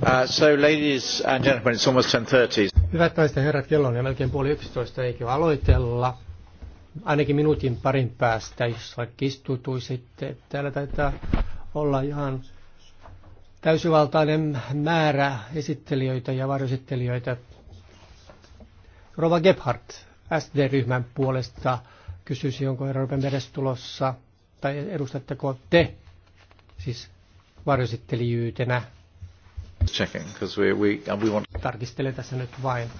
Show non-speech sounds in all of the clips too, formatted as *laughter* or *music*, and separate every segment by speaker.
Speaker 1: Uh, so ladies and gentlemen, it's almost 10.30.
Speaker 2: Hyvät naiset ja herrat, kello on jo melkein puoli yksitoista, eikö aloitella? Ainakin minuutin parin päästä, jos vaikka istutuisitte. Täällä taitaa olla ihan täysivaltainen määrä esittelijöitä ja varjoesittelijöitä. Rova Gebhardt SD-ryhmän puolesta kysyisi, onko Euroopan meres tulossa, tai edustatteko te siis varjoesittelijyytenä
Speaker 3: Checking, we, we, uh, we want...
Speaker 2: Tarkistelen tässä nyt vain.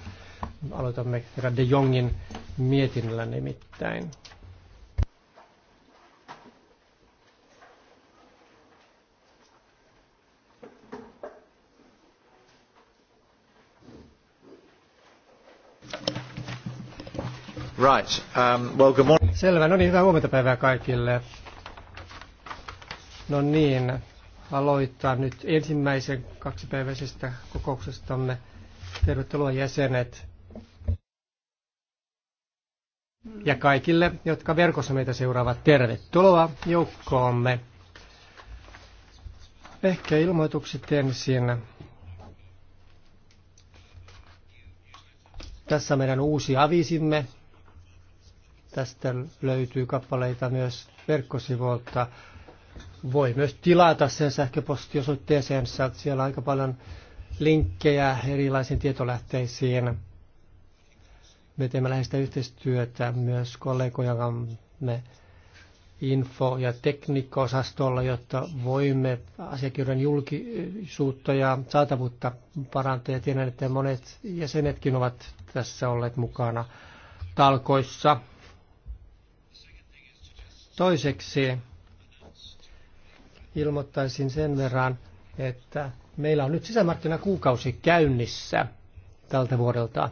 Speaker 2: Aloitamme herra De Jongin mietinnällä nimittäin.
Speaker 3: Right. Um,
Speaker 2: well, good morning. Selvä. No niin, hyvää huomenta päivää kaikille. No niin, aloittaa nyt ensimmäisen kaksipäiväisestä kokouksestamme. Tervetuloa jäsenet ja kaikille, jotka verkossa meitä seuraavat. Tervetuloa joukkoomme. Ehkä ilmoitukset ensin. Tässä meidän uusi avisimme. Tästä löytyy kappaleita myös verkkosivuilta voi myös tilata sen sähköpostiosoitteeseensa. Siellä on aika paljon linkkejä erilaisiin tietolähteisiin. Me teemme läheistä yhteistyötä myös kollegojamme info- ja tekniikkaosastolla, jotta voimme asiakirjan julkisuutta ja saatavuutta parantaa. Ja tiedän, että monet jäsenetkin ovat tässä olleet mukana talkoissa. Toiseksi ilmoittaisin sen verran, että meillä on nyt sisämarkkinakuukausi käynnissä tältä vuodelta.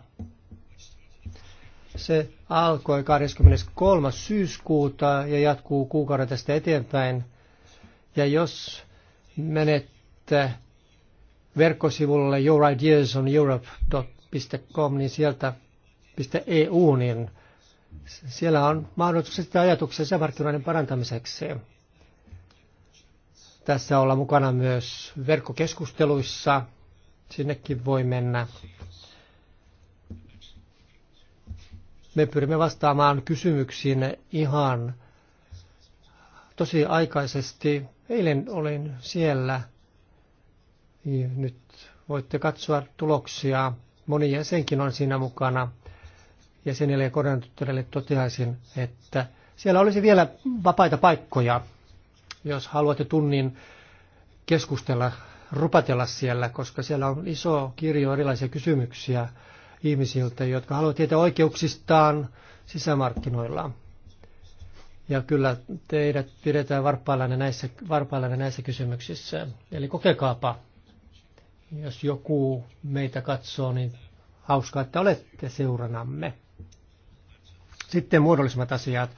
Speaker 2: Se alkoi 23. syyskuuta ja jatkuu kuukauden tästä eteenpäin. Ja jos menette verkkosivulle yourideasoneurope.com, niin sieltä .eu, niin siellä on mahdollisuus ajatuksia sisämarkkinoiden parantamiseksi. Tässä olla mukana myös verkkokeskusteluissa. Sinnekin voi mennä. Me pyrimme vastaamaan kysymyksiin ihan tosi aikaisesti. Eilen olin siellä. Nyt voitte katsoa tuloksia. Moni jäsenkin on siinä mukana. Jäsenille ja koordinaattoreille toteaisin, että siellä olisi vielä vapaita paikkoja jos haluatte tunnin keskustella, rupatella siellä, koska siellä on iso kirjo erilaisia kysymyksiä ihmisiltä, jotka haluavat tietää oikeuksistaan sisämarkkinoilla. Ja kyllä teidät pidetään varpaillanne näissä, varpaillanne näissä kysymyksissä. Eli kokekaapa, jos joku meitä katsoo, niin hauskaa, että olette seuranamme. Sitten muodollisimmat asiat.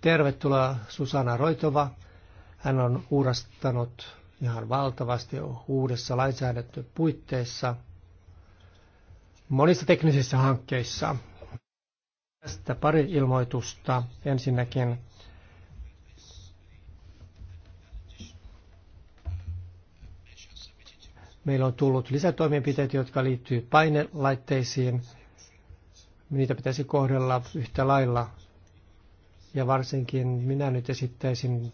Speaker 2: Tervetuloa Susanna Roitova. Hän on uudastanut ihan valtavasti uudessa lainsäädäntöpuitteissa monissa teknisissä hankkeissa. Tästä pari ilmoitusta. Ensinnäkin meillä on tullut lisätoimenpiteitä, jotka liittyvät painelaitteisiin. Niitä pitäisi kohdella yhtä lailla ja varsinkin minä nyt esittäisin,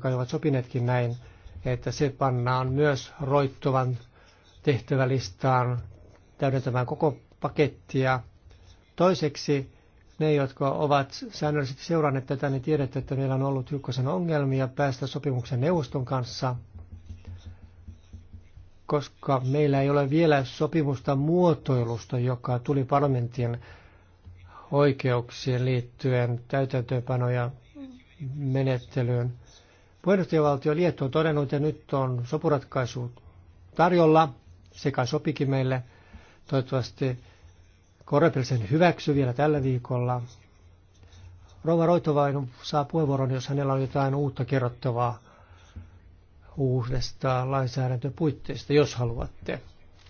Speaker 2: kai ovat sopineetkin näin, että se pannaan myös roittuvan tehtävälistaan täydentämään koko pakettia. Toiseksi ne, jotka ovat säännöllisesti seuranneet tätä, niin tiedätte, että meillä on ollut hiukkasen ongelmia päästä sopimuksen neuvoston kanssa, koska meillä ei ole vielä sopimusta muotoilusta, joka tuli parlamentin oikeuksiin liittyen täytäntöönpanoja menettelyyn. Puheenjohtajavaltio Liettu on todennut, että nyt on sopuratkaisu tarjolla, sekä sopikin meille. Toivottavasti Korepel hyväksy vielä tällä viikolla. Rova Roitovain saa puheenvuoron, jos hänellä on jotain uutta kerrottavaa uudesta lainsäädäntöpuitteista, jos haluatte.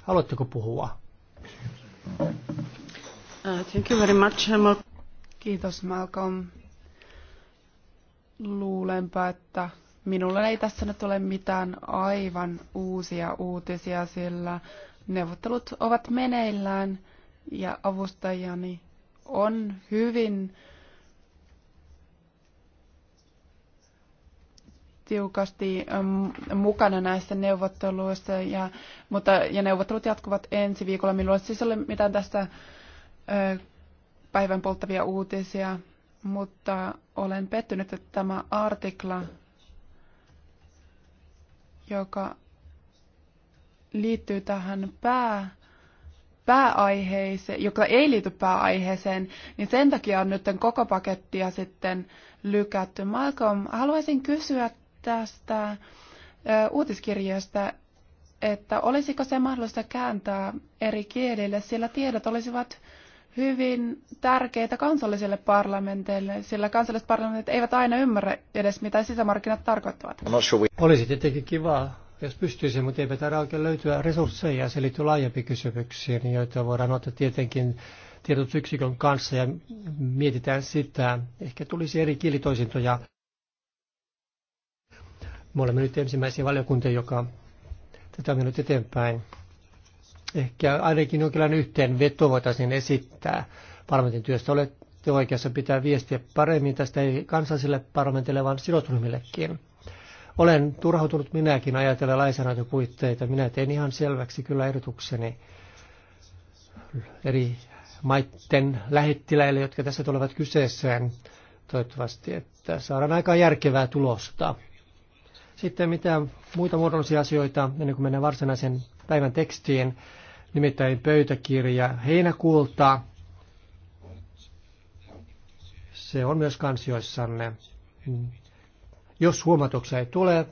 Speaker 2: Haluatteko puhua?
Speaker 4: Uh, thank you very much, uh, Kiitos Malcolm. Luulenpa, että minulla ei tässä nyt ole mitään aivan uusia uutisia, sillä neuvottelut ovat meneillään ja avustajani on hyvin tiukasti um, mukana näissä neuvotteluissa, ja, mutta, ja neuvottelut jatkuvat ensi viikolla. Minulla ei siis ole mitään tästä päivän polttavia uutisia, mutta olen pettynyt, että tämä artikla, joka liittyy tähän pää, pääaiheeseen, joka ei liity pääaiheeseen, niin sen takia on nyt koko pakettia sitten lykätty. Malcolm, haluaisin kysyä tästä uutiskirjasta, että olisiko se mahdollista kääntää eri kielille, sillä tiedot olisivat hyvin tärkeitä kansallisille parlamenteille, sillä kansalliset parlamentit eivät aina ymmärrä edes, mitä sisämarkkinat tarkoittavat.
Speaker 2: Olisi tietenkin kiva, jos pystyisi, mutta eipä täällä oikein löytyä resursseja. Se liittyy laajempiin kysymyksiin, joita voidaan ottaa tietenkin tiedotusyksikön kanssa ja mietitään sitä. Ehkä tulisi eri kielitoisintoja. Me olemme nyt ensimmäisiä valiokuntia, joka tätä on mennyt eteenpäin. Ehkä ainakin jonkinlainen yhteenveto voitaisiin esittää parlamentin työstä. Olette oikeassa pitää viestiä paremmin tästä ei kansalliselle parlamentille, vaan sidosryhmillekin. Olen turhautunut minäkin ajatella lainsäädäntöpuitteita. Minä tein ihan selväksi kyllä ehdotukseni eri maiden lähettiläille, jotka tässä tulevat kyseeseen toivottavasti, että saadaan aika järkevää tulosta. Sitten mitä muita muodollisia asioita, ennen kuin mennään varsinaisen päivän tekstiin, nimittäin pöytäkirja heinäkuulta. Se on myös kansioissanne. Jos huomatuksia ei tule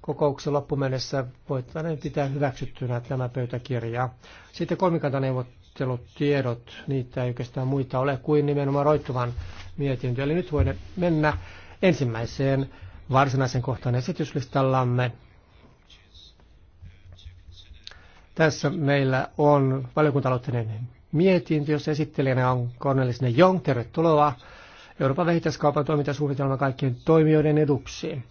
Speaker 2: kokouksen loppumennessä, voitaisiin pitää hyväksyttynä tämä pöytäkirja. Sitten kolmikantaneuvottelut, tiedot, niitä ei oikeastaan muita ole kuin nimenomaan roittuvan mietintö. Eli nyt voimme mennä ensimmäiseen varsinaisen kohtaan esityslistallamme. Tässä meillä on valiokuntaloitteinen mietintö, jossa esittelijänä on Cornelis Jong. Tervetuloa Euroopan vähittäiskaupan toimintasuunnitelma kaikkien toimijoiden eduksi.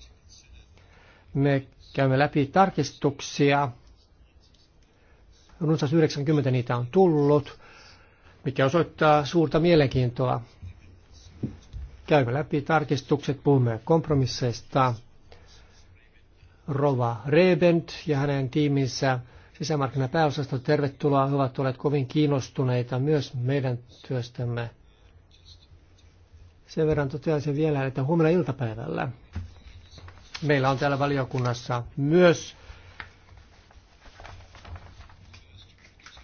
Speaker 2: Me käymme läpi tarkistuksia. Runsas 90 niitä on tullut, mikä osoittaa suurta mielenkiintoa. Käymme läpi tarkistukset, puhumme kompromisseista. Rova Rebent ja hänen tiiminsä sisämarkkinapääosasto, tervetuloa. He ovat olleet kovin kiinnostuneita myös meidän työstämme. Sen verran toteaisin vielä, että huomenna iltapäivällä meillä on täällä valiokunnassa myös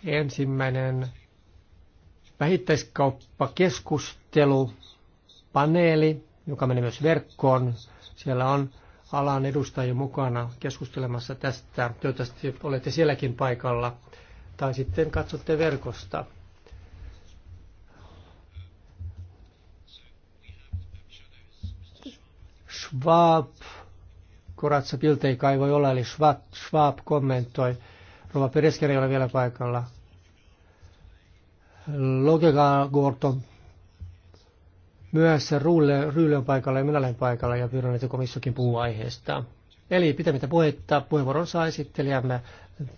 Speaker 2: ensimmäinen vähittäiskauppakeskustelu, paneeli, joka menee myös verkkoon. Siellä on alan edustajia mukana keskustelemassa tästä. Toivottavasti olette sielläkin paikalla tai sitten katsotte verkosta. Schwab, Koratsa Pilteika ei voi olla, eli Schwab, Schwab kommentoi. Rova pereskeri ei ole vielä paikalla. Logega Gorton myöhässä Ruule, Ryyle on paikalla ja minä olen paikalla ja pyydän, että komissiokin puhuu aiheesta. Eli pitämättä puhetta, puheenvuoron saa esittelijämme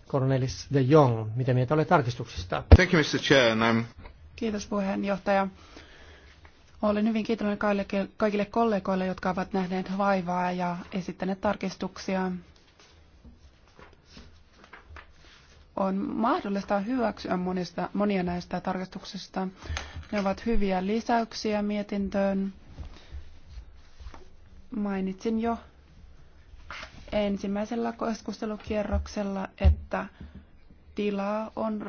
Speaker 2: Cornelis de Jong. Mitä mieltä olet tarkistuksista?
Speaker 3: Thank you, Mr. Chair,
Speaker 4: Kiitos puheenjohtaja. Olen hyvin kiitollinen kaikille kollegoille, jotka ovat nähneet vaivaa ja esittäneet tarkistuksia on mahdollista hyväksyä monista, monia näistä tarkastuksista. Ne ovat hyviä lisäyksiä mietintöön. Mainitsin jo ensimmäisellä keskustelukierroksella, että tilaa on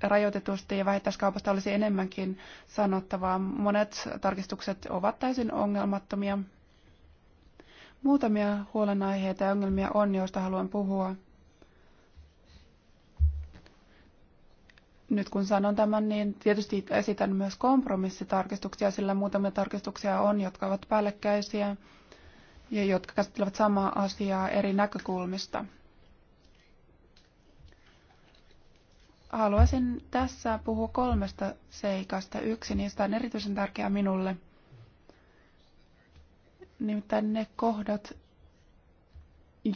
Speaker 4: rajoitetusti ja vähittäiskaupasta olisi enemmänkin sanottavaa. Monet tarkistukset ovat täysin ongelmattomia. Muutamia huolenaiheita ja ongelmia on, joista haluan puhua. nyt kun sanon tämän, niin tietysti esitän myös kompromissitarkistuksia, sillä muutamia tarkistuksia on, jotka ovat päällekkäisiä ja jotka käsittelevät samaa asiaa eri näkökulmista. Haluaisin tässä puhua kolmesta seikasta. Yksi niistä on erityisen tärkeä minulle. Nimittäin ne kohdat,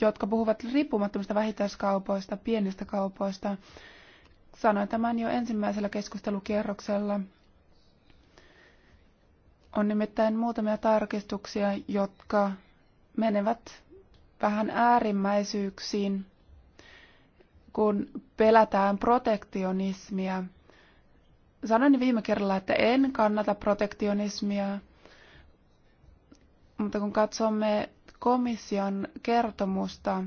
Speaker 4: jotka puhuvat riippumattomista vähittäiskaupoista, pienistä kaupoista, Sanoin tämän jo ensimmäisellä keskustelukierroksella. On nimittäin muutamia tarkistuksia, jotka menevät vähän äärimmäisyyksiin, kun pelätään protektionismia. Sanoin viime kerralla, että en kannata protektionismia, mutta kun katsomme komission kertomusta,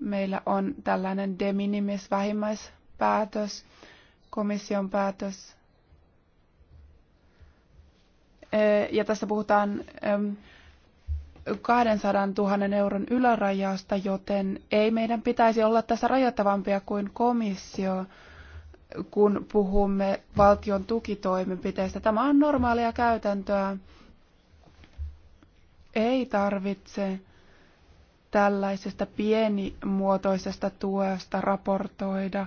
Speaker 4: meillä on tällainen de minimis vähimmäis päätös, komission päätös. E, ja tässä puhutaan 200 000 euron ylärajasta, joten ei meidän pitäisi olla tässä rajoittavampia kuin komissio, kun puhumme valtion tukitoimenpiteistä. Tämä on normaalia käytäntöä. Ei tarvitse tällaisesta pienimuotoisesta tuesta raportoida,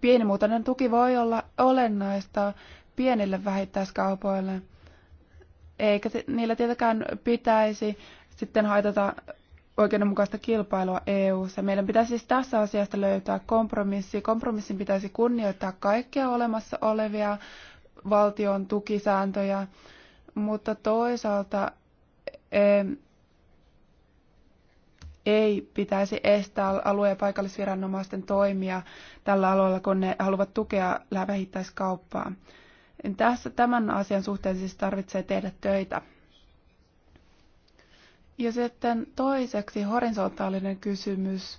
Speaker 4: pienimuotoinen tuki voi olla olennaista pienille vähittäiskaupoille, eikä niillä tietenkään pitäisi sitten haitata oikeudenmukaista kilpailua EU-ssa. Meidän pitäisi siis tässä asiasta löytää kompromissi. Kompromissin pitäisi kunnioittaa kaikkia olemassa olevia valtion tukisääntöjä, mutta toisaalta ei pitäisi estää alue- ja paikallisviranomaisten toimia tällä alueella, kun ne haluavat tukea vähittäiskauppaa. Tässä, tämän asian suhteen siis tarvitsee tehdä töitä. Ja sitten toiseksi horisontaalinen kysymys.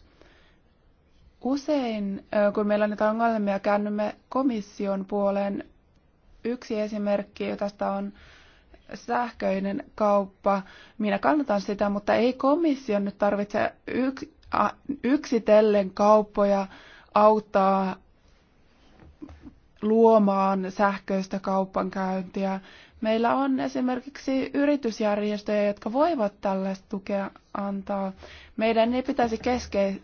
Speaker 4: Usein, kun meillä on näitä ongelmia, käännymme komission puoleen. Yksi esimerkki tästä on sähköinen kauppa. Minä kannatan sitä, mutta ei komission nyt tarvitse yks, a, yksitellen kauppoja auttaa luomaan sähköistä kaupankäyntiä. Meillä on esimerkiksi yritysjärjestöjä, jotka voivat tällaista tukea antaa. Meidän ei pitäisi keske,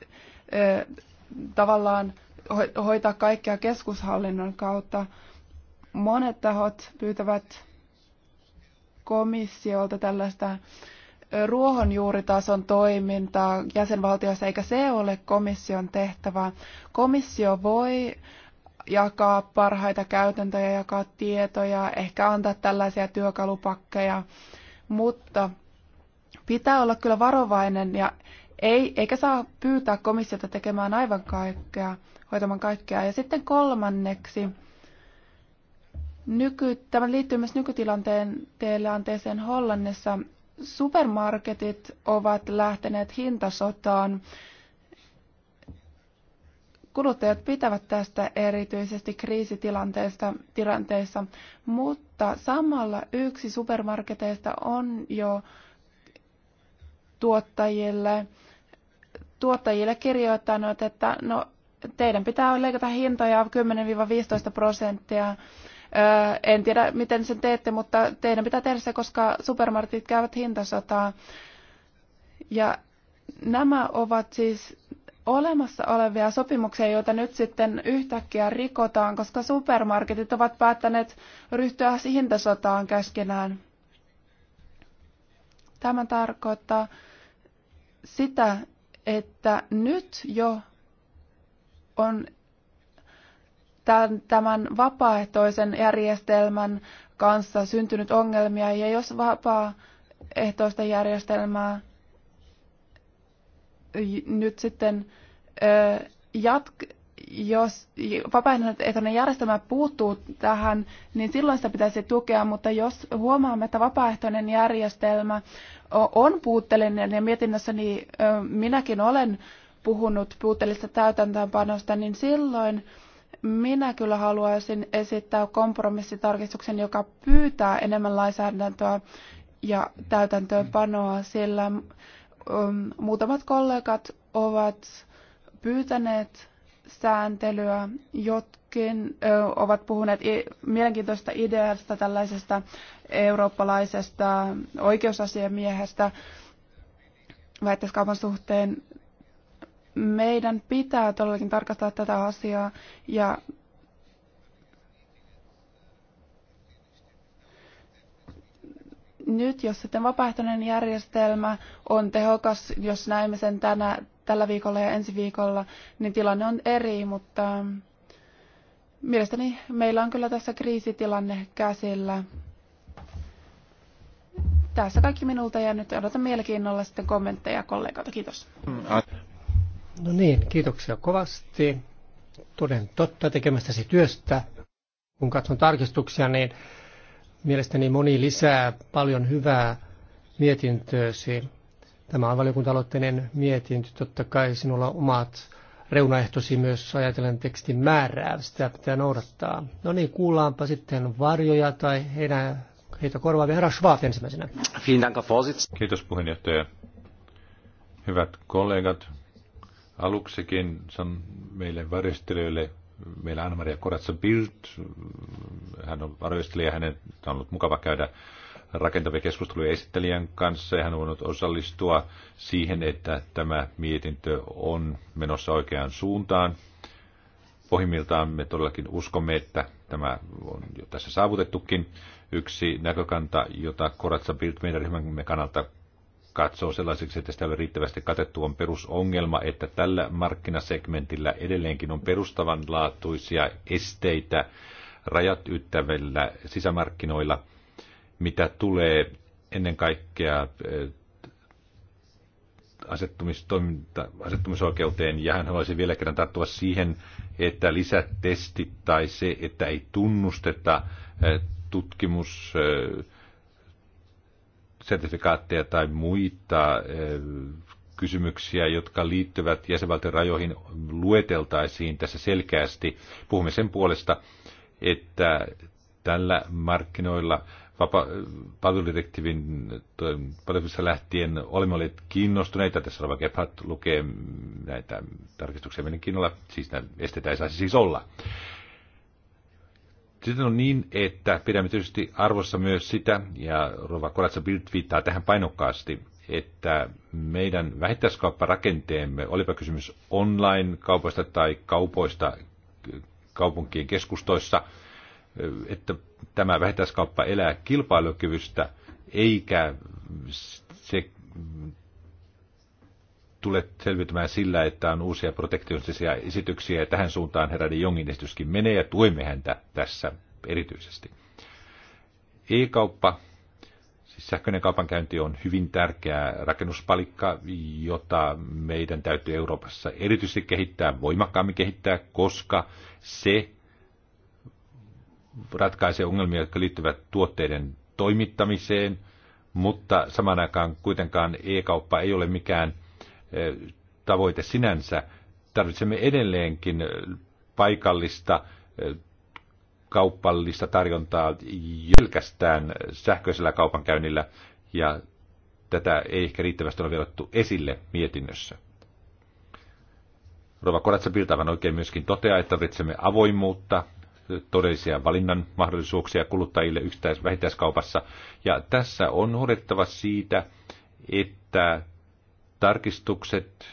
Speaker 4: tavallaan hoitaa kaikkea keskushallinnon kautta. Monet tahot pyytävät komissiolta tällaista ruohonjuuritason toimintaa jäsenvaltioissa, eikä se ole komission tehtävä. Komissio voi jakaa parhaita käytäntöjä, jakaa tietoja, ehkä antaa tällaisia työkalupakkeja, mutta pitää olla kyllä varovainen ja ei, eikä saa pyytää komissiota tekemään aivan kaikkea, hoitamaan kaikkea. Ja sitten kolmanneksi Nyky, tämä liittyy myös nykytilanteeseen Hollannissa. Supermarketit ovat lähteneet hintasotaan. Kuluttajat pitävät tästä erityisesti kriisitilanteessa, tilanteessa mutta samalla yksi supermarketeista on jo tuottajille, tuottajille kirjoittanut, että no, teidän pitää leikata hintoja 10-15 prosenttia en tiedä, miten sen teette, mutta teidän pitää tehdä se, koska supermarketit käyvät hintasotaa. Ja nämä ovat siis olemassa olevia sopimuksia, joita nyt sitten yhtäkkiä rikotaan, koska supermarketit ovat päättäneet ryhtyä hintasotaan keskenään. Tämä tarkoittaa sitä, että nyt jo on tämän vapaaehtoisen järjestelmän kanssa syntynyt ongelmia, ja jos vapaaehtoista järjestelmää nyt sitten jatk- jos vapaaehtoinen järjestelmä puuttuu tähän, niin silloin sitä pitäisi tukea, mutta jos huomaamme, että vapaaehtoinen järjestelmä on puutteellinen ja mietinnössä niin minäkin olen puhunut puutteellisesta täytäntöönpanosta, niin silloin minä kyllä haluaisin esittää kompromissitarkistuksen, joka pyytää enemmän lainsäädäntöä ja täytäntöönpanoa, sillä um, muutamat kollegat ovat pyytäneet sääntelyä, jotkin ö, ovat puhuneet i- mielenkiintoista ideasta tällaisesta eurooppalaisesta oikeusasiamiehestä väitöskaupan suhteen meidän pitää todellakin tarkastaa tätä asiaa ja nyt, jos sitten vapaaehtoinen järjestelmä on tehokas, jos näemme sen tänä, tällä viikolla ja ensi viikolla, niin tilanne on eri, mutta mielestäni meillä on kyllä tässä kriisitilanne käsillä. Tässä kaikki minulta ja nyt odotan mielenkiinnolla sitten kommentteja kollegoilta. Kiitos.
Speaker 2: No niin, kiitoksia kovasti. Toden totta tekemästäsi työstä. Kun katson tarkistuksia, niin mielestäni moni lisää paljon hyvää mietintöösi. Tämä on valiokuntaloitteinen mietintö. Totta kai sinulla on omat reunaehtosi myös ajatellen tekstin määrää. Sitä pitää noudattaa. No niin, kuullaanpa sitten varjoja tai heidän, heitä korvaavia. Herra Schwab ensimmäisenä.
Speaker 1: Kiitos puheenjohtaja. Hyvät kollegat, Aluksikin san meille varjostelijoille, meillä Anna-Maria Koratsa Bild, hän on varjostelija, hänen on ollut mukava käydä rakentavia keskusteluja esittelijän kanssa ja hän on voinut osallistua siihen, että tämä mietintö on menossa oikeaan suuntaan. Pohjimmiltaan me todellakin uskomme, että tämä on jo tässä saavutettukin. Yksi näkökanta, jota Koratsa Bild meidän ryhmämme kannalta katsoo sellaiseksi, että sitä ei ole riittävästi katettu, on perusongelma, että tällä markkinasegmentillä edelleenkin on perustavanlaatuisia esteitä rajat yttävillä sisämarkkinoilla, mitä tulee ennen kaikkea eh, asettumisoikeuteen, ja hän haluaisi vielä kerran tarttua siihen, että lisätestit tai se, että ei tunnusteta eh, tutkimus- eh, sertifikaatteja tai muita eh, kysymyksiä, jotka liittyvät jäsenvaltion rajoihin, lueteltaisiin tässä selkeästi. Puhumme sen puolesta, että tällä markkinoilla palveludirektiivin palveluissa lähtien olemme olleet kiinnostuneita. Tässä Rova Gebhardt lukee näitä tarkistuksia mielenkiinnolla, siis estettä ei saisi siis olla. Sitten on niin, että pidämme tietysti arvossa myös sitä, ja Rova Koratsa Bild viittaa tähän painokkaasti, että meidän vähittäiskaupparakenteemme, olipa kysymys online-kaupoista tai kaupoista kaupunkien keskustoissa, että tämä vähittäiskauppa elää kilpailukyvystä, eikä se tule selviytymään sillä, että on uusia protektionistisia esityksiä, ja tähän suuntaan herra Jongin esityskin menee, ja tuemme häntä tässä erityisesti. E-kauppa, siis sähköinen kaupankäynti on hyvin tärkeä rakennuspalikka, jota meidän täytyy Euroopassa erityisesti kehittää, voimakkaammin kehittää, koska se ratkaisee ongelmia, jotka liittyvät tuotteiden toimittamiseen, mutta samaan aikaan kuitenkaan e-kauppa ei ole mikään tavoite sinänsä. Tarvitsemme edelleenkin paikallista kaupallista tarjontaa jylkästään sähköisellä kaupankäynnillä, ja tätä ei ehkä riittävästi ole vielä otettu esille mietinnössä. Rova Koratsa Piltavan oikein myöskin toteaa, että tarvitsemme avoimuutta, todellisia valinnan mahdollisuuksia kuluttajille yksittäis- vähittäiskaupassa. Ja tässä on huolehdittava siitä, että tarkistukset,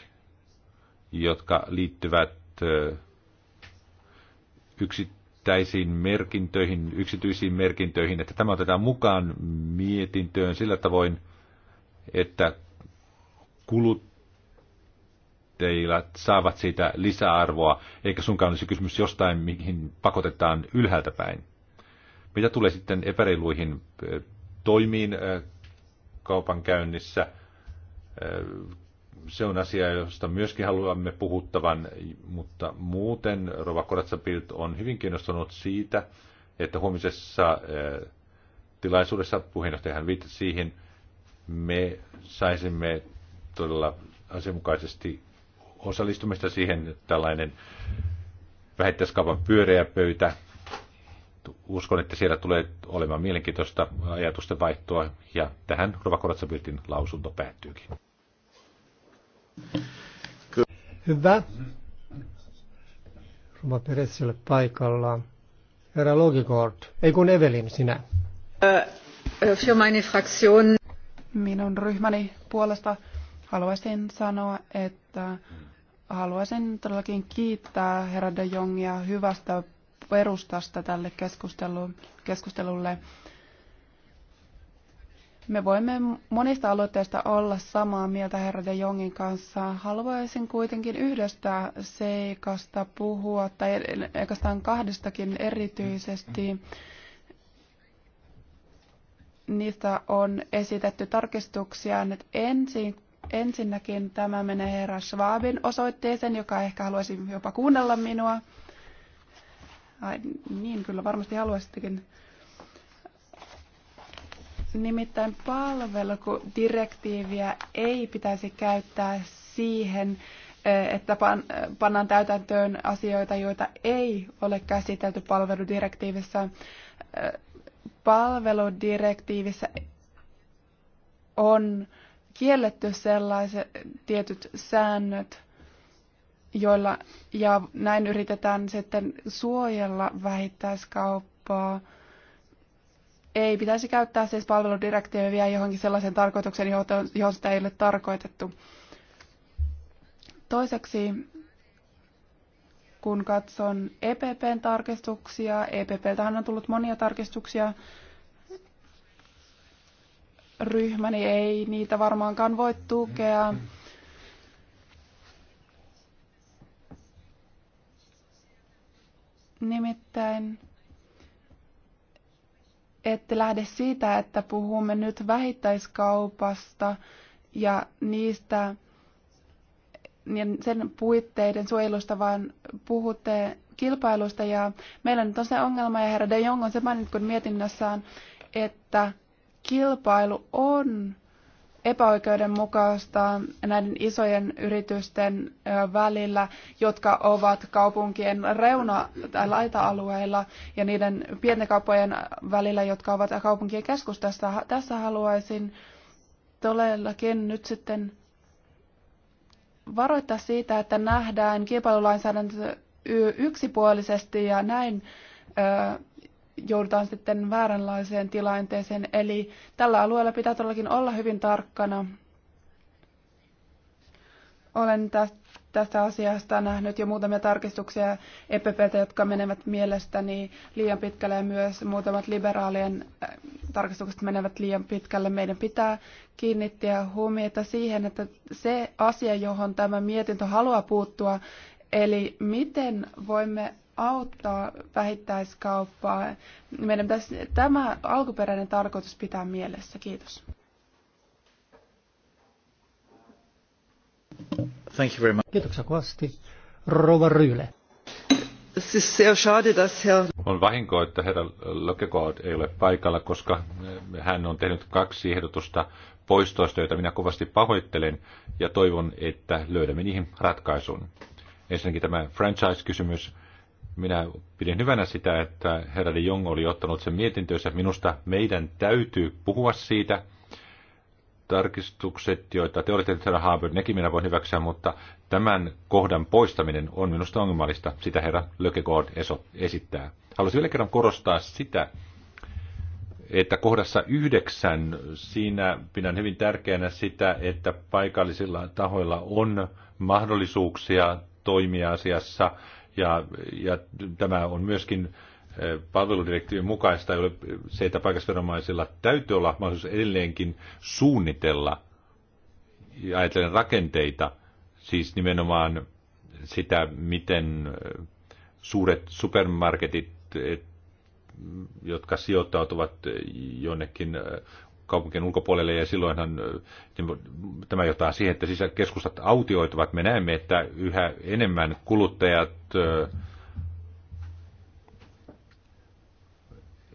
Speaker 1: jotka liittyvät yksittäisiin merkintöihin, yksityisiin merkintöihin, että tämä otetaan mukaan mietintöön sillä tavoin, että kuluttajilla saavat siitä lisäarvoa, eikä sunkaan olisi kysymys jostain, mihin pakotetaan ylhäältä päin. Mitä tulee sitten epäreiluihin toimiin kaupankäynnissä, se on asia, josta myöskin haluamme puhuttavan, mutta muuten Rova Koratsapilt on hyvin kiinnostunut siitä, että huomisessa eh, tilaisuudessa, puheenjohtajahan viittasi siihen, me saisimme todella asianmukaisesti osallistumista siihen tällainen vähittäiskaupan pyöreä pöytä. Uskon, että siellä tulee olemaan mielenkiintoista ajatusten vaihtoa ja tähän Rova Koratsapiltin lausunto päättyykin.
Speaker 2: Hyvä. Ruma Peressille paikallaan. Herra Logikort, ei kun Evelin, sinä.
Speaker 4: Äh, Minun ryhmäni puolesta haluaisin sanoa, että haluaisin todellakin kiittää herra de Jongia hyvästä perustasta tälle keskustelulle. Me voimme monista aloitteista olla samaa mieltä herra de Jongin kanssa. Haluaisin kuitenkin yhdestä seikasta puhua, tai oikeastaan kahdestakin erityisesti. Niistä on esitetty tarkistuksia. Nyt ensin, ensinnäkin tämä menee herra Schwabin osoitteeseen, joka ehkä haluaisi jopa kuunnella minua. Ai, niin kyllä varmasti haluaisittekin. Nimittäin palveludirektiiviä ei pitäisi käyttää siihen, että pannaan täytäntöön asioita, joita ei ole käsitelty palveludirektiivissä. Palveludirektiivissä on kielletty sellaiset tietyt säännöt, joilla, ja näin yritetään sitten suojella vähittäiskauppaa ei pitäisi käyttää siis palveludirektiiviä johonkin sellaiseen tarkoituksen, johon sitä ei ole tarkoitettu. Toiseksi, kun katson EPPn tarkistuksia, EPPltähän on tullut monia tarkistuksia, ryhmäni ei niitä varmaankaan voi tukea. Nimittäin ette lähde siitä, että puhumme nyt vähittäiskaupasta ja niistä niin sen puitteiden suojelusta, vaan puhutte kilpailusta. Ja meillä nyt on se ongelma, ja herra De Jong on se maininnut mietinnössään, että kilpailu on epäoikeudenmukaista näiden isojen yritysten välillä, jotka ovat kaupunkien reuna- tai laita-alueilla ja niiden pienten kauppojen välillä, jotka ovat kaupunkien keskustassa. Tässä haluaisin todellakin nyt sitten varoittaa siitä, että nähdään kilpailulainsäädäntö yksipuolisesti ja näin joudutaan sitten vääränlaiseen tilanteeseen. Eli tällä alueella pitää todellakin olla hyvin tarkkana. Olen tästä asiasta nähnyt jo muutamia tarkistuksia EPPltä, jotka menevät mielestäni liian pitkälle ja myös muutamat liberaalien äh, tarkistukset menevät liian pitkälle. Meidän pitää kiinnittää huomiota siihen, että se asia, johon tämä mietintö haluaa puuttua, eli miten voimme auttaa vähittäiskauppaa. Meidän pitäisi tämä alkuperäinen tarkoitus pitää mielessä. Kiitos.
Speaker 2: Thank you very much. Kiitoksia kovasti. Rova Ryle.
Speaker 1: On vahinko, että herra Lökekood ei ole paikalla, koska hän on tehnyt kaksi ehdotusta poistoista, joita minä kovasti pahoittelen ja toivon, että löydämme niihin ratkaisun. Ensinnäkin tämä franchise-kysymys. Minä pidin hyvänä sitä, että herra de Jong oli ottanut sen mietintöönsä. Minusta meidän täytyy puhua siitä. Tarkistukset, joita te olette herra Haber, nekin minä voin hyväksyä, mutta tämän kohdan poistaminen on minusta ongelmallista. Sitä herra Lökegaard esittää. Haluaisin vielä kerran korostaa sitä, että kohdassa yhdeksän siinä pidän hyvin tärkeänä sitä, että paikallisilla tahoilla on mahdollisuuksia toimia asiassa ja, ja tämä on myöskin eh, palveludirektiivin mukaista, jolle se, että paikallisviranomaisilla täytyy olla mahdollisuus edelleenkin suunnitella ja ajatellen rakenteita, siis nimenomaan sitä, miten eh, suuret supermarketit, jotka sijoittautuvat jonnekin eh, kaupunkien ulkopuolelle ja silloinhan niin tämä johtaa siihen, että sisäkeskustat autioituvat. Me näemme, että yhä enemmän kuluttajat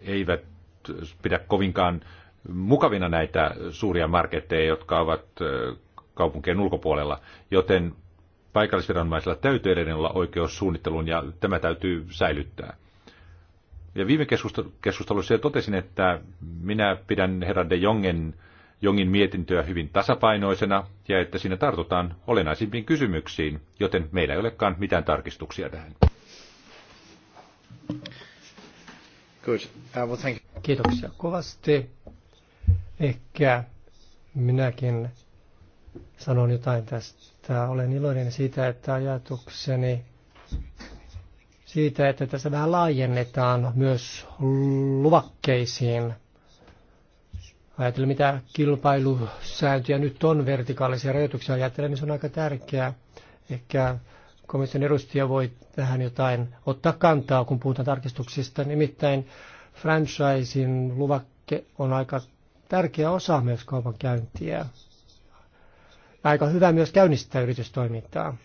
Speaker 1: eivät pidä kovinkaan mukavina näitä suuria marketteja, jotka ovat kaupunkien ulkopuolella, joten paikallisviranomaisilla täytyy edelleen olla oikeus suunnitteluun ja tämä täytyy säilyttää. Ja viime keskustelussa jo totesin, että minä pidän herra de Jongen, Jongin mietintöä hyvin tasapainoisena ja että siinä tartutaan olennaisimpiin kysymyksiin, joten meillä ei olekaan mitään tarkistuksia tähän. Good. Uh,
Speaker 2: well, thank you. Kiitoksia kovasti. Ehkä minäkin sanon jotain tästä. Olen iloinen siitä, että ajatukseni siitä, että tässä vähän laajennetaan myös luvakkeisiin. Ajatellen, mitä kilpailusääntöjä nyt on, vertikaalisia rajoituksia ajatellen, niin se on aika tärkeää. Ehkä komission edustaja voi tähän jotain ottaa kantaa, kun puhutaan tarkistuksista. Nimittäin franchisein luvakke on aika tärkeä osa myös kaupankäyntiä. Aika hyvä myös käynnistää yritystoimintaa.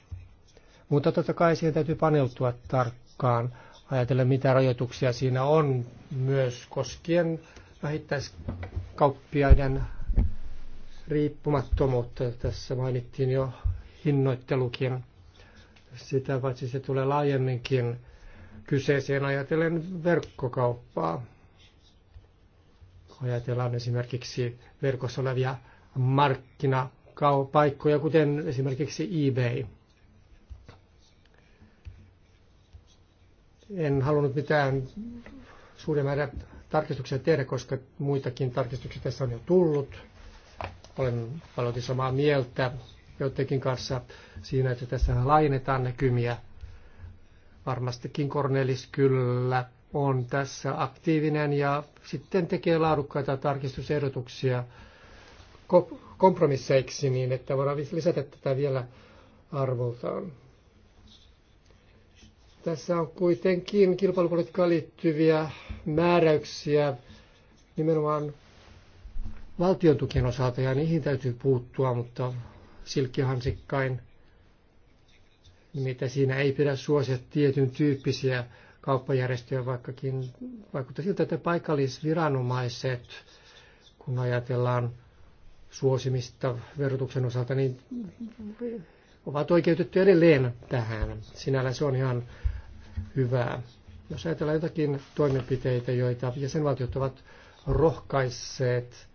Speaker 2: Mutta totta kai siihen täytyy paneutua tarkkaan mukaan ajatella, mitä rajoituksia siinä on myös koskien vähittäiskauppiaiden riippumattomuutta. Tässä mainittiin jo hinnoittelukin. Sitä paitsi se tulee laajemminkin kyseeseen ajatellen verkkokauppaa. Ajatellaan esimerkiksi verkossa olevia markkinapaikkoja, kuten esimerkiksi eBay. En halunnut mitään suuren määrän tarkistuksia tehdä, koska muitakin tarkistuksia tässä on jo tullut. Olen paljon samaa mieltä joidenkin kanssa siinä, että tässä lainetaan näkymiä. Varmastikin Cornelis kyllä on tässä aktiivinen ja sitten tekee laadukkaita tarkistusehdotuksia kompromisseiksi niin, että voidaan lisätä tätä vielä arvoltaan. Tässä on kuitenkin kilpailupolitiikkaan liittyviä määräyksiä nimenomaan valtion tukien osalta ja niihin täytyy puuttua, mutta silkkihansikkain, mitä siinä ei pidä suosia tietyn tyyppisiä kauppajärjestöjä, vaikkakin vaikuttaa siltä, että paikallisviranomaiset, kun ajatellaan suosimista verotuksen osalta, niin ovat oikeutettu edelleen tähän. Sinällään se on ihan hyvää. Jos ajatellaan jotakin toimenpiteitä, joita jäsenvaltiot ovat rohkaisseet,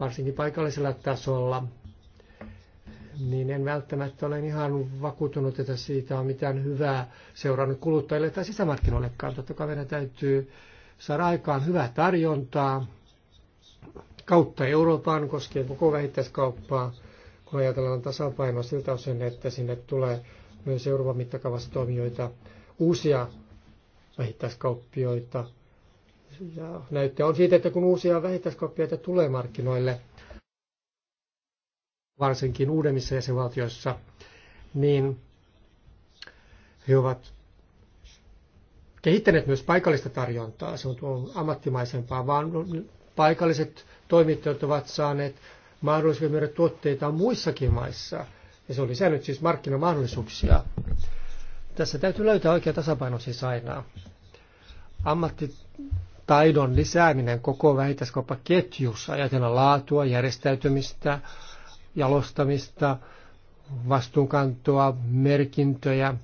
Speaker 2: varsinkin paikallisella tasolla, niin en välttämättä ole ihan vakuutunut, että siitä on mitään hyvää seurannut kuluttajille tai sisämarkkinoillekaan. Totta kai meidän täytyy saada aikaan hyvää tarjontaa kautta Euroopan koskien koko vähittäiskauppaa, kun ajatellaan tasapainoa siltä osin, että sinne tulee myös Euroopan mittakaavassa toimijoita, uusia vähittäiskauppioita. Ja näyttää on siitä, että kun uusia vähittäiskauppioita tulee markkinoille, varsinkin uudemmissa jäsenvaltioissa, niin he ovat kehittäneet myös paikallista tarjontaa. Se on ammattimaisempaa, vaan paikalliset toimittajat ovat saaneet mahdollisuus myydä tuotteita muissakin maissa. Ja se on lisännyt siis markkinamahdollisuuksia. Tässä täytyy löytää oikea tasapaino siis aina. Ammattitaidon lisääminen koko vähittäiskauppaketjussa, ajatella laatua, järjestäytymistä, jalostamista, vastuunkantoa, merkintöjä.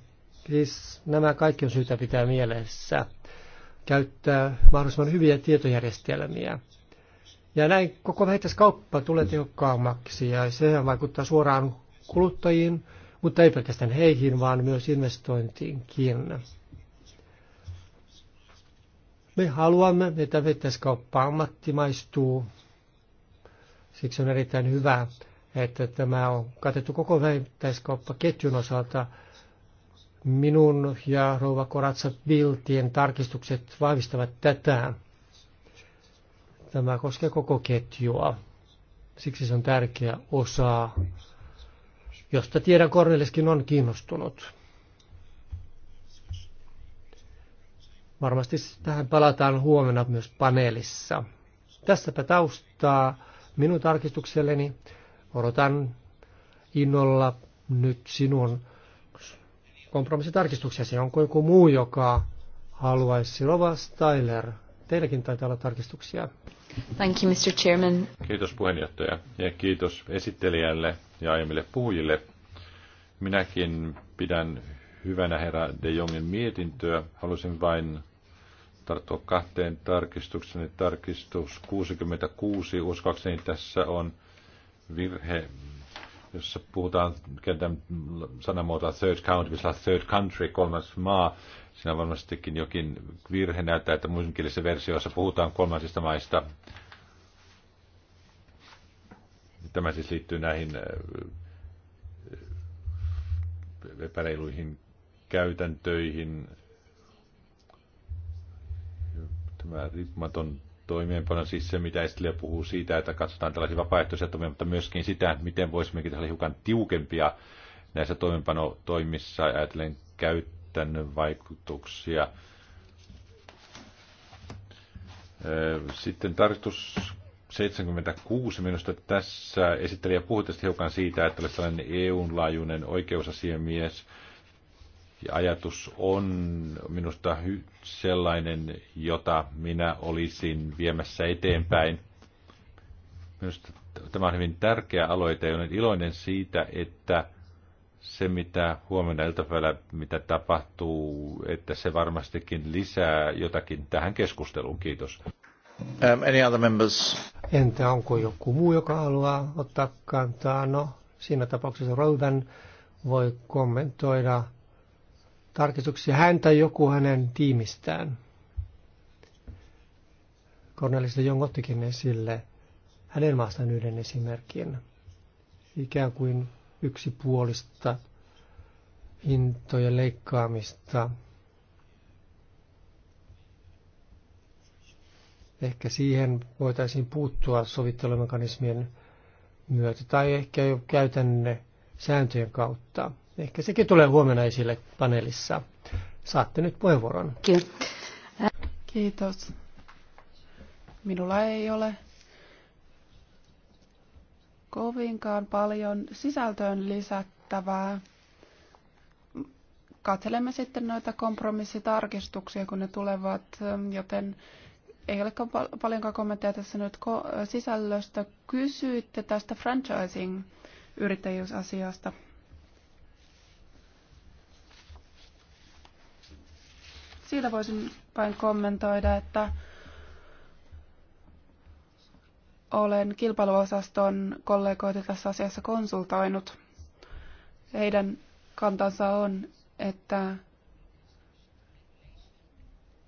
Speaker 2: Siis nämä kaikki on syytä pitää mielessä. Käyttää mahdollisimman hyviä tietojärjestelmiä. Ja näin koko vähittäiskauppa tulee tehokkaammaksi ja se vaikuttaa suoraan kuluttajiin, mutta ei pelkästään heihin, vaan myös investointiinkin. Me haluamme, että vähittäiskauppa ammattimaistuu. Siksi on erittäin hyvä, että tämä on katettu koko vähittäiskauppaketjun osalta. Minun ja Rouva Koratsa Viltien tarkistukset vahvistavat tätä. Tämä koskee koko ketjua. Siksi se on tärkeä osa, josta tiedän Korneliskin on kiinnostunut. Varmasti tähän palataan huomenna myös paneelissa. Tässäpä taustaa minun tarkistukselleni. Odotan innolla nyt sinun kompromissitarkistuksesi. Onko joku muu, joka haluaisi Rova Styler Teilläkin taitaa olla tarkistuksia. Thank you, Mr. Chairman.
Speaker 1: Kiitos puheenjohtaja ja kiitos esittelijälle ja aiemmille puhujille. Minäkin pidän hyvänä herra De Jongin mietintöä. Halusin vain tarttua kahteen tarkistukseen. Tarkistus 66, uskoakseni tässä on virhe, jossa puhutaan kentän sanamuotoa third country, third country, kolmas maa. Siinä on varmastikin jokin virhe näyttää, että muinkielisessä versiossa puhutaan kolmansista maista. Tämä siis liittyy näihin äh, äh, epäreiluihin käytäntöihin. Tämä riippumaton toimeenpano, siis se mitä Estilä puhuu siitä, että katsotaan tällaisia vapaaehtoisia toimia, mutta myöskin sitä, miten voisimme olla hiukan tiukempia näissä toimissa, ajatellen käyttää käytännön vaikutuksia. Sitten tarkoitus 76. Minusta tässä esittelijä puhui tästä hiukan siitä, että olisi tällainen EU-laajuinen oikeusasiamies. Ja ajatus on minusta sellainen, jota minä olisin viemässä eteenpäin. Minusta tämä on hyvin tärkeä aloite ja olen iloinen siitä, että se, mitä huomenna iltapäivällä, mitä tapahtuu, että se varmastikin lisää jotakin tähän keskusteluun. Kiitos. Um, any other members?
Speaker 2: Entä onko joku muu, joka haluaa ottaa kantaa? No, siinä tapauksessa Rowan voi kommentoida tarkistuksia häntä joku hänen tiimistään. Kornelista Jong ottikin esille hänen maastaan yhden esimerkin. Ikään kuin yksipuolista hintojen leikkaamista. Ehkä siihen voitaisiin puuttua sovittelumekanismien myötä tai ehkä jo käytänne sääntöjen kautta. Ehkä sekin tulee huomenna esille paneelissa. Saatte nyt puheenvuoron.
Speaker 4: Kiitos. Minulla ei ole kovinkaan paljon sisältöön lisättävää. Katselemme sitten noita kompromissitarkistuksia, kun ne tulevat, joten ei ole paljonkaan kommentteja tässä nyt sisällöstä. Kysyitte tästä franchising-yrittäjyysasiasta. Siitä voisin vain kommentoida, että olen kilpailuosaston kollegoita tässä asiassa konsultoinut. Heidän kantansa on, että,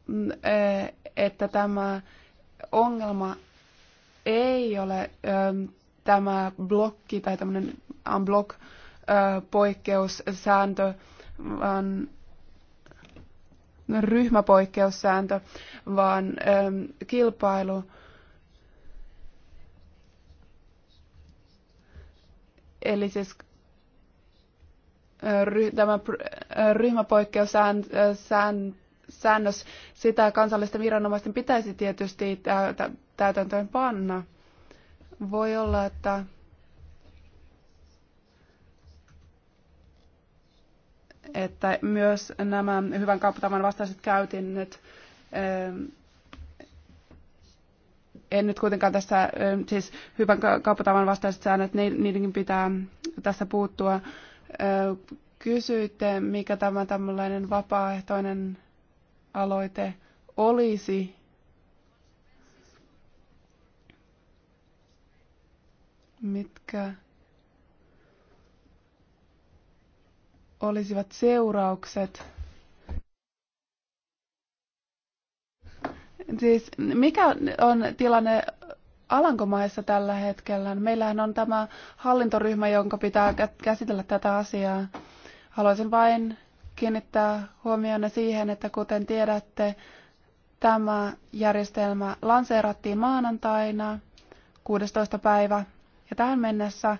Speaker 4: mm, e, että tämä ongelma ei ole e, tämä blokki tai tämmöinen unblock e, poikkeussääntö, vaan ryhmäpoikkeussääntö, vaan kilpailu Eli siis tämä ryhmäpoikkeussäännös, sitä kansallisten viranomaisten pitäisi tietysti täytäntöön panna. Voi olla, että että myös nämä hyvän kauppatavan vastaiset käytinnöt en nyt kuitenkaan tässä, siis hyvän kauppatavan vastaiset säännöt, niidenkin pitää tässä puuttua. Kysyitte, mikä tämä tämmöinen vapaaehtoinen aloite olisi. Mitkä olisivat seuraukset? Siis mikä on tilanne Alankomaissa tällä hetkellä? Meillähän on tämä hallintoryhmä, jonka pitää käsitellä tätä asiaa. Haluaisin vain kiinnittää huomionne siihen, että kuten tiedätte, tämä järjestelmä lanseerattiin maanantaina 16. päivä ja tähän mennessä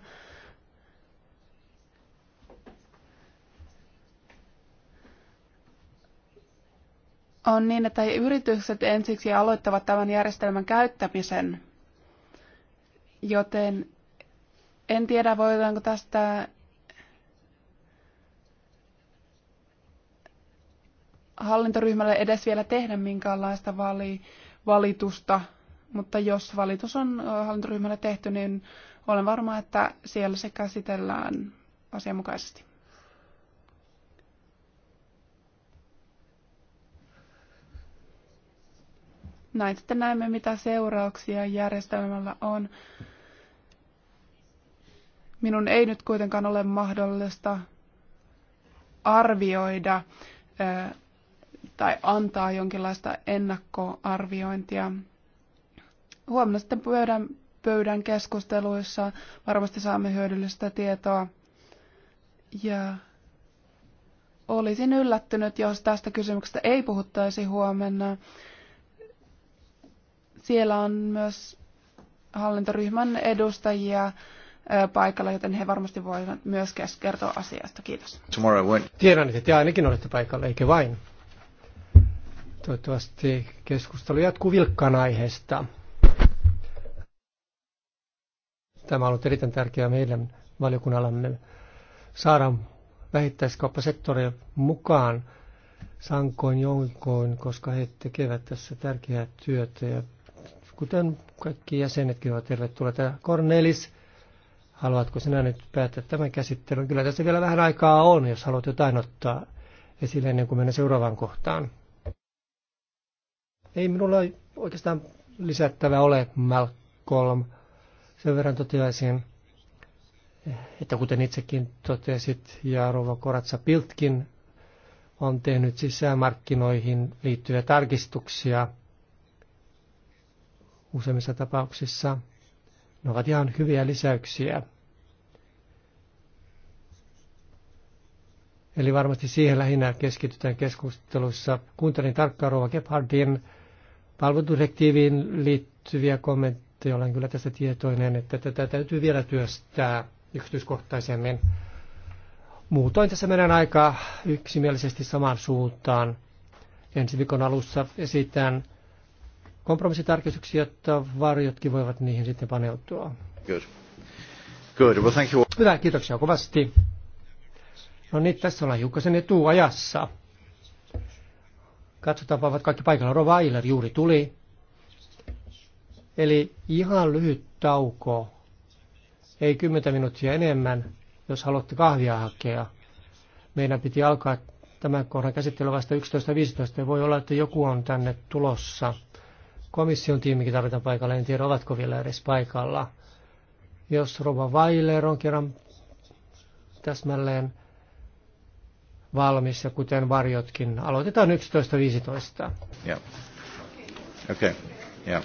Speaker 4: on niin, että yritykset ensiksi aloittavat tämän järjestelmän käyttämisen, joten en tiedä, voidaanko tästä hallintoryhmälle edes vielä tehdä minkäänlaista vali, valitusta, mutta jos valitus on hallintoryhmälle tehty, niin olen varma, että siellä se käsitellään asianmukaisesti. Näin sitten näemme, mitä seurauksia järjestelmällä on. Minun ei nyt kuitenkaan ole mahdollista arvioida tai antaa jonkinlaista ennakkoarviointia. Huomenna sitten pöydän, pöydän keskusteluissa varmasti saamme hyödyllistä tietoa. Ja olisin yllättynyt, jos tästä kysymyksestä ei puhuttaisi huomenna. Siellä on myös hallintoryhmän edustajia paikalla, joten he varmasti voivat myös kertoa asiasta. Kiitos.
Speaker 2: Tiedän, että te ainakin olette paikalla, eikä vain. Toivottavasti keskustelu jatkuu vilkkaan aiheesta. Tämä on ollut erittäin tärkeää meidän valiokunnallamme saada vähittäiskauppasektori mukaan sankoin jonkoin, koska he tekevät tässä tärkeää työtä ja kuten kaikki jäsenetkin ovat tervetulleita. Cornelis, haluatko sinä nyt päättää tämän käsittelyn? Kyllä tässä vielä vähän aikaa on, jos haluat jotain ottaa esille ennen kuin mennään seuraavaan kohtaan. Ei minulla oikeastaan lisättävä ole, Malcolm. Sen verran toteaisin, että kuten itsekin totesit, ja Rova Koratsa Piltkin on tehnyt sisämarkkinoihin liittyviä tarkistuksia – useimmissa tapauksissa. Ne ovat ihan hyviä lisäyksiä. Eli varmasti siihen lähinnä keskitytään keskustelussa. Kuuntelin tarkkaan Rova Gebhardin palveludirektiiviin liittyviä kommentteja. Olen kyllä tästä tietoinen, että tätä täytyy vielä työstää yksityiskohtaisemmin. Muutoin tässä mennään aika yksimielisesti samaan suuntaan. Ensi viikon alussa esitän kompromissitarkistuksia, jotta varjotkin voivat niihin sitten paneutua.
Speaker 5: Good. Good. Well, thank you.
Speaker 2: Hyvä, kiitoksia kovasti. No niin, tässä ollaan Jukkasen etuajassa. Katsotaanpa, ovat kaikki paikalla. Rova Ailer juuri tuli. Eli ihan lyhyt tauko. Ei kymmentä minuuttia enemmän, jos haluatte kahvia hakea. Meidän piti alkaa tämän kohdan käsittely vasta 11.15. Voi olla, että joku on tänne tulossa komission tiimikin tarvitaan paikalla, en tiedä ovatko vielä edes paikalla. Jos Rova Weiler on kerran täsmälleen valmis ja kuten varjotkin, aloitetaan 11.15. Yeah.
Speaker 1: Okay. Yeah.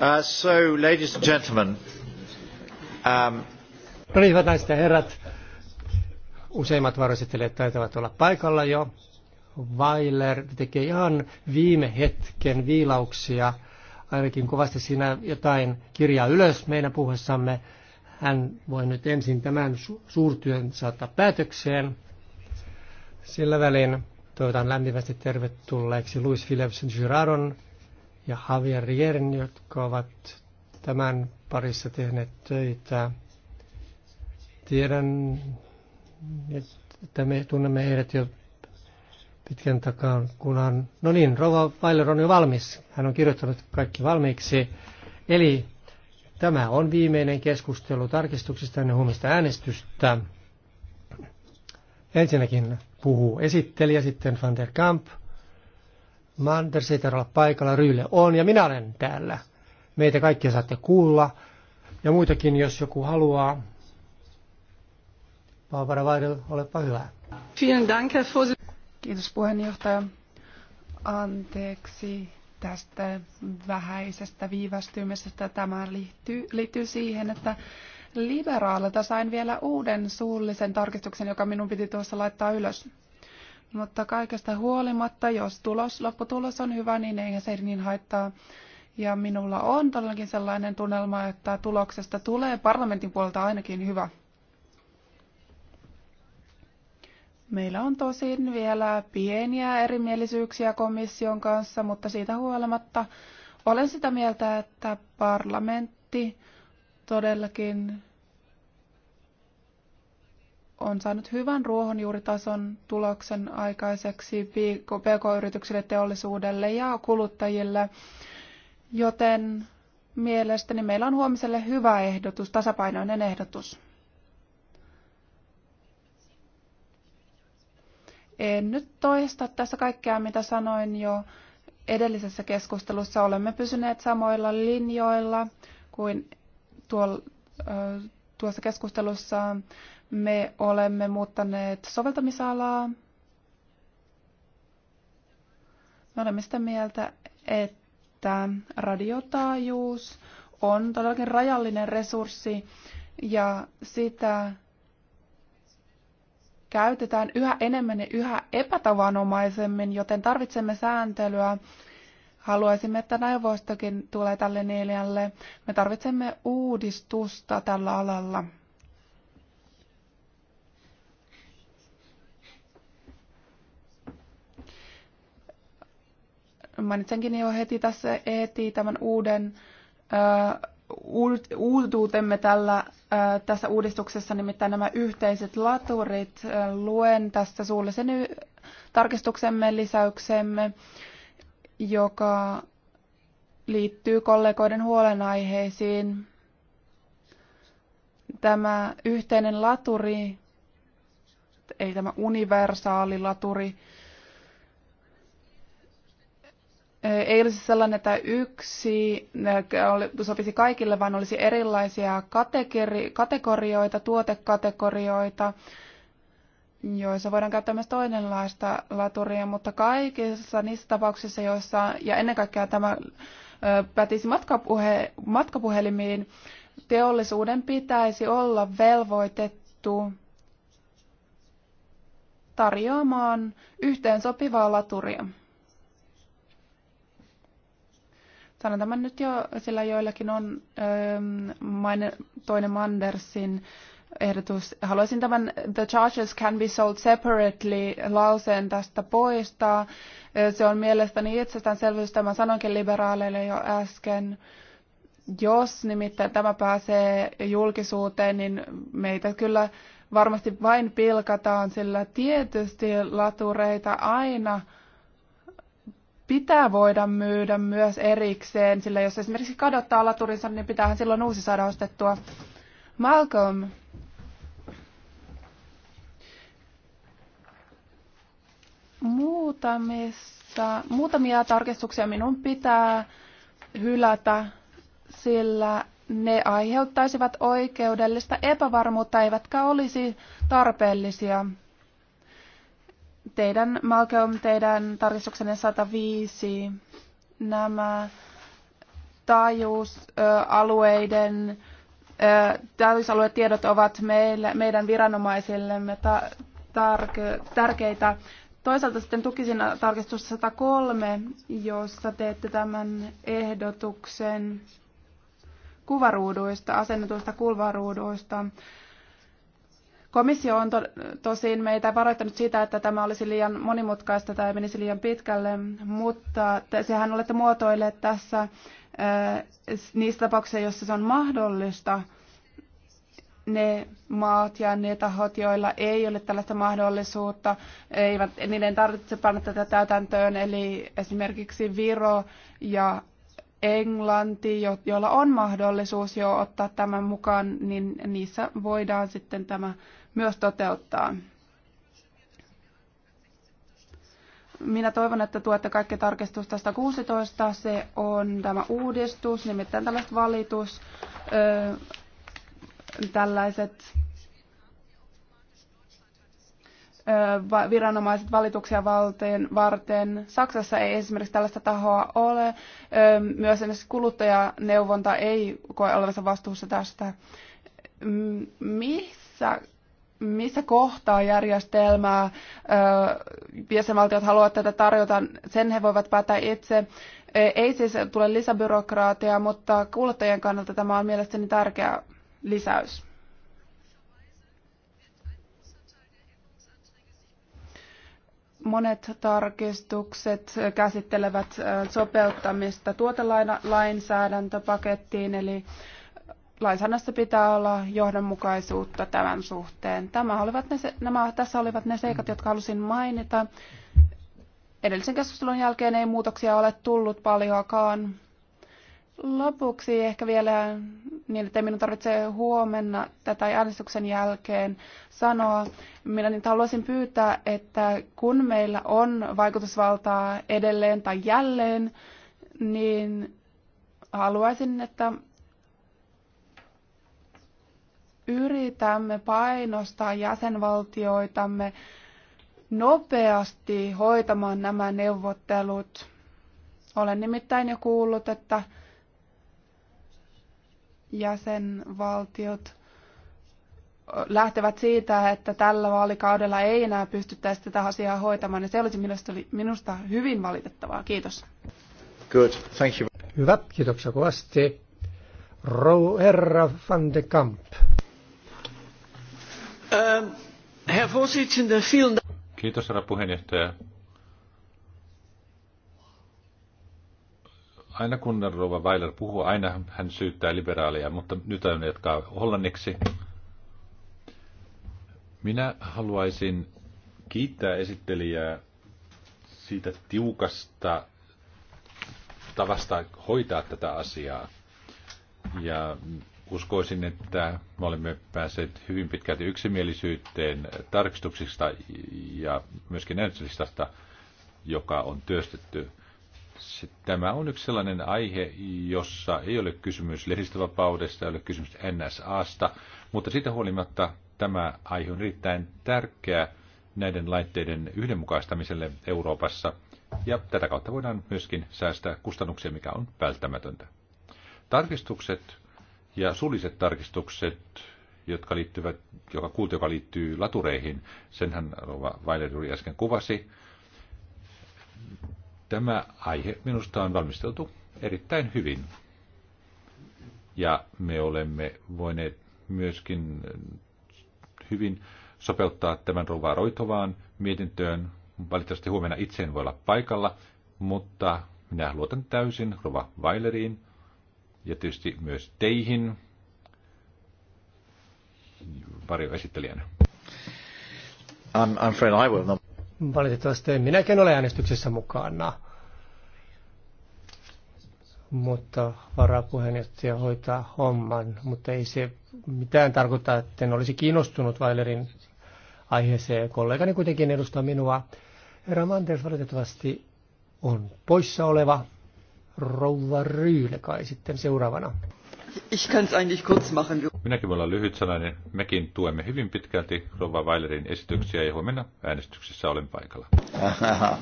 Speaker 1: Uh, so, ladies and gentlemen, um...
Speaker 2: No niin, hyvät naiset ja herrat, useimmat varoesittelijät taitavat olla paikalla jo. Weiler tekee ihan viime hetken viilauksia, ainakin kovasti siinä jotain kirjaa ylös meidän puhuessamme. Hän voi nyt ensin tämän suurtyön saattaa päätökseen. Sillä välin toivotan lämpimästi tervetulleeksi Louis Philips Giradon ja Javier Rierin, jotka ovat tämän parissa tehneet töitä. Tiedän, että me tunnemme heidät jo pitkän takaa, kunhan... No niin, Rova Weiler on jo valmis. Hän on kirjoittanut kaikki valmiiksi. Eli Tämä on viimeinen keskustelu tarkistuksista ennen huomista äänestystä. Ensinnäkin puhuu esittelijä, sitten Van der Kamp. Manders ei olla paikalla, Ryyle on ja minä olen täällä. Meitä kaikkia saatte kuulla ja muitakin, jos joku haluaa. Barbara Weidel, olepa hyvä.
Speaker 4: Kiitos puheenjohtaja. Anteeksi tästä vähäisestä viivästymisestä. Tämä liittyy, liittyy siihen, että liberaalilta sain vielä uuden suullisen tarkistuksen, joka minun piti tuossa laittaa ylös. Mutta kaikesta huolimatta, jos tulos, lopputulos on hyvä, niin eihän se niin haittaa. Ja minulla on todellakin sellainen tunnelma, että tuloksesta tulee parlamentin puolelta ainakin hyvä. Meillä on tosin vielä pieniä erimielisyyksiä komission kanssa, mutta siitä huolimatta olen sitä mieltä, että parlamentti todellakin on saanut hyvän ruohonjuuritason tuloksen aikaiseksi pk-yrityksille, teollisuudelle ja kuluttajille, joten mielestäni meillä on huomiselle hyvä ehdotus, tasapainoinen ehdotus. En nyt toista tässä kaikkea, mitä sanoin jo edellisessä keskustelussa. Olemme pysyneet samoilla linjoilla kuin tuol, tuossa keskustelussa. Me olemme muuttaneet soveltamisalaa. Me olemme sitä mieltä, että radiotaajuus on todellakin rajallinen resurssi ja sitä käytetään yhä enemmän ja yhä epätavanomaisemmin, joten tarvitsemme sääntelyä. Haluaisimme, että neuvostokin tulee tälle neljälle. Me tarvitsemme uudistusta tällä alalla. Mainitsenkin jo heti tässä eti tämän uuden uutuutemme tällä, tässä uudistuksessa, nimittäin nämä yhteiset laturit. Luen tästä suullisen y- tarkistuksemme lisäyksemme, joka liittyy kollegoiden huolenaiheisiin. Tämä yhteinen laturi, ei tämä universaali laturi, ei olisi sellainen, että yksi sopisi kaikille, vaan olisi erilaisia kategorioita, tuotekategorioita, joissa voidaan käyttää myös toinenlaista laturia, mutta kaikissa niissä tapauksissa, joissa, ja ennen kaikkea tämä pätisi matkapuhe, matkapuhelimiin, teollisuuden pitäisi olla velvoitettu tarjoamaan sopivaa laturia. Sanon tämän nyt jo, sillä joillakin on ähm, toinen Mandersin ehdotus. Haluaisin tämän the charges can be sold separately lauseen tästä poistaa. Äh, se on mielestäni itsestäänselvyys, tämä sanoinkin liberaaleille jo äsken. Jos nimittäin tämä pääsee julkisuuteen, niin meitä kyllä varmasti vain pilkataan, sillä tietysti latureita aina pitää voida myydä myös erikseen, sillä jos esimerkiksi kadottaa laturinsa, niin pitäähän silloin uusi saada ostettua. Malcolm. Muutamissa, muutamia tarkistuksia minun pitää hylätä, sillä ne aiheuttaisivat oikeudellista epävarmuutta eivätkä olisi tarpeellisia teidän, Malcolm, teidän tarkistuksenne 105, nämä taajuusalueiden taajuusaluetiedot ovat meille, meidän viranomaisillemme ta, tar, tärkeitä. Toisaalta sitten tukisin tarkistus 103, jossa teette tämän ehdotuksen kuvaruuduista, asennetuista kuvaruuduista. Komissio on to, tosin meitä varoittanut siitä, että tämä olisi liian monimutkaista tai menisi liian pitkälle, mutta te, sehän olette muotoilleet tässä ää, niissä tapauksissa, joissa se on mahdollista, ne maat ja ne tahot, joilla ei ole tällaista mahdollisuutta, eivät, niiden tarvitse panna tätä täytäntöön, eli esimerkiksi Viro ja Englanti, jo, joilla on mahdollisuus jo ottaa tämän mukaan, niin niissä voidaan sitten tämä myös toteuttaa. Minä toivon, että tuette kaikki tästä 16. Se on tämä uudistus, nimittäin tällaiset valitus, ö, tällaiset ö, viranomaiset valituksia valteen, varten. Saksassa ei esimerkiksi tällaista tahoa ole. Ö, myös esimerkiksi kuluttajaneuvonta ei koe olevansa vastuussa tästä. Missä missä kohtaa järjestelmää jäsenvaltiot haluavat tätä tarjota, sen he voivat päättää itse. E, ei siis tule lisäbyrokraatiaa, mutta kuluttajien kannalta tämä on mielestäni tärkeä lisäys. Monet tarkistukset käsittelevät sopeuttamista tuotelainsäädäntöpakettiin, eli lainsäädännössä pitää olla johdonmukaisuutta tämän suhteen. Tämä olivat ne, nämä, tässä olivat ne seikat, jotka halusin mainita. Edellisen keskustelun jälkeen ei muutoksia ole tullut paljoakaan. Lopuksi ehkä vielä, niin että minun tarvitsee huomenna tätä äänestyksen jälkeen sanoa, minä niin haluaisin pyytää, että kun meillä on vaikutusvaltaa edelleen tai jälleen, niin haluaisin, että yritämme painostaa jäsenvaltioitamme nopeasti hoitamaan nämä neuvottelut. Olen nimittäin jo kuullut, että jäsenvaltiot lähtevät siitä, että tällä vaalikaudella ei enää pystyttäisi tätä asiaa hoitamaan, ja se olisi minusta, minusta hyvin valitettavaa. Kiitos.
Speaker 3: Good. Thank you.
Speaker 2: Hyvä, kiitoksia kovasti. Herra van de Kamp. Ähm, Herr Vorsitzender,
Speaker 1: Kiitos, herra puheenjohtaja. Aina kun rouva Weiler puhuu, aina hän syyttää liberaaleja, mutta nyt aion jatkaa hollanniksi. Minä haluaisin kiittää esittelijää siitä tiukasta tavasta hoitaa tätä asiaa. Ja uskoisin, että me olemme päässeet hyvin pitkälti yksimielisyyteen tarkistuksista ja myöskin näytöslistasta, joka on työstetty. Tämä on yksi sellainen aihe, jossa ei ole kysymys lehdistövapaudesta, ei ole kysymys NSAsta, mutta siitä huolimatta tämä aihe on erittäin tärkeä näiden laitteiden yhdenmukaistamiselle Euroopassa, ja tätä kautta voidaan myöskin säästää kustannuksia, mikä on välttämätöntä. Tarkistukset ja suliset tarkistukset, jotka liittyvät, joka kuulti, joka liittyy latureihin, senhän Rova Weiler juuri äsken kuvasi. Tämä aihe minusta on valmisteltu erittäin hyvin. Ja me olemme voineet myöskin hyvin sopeuttaa tämän Rova Roitovaan mietintöön. Valitettavasti huomenna itse en voi olla paikalla, mutta minä luotan täysin Rova Weileriin – ja tietysti myös teihin esittelijänä. I'm, I'm afraid I will not.
Speaker 2: Valitettavasti en minäkin ole äänestyksessä mukana, mutta varapuheenjohtaja hoitaa homman, mutta ei se mitään tarkoita, että en olisi kiinnostunut Weilerin aiheeseen. Kollegani kuitenkin edustaa minua. Herra Manders valitettavasti on poissa oleva rouva Ryyle kai sitten seuraavana.
Speaker 1: Ich kann's eigentlich kurz machen. Minäkin voin olla lyhyt sanainen. Mekin tuemme hyvin pitkälti Rova Weilerin esityksiä ja huomenna äänestyksessä olen paikalla.
Speaker 5: *laughs*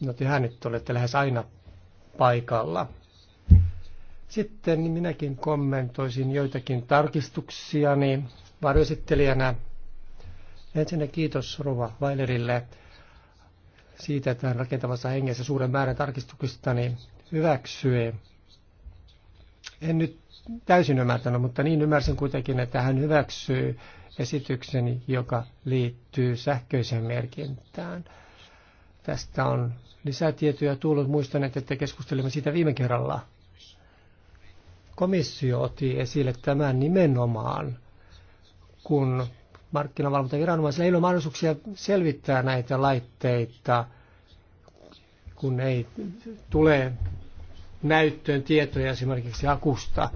Speaker 2: No tehän nyt olette lähes aina paikalla. Sitten minäkin kommentoisin joitakin tarkistuksiani varjoesittelijänä. Ensinnä kiitos Rova Weilerille siitä, että hän rakentamassa hengessä suuren määrän tarkistuksista niin hyväksyi. En nyt täysin ymmärtänyt, mutta niin ymmärsin kuitenkin, että hän hyväksyy esityksen, joka liittyy sähköiseen merkintään. Tästä on lisätietoja tullut. Muistan, että keskustelimme siitä viime kerralla. Komissio otti esille tämän nimenomaan, kun markkinavalvontaviranomaisilla ei ole mahdollisuuksia selvittää näitä laitteita, kun ei tule näyttöön tietoja esimerkiksi akusta.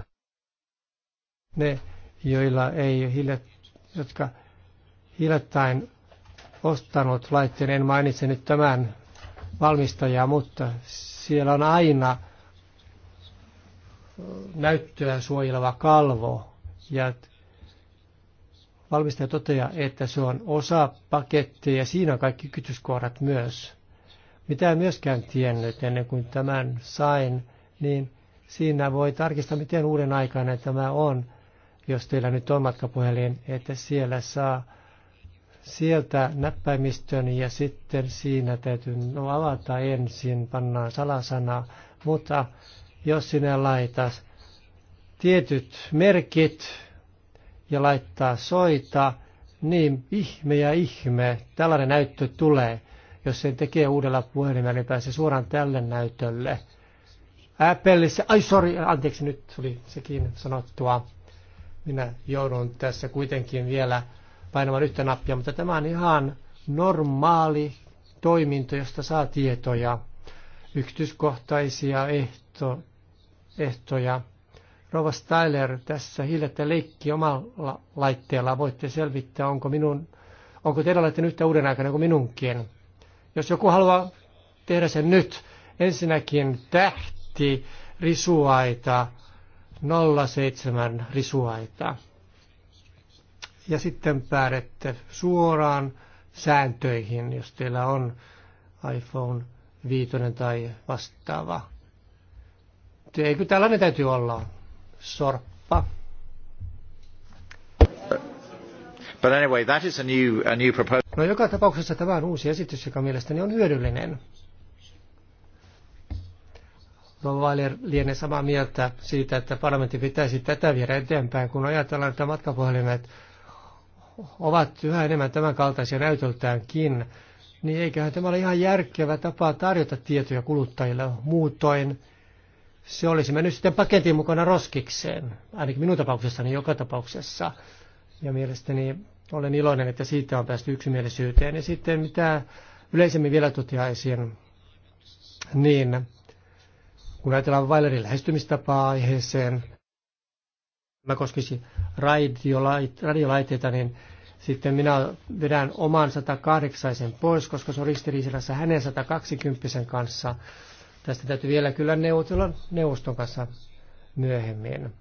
Speaker 2: Ne, joilla ei hiljat, jotka hiljattain ostanut laitteen, en mainitse nyt tämän valmistajaa, mutta siellä on aina näyttöä suojeleva kalvo ja valmistaja toteaa, että se on osa pakettia ja siinä on kaikki kytyskohdat myös. Mitä en myöskään tiennyt ennen kuin tämän sain, niin siinä voi tarkistaa, miten uuden aikana tämä on, jos teillä nyt on matkapuhelin, että siellä saa sieltä näppäimistön ja sitten siinä täytyy no, avata ensin, pannaan salasana, mutta jos sinä laitas tietyt merkit, ja laittaa soita, niin ihme ja ihme, tällainen näyttö tulee, jos sen tekee uudella puhelimella, niin pääsee suoraan tälle näytölle. se, ai sorry, anteeksi, nyt tuli sekin sanottua. Minä joudun tässä kuitenkin vielä painamaan yhtä nappia, mutta tämä on ihan normaali toiminto, josta saa tietoja, yksityiskohtaisia ehto, ehtoja Rova Styler tässä hiljattain leikki omalla laitteella. Voitte selvittää, onko, minun, onko teidän laitteen yhtä uuden aikana kuin minunkin. Jos joku haluaa tehdä sen nyt, ensinnäkin tähti risuaita, 07 risuaita. Ja sitten päädette suoraan sääntöihin, jos teillä on iPhone 5 tai vastaava. Eikö tällainen täytyy olla? Sorpa.
Speaker 1: But anyway, that is a new, a new proposal.
Speaker 2: No joka tapauksessa tämä on uusi esitys, joka mielestäni on hyödyllinen. Rovailer lienee samaa mieltä siitä, että parlamentti pitäisi tätä viedä eteenpäin, kun ajatellaan, että matkapuhelimet ovat yhä enemmän tämän kaltaisia näytöltäänkin, niin eiköhän tämä ole ihan järkevä tapa tarjota tietoja kuluttajille. Muutoin se olisi mennyt sitten paketin mukana roskikseen, ainakin minun tapauksessani joka tapauksessa. Ja mielestäni olen iloinen, että siitä on päästy yksimielisyyteen. Ja sitten mitä yleisemmin vielä toteaisin, niin kun ajatellaan Vailerin lähestymistapaa aiheeseen, mä koskisin radiolait, radiolaitteita, niin sitten minä vedän oman 108 pois, koska se on ristiriisilässä hänen 120 kanssa. Tästä täytyy vielä kyllä neuvotella neuvoston kanssa myöhemmin.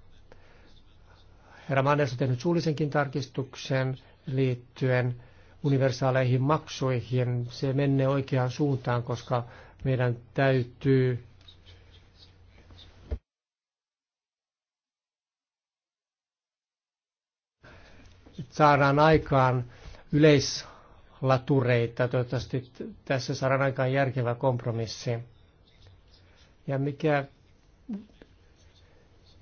Speaker 2: Herra Manners on tehnyt suullisenkin tarkistuksen liittyen universaaleihin maksuihin. Se menee oikeaan suuntaan, koska meidän täytyy saadaan aikaan yleislatureita. Toivottavasti tässä saadaan aikaan järkevä kompromissi. Ja mikä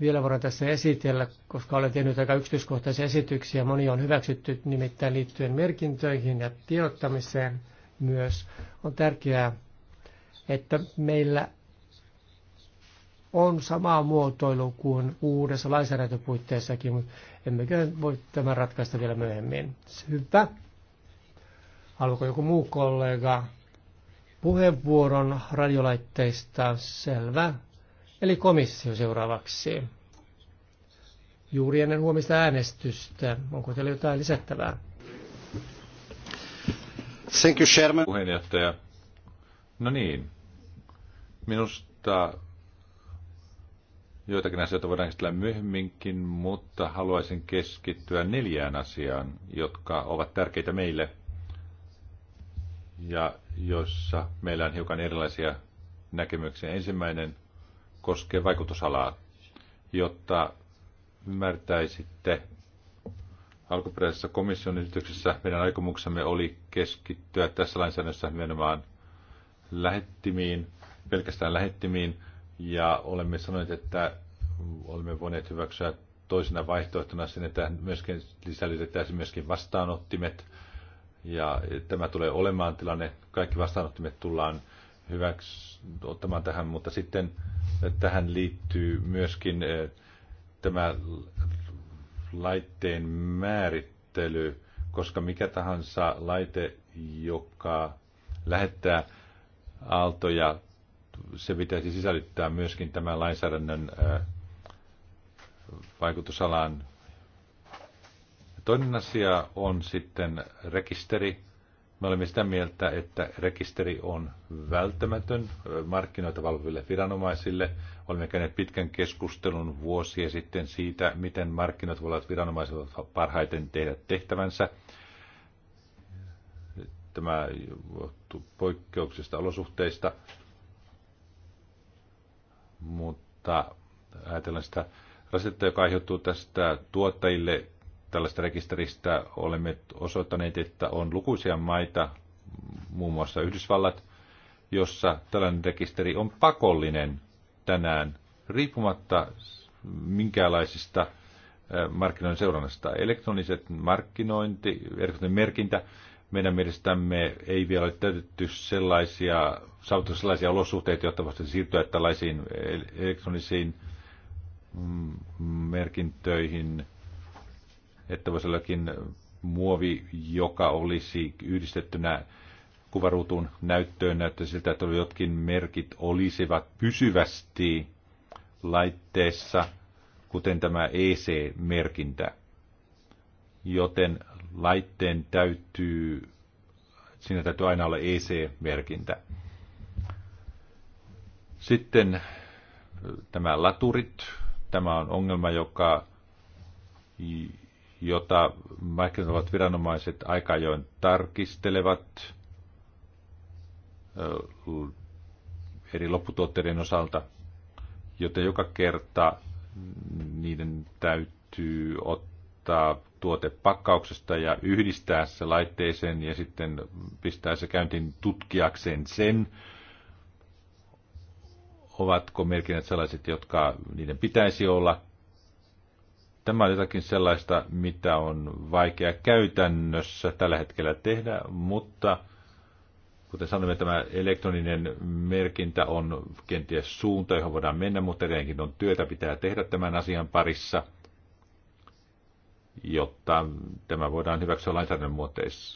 Speaker 2: vielä voidaan tässä esitellä, koska olen tehnyt aika yksityiskohtaisia esityksiä. Moni on hyväksytty nimittäin liittyen merkintöihin ja tiedottamiseen myös. On tärkeää, että meillä on sama muotoilu kuin uudessa lainsäädäntöpuitteissakin, mutta emmekä voi tämän ratkaista vielä myöhemmin. Hyvä. Haluatko joku muu kollega puheenvuoron radiolaitteista. Selvä. Eli komissio seuraavaksi. Juuri ennen huomista äänestystä. Onko teillä jotain lisättävää?
Speaker 1: Thank you, Sherman. Puheenjohtaja. No niin. Minusta joitakin asioita voidaan käsitellä myöhemminkin, mutta haluaisin keskittyä neljään asiaan, jotka ovat tärkeitä meille ja joissa meillä on hiukan erilaisia näkemyksiä. Ensimmäinen koskee vaikutusalaa, jotta ymmärtäisitte alkuperäisessä komission esityksessä meidän aikomuksemme oli keskittyä tässä lainsäädännössä nimenomaan lähettimiin, pelkästään lähettimiin, ja olemme sanoneet, että olemme voineet hyväksyä toisena vaihtoehtona sen, että myöskin sisällytettäisiin myöskin vastaanottimet ja tämä tulee olemaan tilanne. Kaikki vastaanottimet tullaan hyväksi ottamaan tähän, mutta sitten eh, tähän liittyy myöskin eh, tämä laitteen määrittely, koska mikä tahansa laite, joka lähettää aaltoja, se pitäisi sisällyttää myöskin tämän lainsäädännön eh, vaikutusalaan Toinen asia on sitten rekisteri. Me olemme sitä mieltä, että rekisteri on välttämätön markkinoita valvoville viranomaisille. Olemme käyneet pitkän keskustelun vuosia sitten siitä, miten markkinat voivat viranomaiset parhaiten tehdä tehtävänsä. Tämä poikkeuksista olosuhteista, mutta ajatellaan sitä rasitetta, joka aiheutuu tästä tuottajille tällaista rekisteristä olemme osoittaneet, että on lukuisia maita, muun muassa Yhdysvallat, jossa tällainen rekisteri on pakollinen tänään, riippumatta minkälaisista markkinoiden seurannasta. Elektroniset markkinointi, elektroninen merkintä, meidän mielestämme ei vielä ole täytetty sellaisia, saavutettu sellaisia olosuhteita, jotta voisi siirtyä tällaisiin elektronisiin mm, merkintöihin – että voisi ollakin muovi, joka olisi yhdistettynä kuvaruutuun näyttöön, näyttää siltä, että jotkin merkit olisivat pysyvästi laitteessa, kuten tämä EC-merkintä. Joten laitteen täytyy, siinä täytyy aina olla EC-merkintä. Sitten äh, tämä laturit. Tämä on ongelma, joka jota markkinoivat viranomaiset aika ajoin tarkistelevat eri lopputuotteiden osalta, joten joka kerta niiden täytyy ottaa tuote pakkauksesta ja yhdistää se laitteeseen ja sitten pistää se käyntiin tutkiakseen sen, ovatko merkinnät sellaiset, jotka niiden pitäisi olla, Tämä on jotakin sellaista, mitä on vaikea käytännössä tällä hetkellä tehdä, mutta kuten sanoimme, tämä elektroninen merkintä on kenties suunta, johon voidaan mennä, mutta edelleenkin on työtä pitää tehdä tämän asian parissa, jotta tämä voidaan hyväksyä lainsäädännön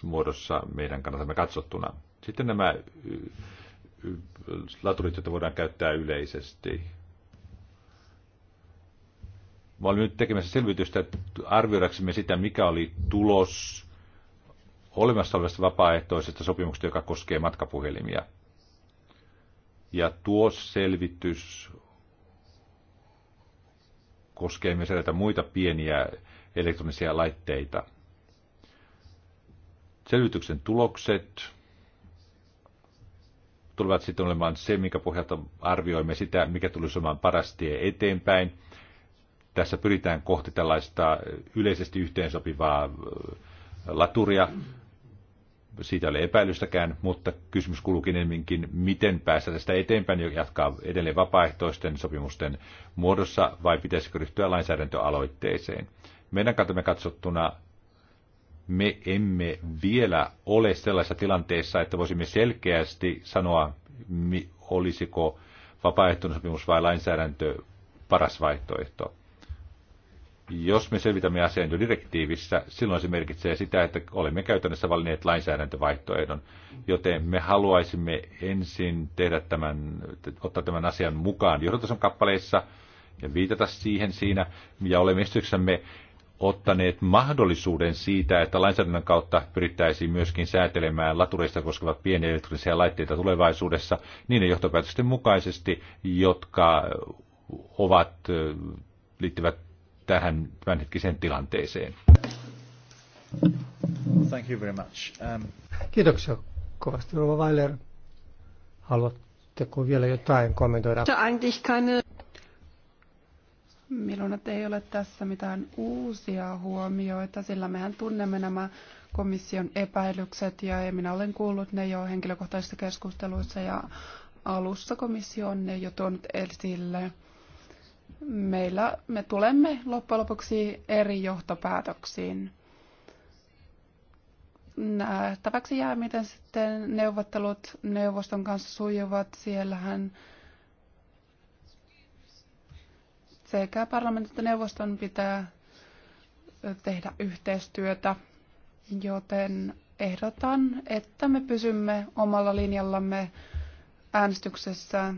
Speaker 1: muodossa meidän kannaltamme katsottuna. Sitten nämä laturit, joita voidaan käyttää yleisesti me olemme nyt tekemässä selvitystä arvioidaksemme sitä, mikä oli tulos olemassa olevasta vapaaehtoisesta sopimuksesta, joka koskee matkapuhelimia. Ja tuo selvitys koskee myös näitä muita pieniä elektronisia laitteita. Selvityksen tulokset tulevat sitten olemaan se, minkä pohjalta arvioimme sitä, mikä tulisi olemaan paras tie eteenpäin – tässä pyritään kohti tällaista yleisesti yhteensopivaa laturia. Siitä ei ole epäilystäkään, mutta kysymys kuuluukin enemminkin, miten päästä tästä eteenpäin ja jatkaa edelleen vapaaehtoisten sopimusten muodossa vai pitäisikö ryhtyä lainsäädäntöaloitteeseen. Meidän kantamme katsottuna me emme vielä ole sellaisessa tilanteessa, että voisimme selkeästi sanoa, olisiko vapaaehtoinen sopimus vai lainsäädäntö paras vaihtoehto. Jos me selvitämme asian jo direktiivissä, silloin se merkitsee sitä, että olemme käytännössä valinneet lainsäädäntövaihtoehdon, joten me haluaisimme ensin tehdä tämän, ottaa tämän asian mukaan johdotason kappaleissa ja viitata siihen siinä, ja olemme esityksemme ottaneet mahdollisuuden siitä, että lainsäädännön kautta pyrittäisiin myöskin säätelemään latureista koskevat pieniä elektronisia laitteita tulevaisuudessa niiden johtopäätösten mukaisesti, jotka ovat liittyvät tähän tämänhetkiseen tilanteeseen.
Speaker 2: Thank you very much. Um... Kiitoksia kovasti, Rova Weiler. Haluatteko vielä jotain kommentoida?
Speaker 4: Minun ei ole tässä mitään uusia huomioita, sillä mehän tunnemme nämä komission epäilykset ja minä olen kuullut ne jo henkilökohtaisissa keskusteluissa ja alussa komissio on ne jo tuonut esille meillä me tulemme loppujen lopuksi eri johtopäätöksiin. Nähtäväksi jää, miten sitten neuvottelut neuvoston kanssa sujuvat. Siellähän sekä parlamentin että neuvoston pitää tehdä yhteistyötä, joten ehdotan, että me pysymme omalla linjallamme äänestyksessä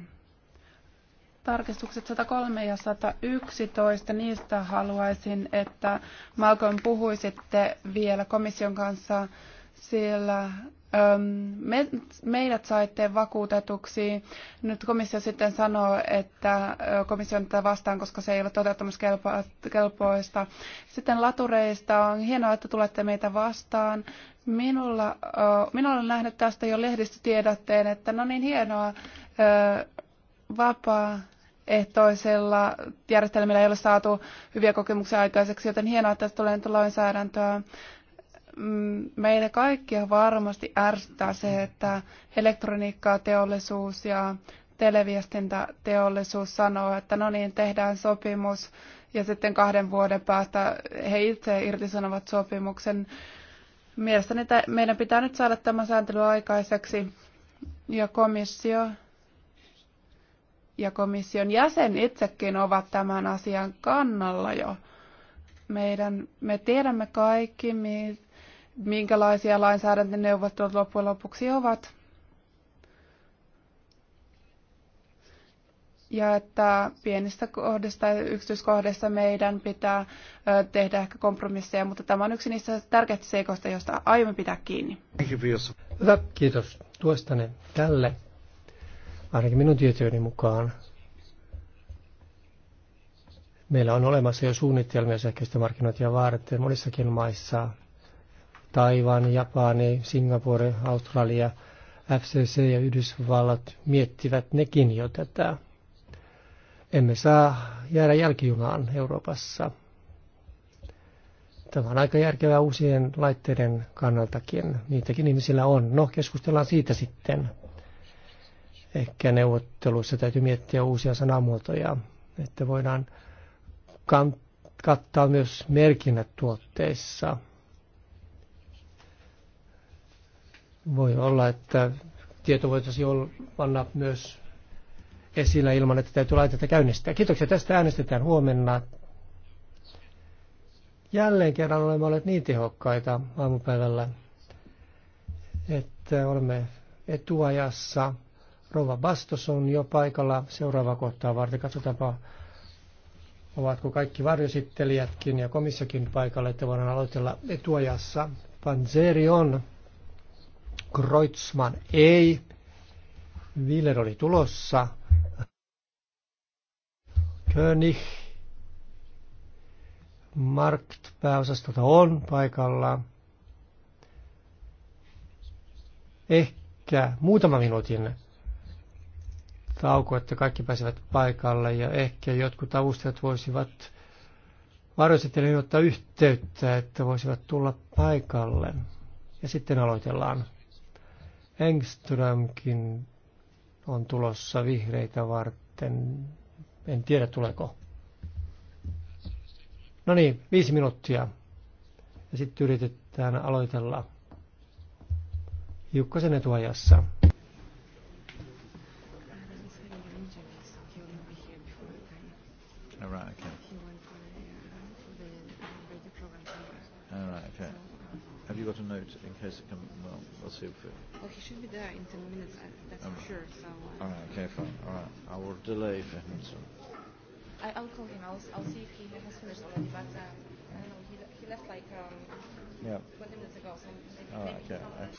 Speaker 4: tarkistukset 103 ja 111, niistä haluaisin, että Malcolm puhuisitte vielä komission kanssa, sillä me, meidät saitte vakuutetuksi. Nyt komissio sitten sanoo, että komissio on tätä vastaan, koska se ei ole toteuttamiskelpoista. Sitten latureista on hienoa, että tulette meitä vastaan. Minulla, minä olen nähnyt tästä jo lehdistötiedotteen, että no niin hienoa, vapaa ehtoisilla järjestelmillä ei ole saatu hyviä kokemuksia aikaiseksi, joten hienoa, että tästä tulee nyt lainsäädäntöä. Mm, Meille kaikkia varmasti ärsyttää se, että elektroniikkaa, teollisuus ja televiestintäteollisuus sanoo, että no niin, tehdään sopimus ja sitten kahden vuoden päästä he itse irtisanovat sopimuksen. Mielestäni meidän pitää nyt saada tämä sääntely aikaiseksi ja komissio ja komission jäsen itsekin ovat tämän asian kannalla jo. Meidän, me tiedämme kaikki, minkälaisia lainsäädäntöneuvottelut loppujen lopuksi ovat. Ja että pienistä kohdista ja yksityiskohdista meidän pitää tehdä ehkä kompromisseja, mutta tämä on yksi niistä tärkeistä seikoista, joista aiomme pitää kiinni.
Speaker 2: Hyvä, kiitos tuostanne tälle ainakin minun tietojeni mukaan. Meillä on olemassa jo suunnitelmia sähköistä markkinointia varten monissakin maissa. Taiwan, Japani, Singapore, Australia, FCC ja Yhdysvallat miettivät nekin jo tätä. Emme saa jäädä jälkijunaan Euroopassa. Tämä on aika järkevää uusien laitteiden kannaltakin. Niitäkin ihmisillä on. No, keskustellaan siitä sitten. Ehkä neuvotteluissa täytyy miettiä uusia sanamuotoja, että voidaan kattaa myös merkinnät tuotteissa. Voi olla, että tieto voitaisiin panna myös esillä ilman, että täytyy laitetta käynnistää. Kiitoksia. Tästä äänestetään huomenna. Jälleen kerran olemme olleet niin tehokkaita aamupäivällä, että olemme etuajassa. Rova Bastos on jo paikalla seuraava kohtaa varten. Katsotaanpa, ovatko kaikki varjosittelijätkin ja komissakin paikalla, että voidaan aloitella etuajassa. Panzeri on, Kreutzmann ei, Willer oli tulossa, König, Markt pääosastolta on paikalla. Ehkä muutama minuutin tauko, että kaikki pääsevät paikalle ja ehkä jotkut avustajat voisivat varjoisettelijoihin ottaa yhteyttä, että voisivat tulla paikalle. Ja sitten aloitellaan. Engströmkin on tulossa vihreitä varten. En tiedä tuleeko. No niin, viisi minuuttia. Ja sitten yritetään aloitella hiukkasen etuajassa.
Speaker 3: Sylvia. Well, oh, he should be there in 10 minutes, that's for sure. So. Uh, all right, okay, fine. All right, I will delay for him. So. I, I'll call him. I'll, I'll see if he has finished already, but uh, I don't know. He, he left like um, yeah. 20 minutes ago, so maybe, all right, maybe okay. he's not there.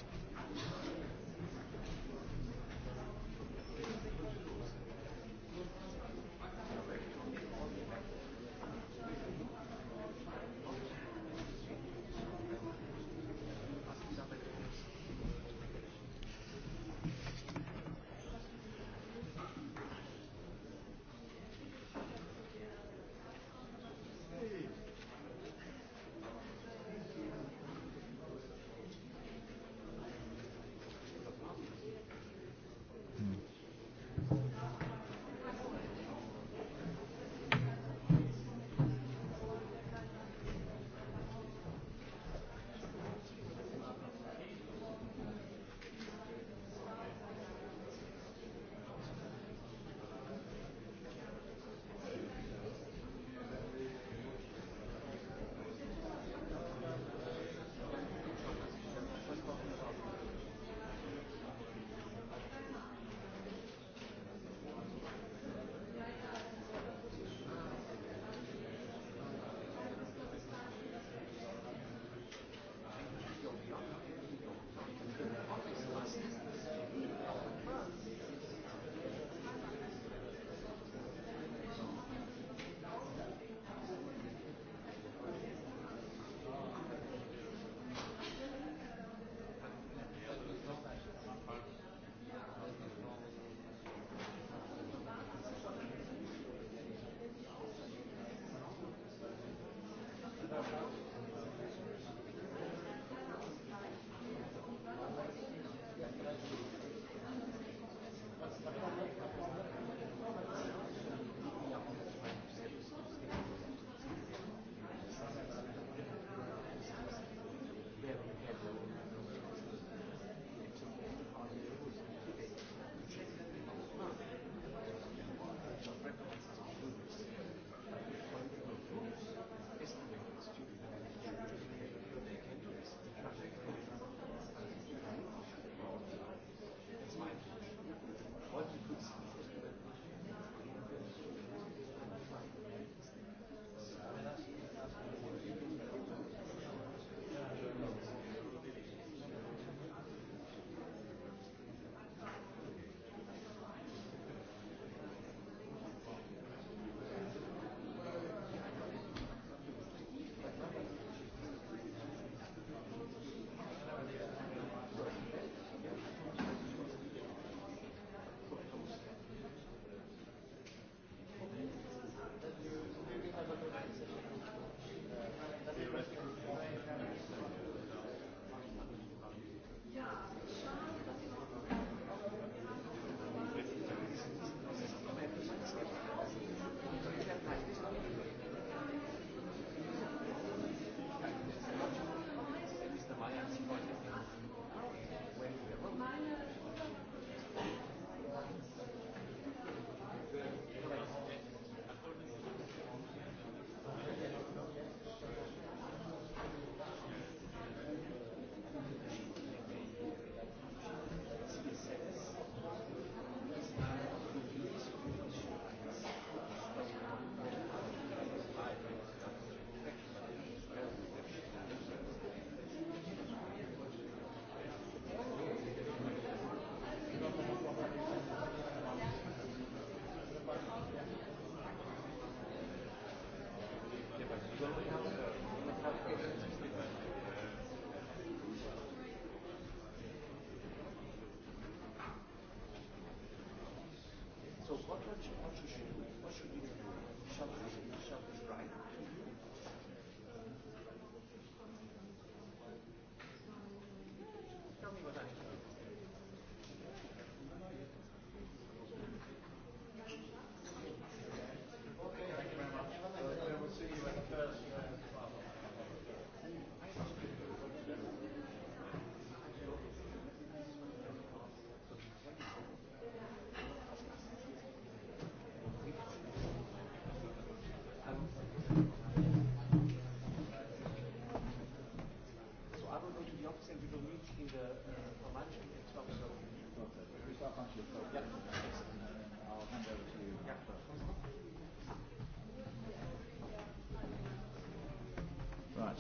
Speaker 3: Right.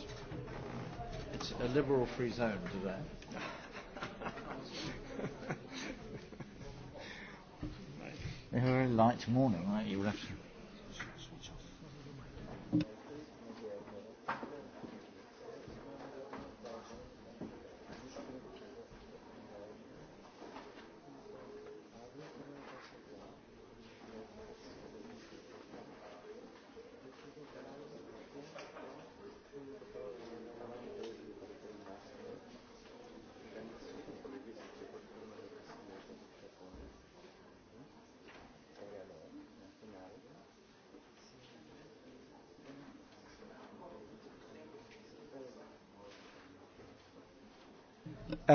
Speaker 3: It's a liberal free zone today. a very light morning, right? You would have to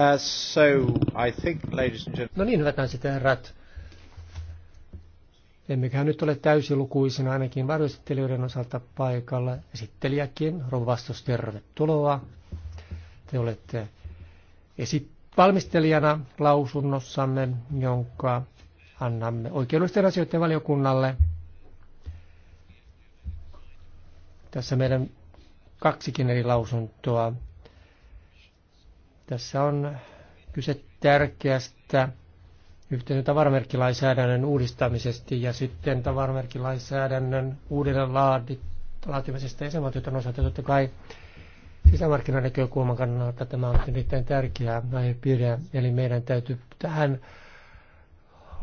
Speaker 1: Uh, so, I think, ladies and gentlemen...
Speaker 2: No niin, hyvät naiset ja herrat. Emmeköhän nyt ole täysilukuisina ainakin varjoesittelijöiden osalta paikalla. Esittelijäkin, Vastos, tervetuloa. Te olette esit- valmistelijana lausunnossanne, jonka annamme oikeudellisten asioiden valiokunnalle. Tässä meidän kaksikin eri lausuntoa tässä on kyse tärkeästä yhteisen tavaramerkkilainsäädännön uudistamisesta ja sitten tavaramerkkilainsäädännön uudelleen laatimisesta jäsenvaltioiden osalta. Totta kai sisämarkkinanäkökulman kannalta tämä on erittäin tärkeää aihepiiriä, eli meidän täytyy tähän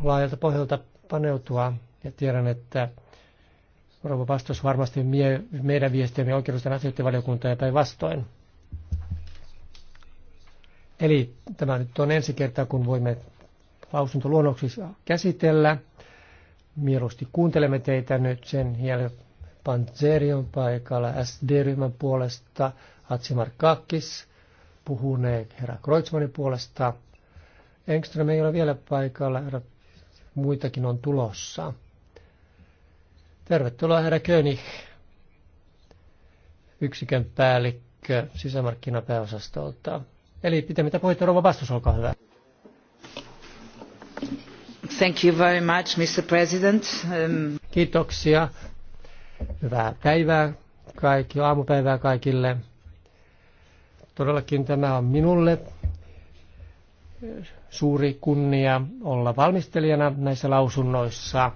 Speaker 2: laajalta pohjalta paneutua ja tiedän, että Rouva vastaus varmasti mie, meidän viestiämme oikeudellisten asioiden valiokuntaan ja päinvastoin. Eli tämä nyt on ensi kerta, kun voimme lausuntoluonnoksissa käsitellä. Mieluusti kuuntelemme teitä nyt sen jälkeen. panzerion paikalla SD-ryhmän puolesta, Hatsimar Kakkis puhuneet herra Kreutzmannin puolesta. Engström ei ole vielä paikalla, herra, muitakin on tulossa. Tervetuloa herra König, yksikön päällikkö sisämarkkinapääosastolta. Eli pitämättä puhetta rouva vastus, olkaa hyvä. Thank you very much, Mr. President. Um... Kiitoksia. Hyvää päivää kaikki, aamupäivää kaikille. Todellakin tämä on minulle suuri kunnia olla valmistelijana näissä lausunnoissa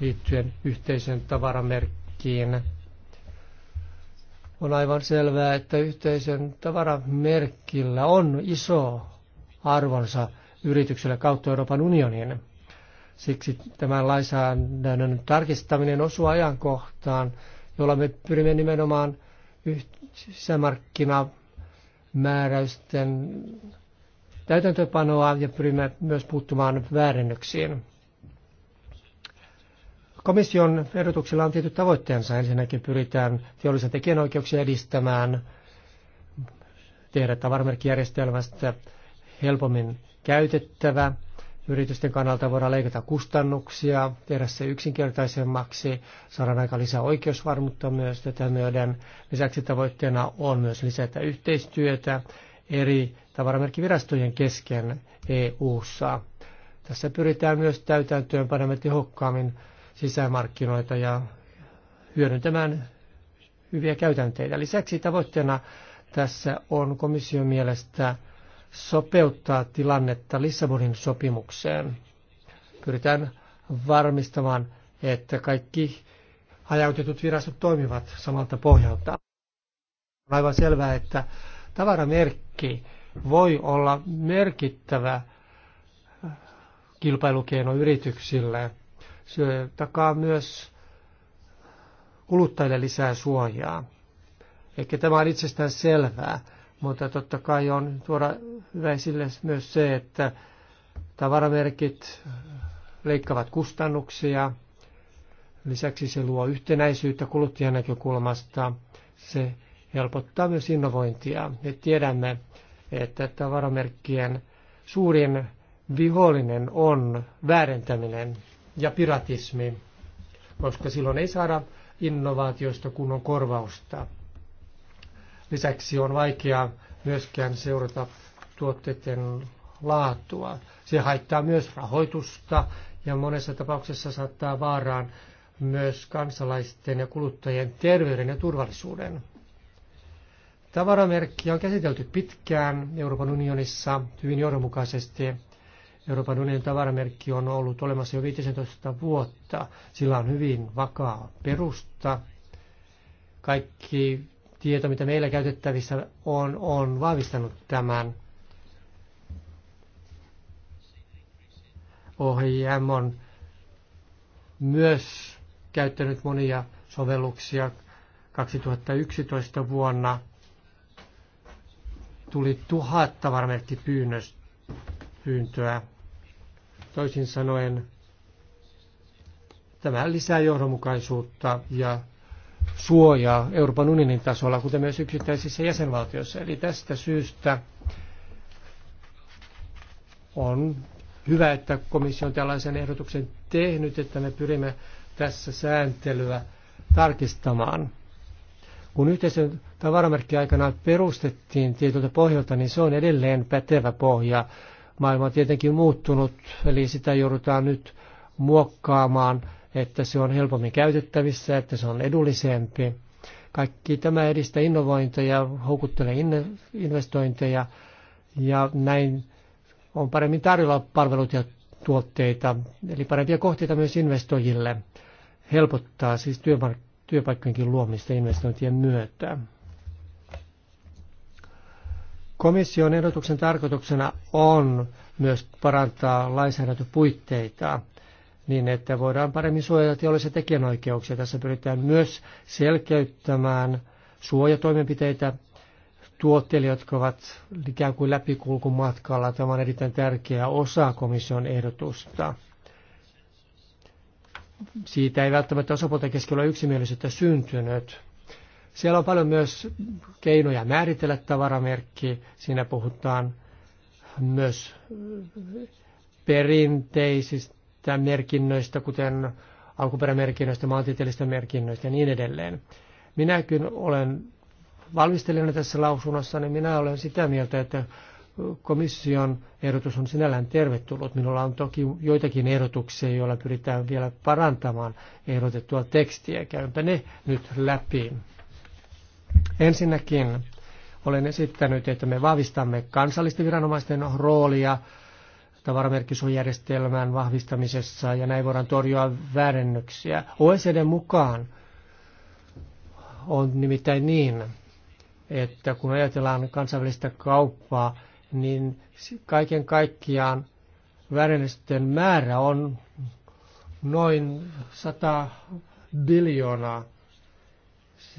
Speaker 2: liittyen yhteisen tavaramerkkiin on aivan selvää, että yhteisön tavaramerkillä on iso arvonsa yritykselle kautta Euroopan unionin. Siksi tämän lainsäädännön tarkistaminen osuu ajankohtaan, jolla me pyrimme nimenomaan sisämarkkinamääräysten täytäntöpanoa ja pyrimme myös puuttumaan väärennöksiin. Komission ehdotuksilla on tietyt tavoitteensa. Ensinnäkin pyritään teollisen tekijänoikeuksia edistämään, tehdä tavaramerkkijärjestelmästä helpommin käytettävä. Yritysten kannalta voidaan leikata kustannuksia, tehdä se yksinkertaisemmaksi, saada aika lisää oikeusvarmuutta myös tätä myöden. Lisäksi tavoitteena on myös lisätä yhteistyötä eri tavaramerkkivirastojen kesken EU-ssa. Tässä pyritään myös täytäntöönpanemaan tehokkaammin sisämarkkinoita ja hyödyntämään hyviä käytänteitä. Lisäksi tavoitteena tässä on komission mielestä sopeuttaa tilannetta Lissabonin sopimukseen. Pyritään varmistamaan, että kaikki hajautetut virastot toimivat samalta pohjalta. On aivan selvää, että tavaramerkki voi olla merkittävä kilpailukeino yrityksille se takaa myös kuluttajille lisää suojaa. Ehkä tämä on itsestään selvää, mutta totta kai on tuoda hyvä esille myös se, että tavaramerkit leikkaavat kustannuksia. Lisäksi se luo yhtenäisyyttä kuluttajan näkökulmasta. Se helpottaa myös innovointia. Me tiedämme, että tavaramerkkien suurin vihollinen on väärentäminen ja piratismi, koska silloin ei saada innovaatioista kunnon korvausta. Lisäksi on vaikea myöskään seurata tuotteiden laatua. Se haittaa myös rahoitusta ja monessa tapauksessa saattaa vaaraan myös kansalaisten ja kuluttajien terveyden ja turvallisuuden. Tavaramerkkiä on käsitelty pitkään Euroopan unionissa hyvin johdonmukaisesti Euroopan unionin tavaramerkki on ollut olemassa jo 15 vuotta. Sillä on hyvin vakaa perusta. Kaikki tieto, mitä meillä käytettävissä on, on vahvistanut tämän. OHIM on myös käyttänyt monia sovelluksia 2011 vuonna tuli tuhat tavaramerkkipyynnöstä pyyntöä. Toisin sanoen tämä lisää johdonmukaisuutta ja suojaa Euroopan unionin tasolla, kuten myös yksittäisissä jäsenvaltioissa. Eli tästä syystä on hyvä, että komissio on tällaisen ehdotuksen tehnyt, että me pyrimme tässä sääntelyä tarkistamaan. Kun yhteisön tavaramerkki aikana perustettiin tietyltä pohjalta, niin se on edelleen pätevä pohja Maailma on tietenkin muuttunut, eli sitä joudutaan nyt muokkaamaan, että se on helpommin käytettävissä, että se on edullisempi. Kaikki tämä edistää innovointeja, houkuttelee investointeja ja näin on paremmin tarjolla palvelut ja tuotteita, eli parempia kohteita myös investoijille helpottaa siis työpaikkojenkin luomista investointien myötä. Komission ehdotuksen tarkoituksena on myös parantaa lainsäädäntöpuitteita niin, että voidaan paremmin suojata teollisia tekijänoikeuksia. Tässä pyritään myös selkeyttämään suojatoimenpiteitä tuotteille, jotka ovat ikään kuin läpikulkumatkalla. Tämä on erittäin tärkeä osa komission ehdotusta. Siitä ei välttämättä osapuolten keskellä ole yksimielisyyttä syntynyt siellä on paljon myös keinoja määritellä tavaramerkki. Siinä puhutaan myös perinteisistä merkinnöistä, kuten alkuperämerkinnöistä, maantieteellisistä merkinnöistä ja niin edelleen. Minäkin olen valmistelijana tässä lausunnossa, niin minä olen sitä mieltä, että komission ehdotus on sinällään tervetullut. Minulla on toki joitakin ehdotuksia, joilla pyritään vielä parantamaan ehdotettua tekstiä. Käympä ne nyt läpi. Ensinnäkin olen esittänyt, että me vahvistamme kansallisten viranomaisten roolia tavaramerkkisuojärjestelmän vahvistamisessa ja näin voidaan torjua väärennöksiä. OECD mukaan on nimittäin niin, että kun ajatellaan kansainvälistä kauppaa, niin kaiken kaikkiaan väärennösten määrä on noin 100 biljoonaa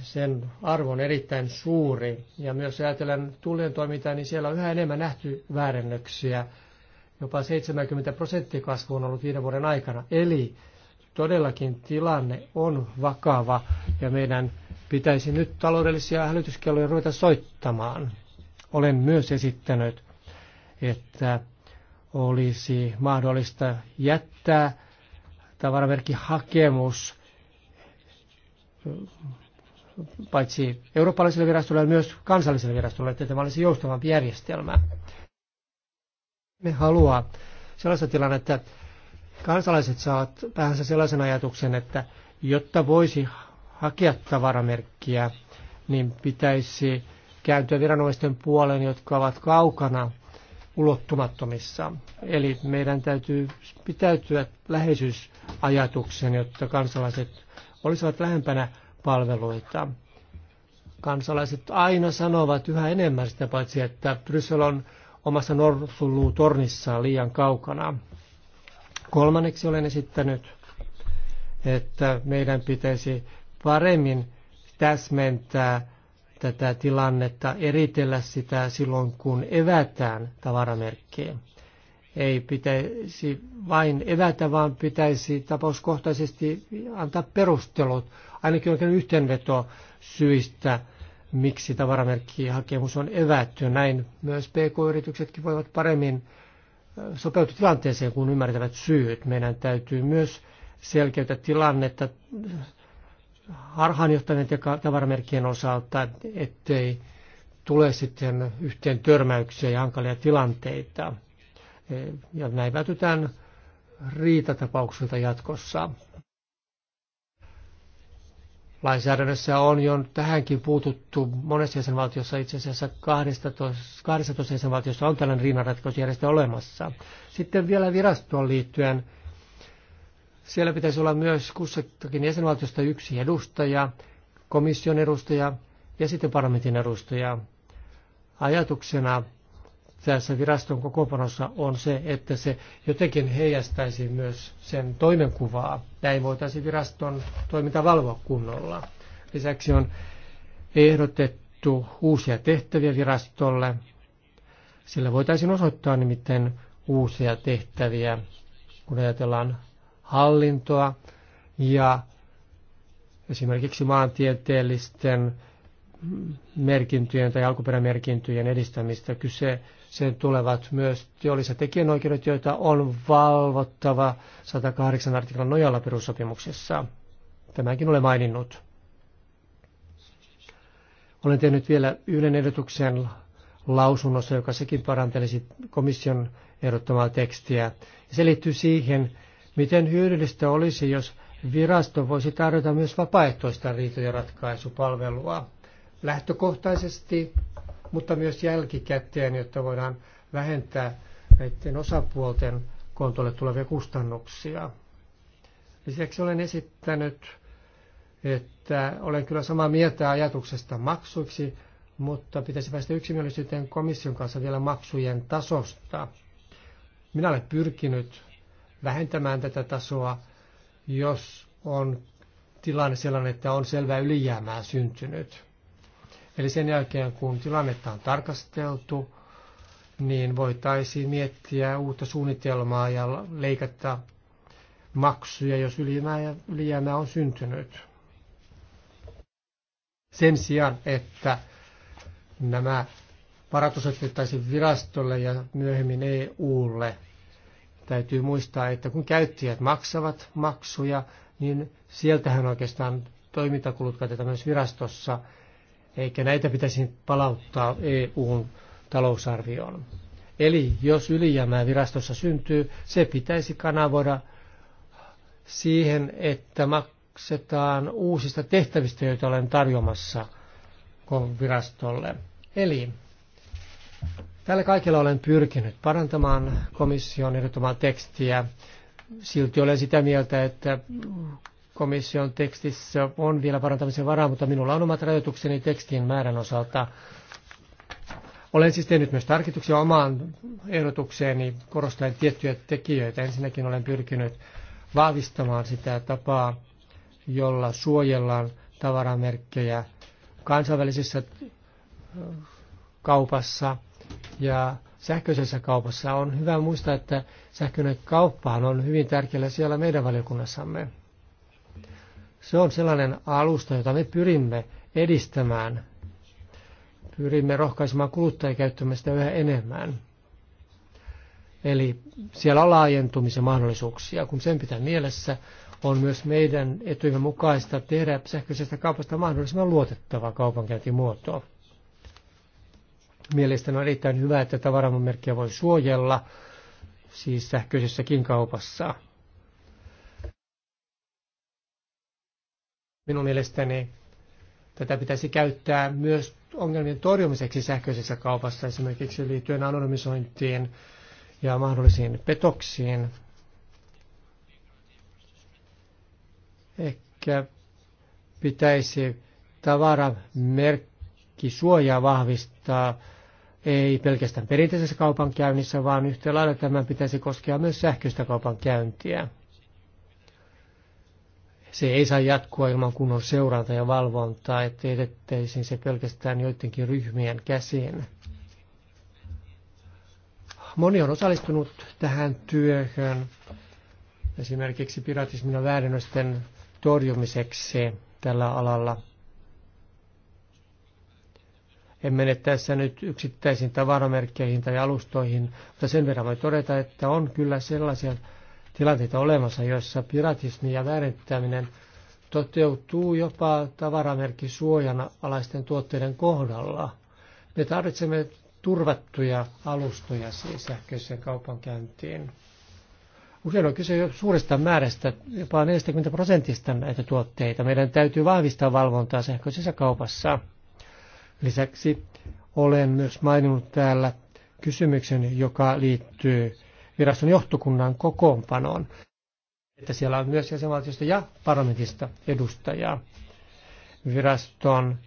Speaker 2: sen arvo on erittäin suuri. Ja myös ajatellen tullien toimintaa, niin siellä on yhä enemmän nähty väärennöksiä. Jopa 70 prosenttia kasvu on ollut viiden vuoden aikana. Eli todellakin tilanne on vakava ja meidän pitäisi nyt taloudellisia hälytyskelloja ruveta soittamaan. Olen myös esittänyt, että olisi mahdollista jättää tavaramerkki hakemus paitsi eurooppalaiselle virastolle, myös kansalliselle virastolle, että tämä olisi joustavampi järjestelmä. Me haluaa sellaista tilannetta, että kansalaiset saavat päänsä sellaisen ajatuksen, että jotta voisi hakea tavaramerkkiä, niin pitäisi kääntyä viranomaisten puoleen, jotka ovat kaukana ulottumattomissa. Eli meidän täytyy pitäytyä läheisyysajatuksen, jotta kansalaiset olisivat lähempänä palveluita. Kansalaiset aina sanovat yhä enemmän sitä paitsi, että Bryssel on omassa tornissaan liian kaukana. Kolmanneksi olen esittänyt, että meidän pitäisi paremmin täsmentää tätä tilannetta, eritellä sitä silloin, kun evätään tavaramerkkiä ei pitäisi vain evätä, vaan pitäisi tapauskohtaisesti antaa perustelut, ainakin oikein yhteenveto syistä, miksi tavaramerkkihakemus on evätty. Näin myös PK-yrityksetkin voivat paremmin sopeutua tilanteeseen, kun ymmärtävät syyt. Meidän täytyy myös selkeyttää tilannetta harhaanjohtajien tavaramerkkien osalta, ettei tule sitten yhteen törmäyksiä ja hankalia tilanteita. Eh, ja näin vältytään riitatapauksilta jatkossa. Lainsäädännössä on jo tähänkin puututtu monessa jäsenvaltiossa, itse asiassa 12, 12 jäsenvaltiossa on tällainen riinanratkaisujärjestö olemassa. Sitten vielä virastoon liittyen, siellä pitäisi olla myös kussakin jäsenvaltiosta yksi edustaja, komission edustaja ja sitten parlamentin edustaja. Ajatuksena tässä viraston kokoonpanossa on se, että se jotenkin heijastaisi myös sen toimenkuvaa. Näin voitaisiin viraston toiminta valvoa kunnolla. Lisäksi on ehdotettu uusia tehtäviä virastolle. Sillä voitaisiin osoittaa nimittäin uusia tehtäviä, kun ajatellaan hallintoa ja esimerkiksi maantieteellisten merkintöjen tai alkuperämerkintöjen edistämistä. Kyse sen tulevat myös teolliset tekijänoikeudet, joita on valvottava 108 artiklan nojalla perussopimuksessa. Tämäkin olen maininnut. Olen tehnyt vielä yhden ehdotuksen lausunnossa, joka sekin parantelisi komission ehdottamaa tekstiä. Se liittyy siihen, miten hyödyllistä olisi, jos virasto voisi tarjota myös vapaaehtoista riitojen ratkaisupalvelua lähtökohtaisesti, mutta myös jälkikäteen, jotta voidaan vähentää näiden osapuolten kontolle tulevia kustannuksia. Lisäksi olen esittänyt, että olen kyllä samaa mieltä ajatuksesta maksuiksi, mutta pitäisi päästä yksimielisyyteen komission kanssa vielä maksujen tasosta. Minä olen pyrkinyt vähentämään tätä tasoa, jos on tilanne sellainen, että on selvää ylijäämää syntynyt. Eli sen jälkeen, kun tilannetta on tarkasteltu, niin voitaisiin miettiä uutta suunnitelmaa ja leikata maksuja, jos ylijäämää on syntynyt. Sen sijaan, että nämä varat osoitettaisiin virastolle ja myöhemmin EUlle, täytyy muistaa, että kun käyttäjät maksavat maksuja, niin sieltähän oikeastaan toimintakulut katetaan myös virastossa – eikä näitä pitäisi palauttaa EUn talousarvioon. Eli jos ylijäämää virastossa syntyy, se pitäisi kanavoida siihen, että maksetaan uusista tehtävistä, joita olen tarjomassa virastolle. Eli tällä kaikella olen pyrkinyt parantamaan komission ehdottomaa tekstiä. Silti olen sitä mieltä, että komission tekstissä on vielä parantamisen varaa, mutta minulla on omat rajoitukseni tekstien määrän osalta. Olen siis tehnyt myös tarkituksia omaan ehdotukseeni korostaen tiettyjä tekijöitä. Ensinnäkin olen pyrkinyt vahvistamaan sitä tapaa, jolla suojellaan tavaramerkkejä kansainvälisessä äh, kaupassa ja sähköisessä kaupassa. On hyvä muistaa, että sähköinen kauppahan on hyvin tärkeä siellä meidän valiokunnassamme. Se on sellainen alusta, jota me pyrimme edistämään. Pyrimme rohkaisemaan kuluttajia käyttämään sitä yhä enemmän. Eli siellä on laajentumisen mahdollisuuksia. Kun sen pitää mielessä, on myös meidän etujemme mukaista tehdä sähköisestä kaupasta mahdollisimman luotettava kaupankäyntimuotoa. Mielestäni on erittäin hyvä, että tavaramerkkiä voi suojella, siis sähköisessäkin kaupassa. Minun mielestäni tätä pitäisi käyttää myös ongelmien torjumiseksi sähköisessä kaupassa, esimerkiksi liittyen anonymisointiin ja mahdollisiin petoksiin. Ehkä pitäisi suojaa vahvistaa ei pelkästään perinteisessä kaupankäynnissä, vaan yhtä lailla tämän pitäisi koskea myös sähköistä kaupankäyntiä se ei saa jatkua ilman kunnon seuranta ja valvontaa, ettei edettäisiin se pelkästään joidenkin ryhmien käsiin. Moni on osallistunut tähän työhön esimerkiksi piratismin ja väärennösten torjumiseksi tällä alalla. En mene tässä nyt yksittäisiin tavaramerkkeihin tai alustoihin, mutta sen verran voi todeta, että on kyllä sellaisia tilanteita olemassa, joissa piratismi ja väärittäminen toteutuu jopa suojana alaisten tuotteiden kohdalla. Me tarvitsemme turvattuja alustoja siis sähköiseen kaupankäyntiin. Usein on kyse jo suuresta määrästä, jopa 40 prosentista näitä tuotteita. Meidän täytyy vahvistaa valvontaa sähköisessä kaupassa. Lisäksi olen myös maininnut täällä kysymyksen, joka liittyy viraston johtokunnan kokoonpanoon, että siellä on myös jäsenvaltiosta ja parlamentista edustajaa. Viraston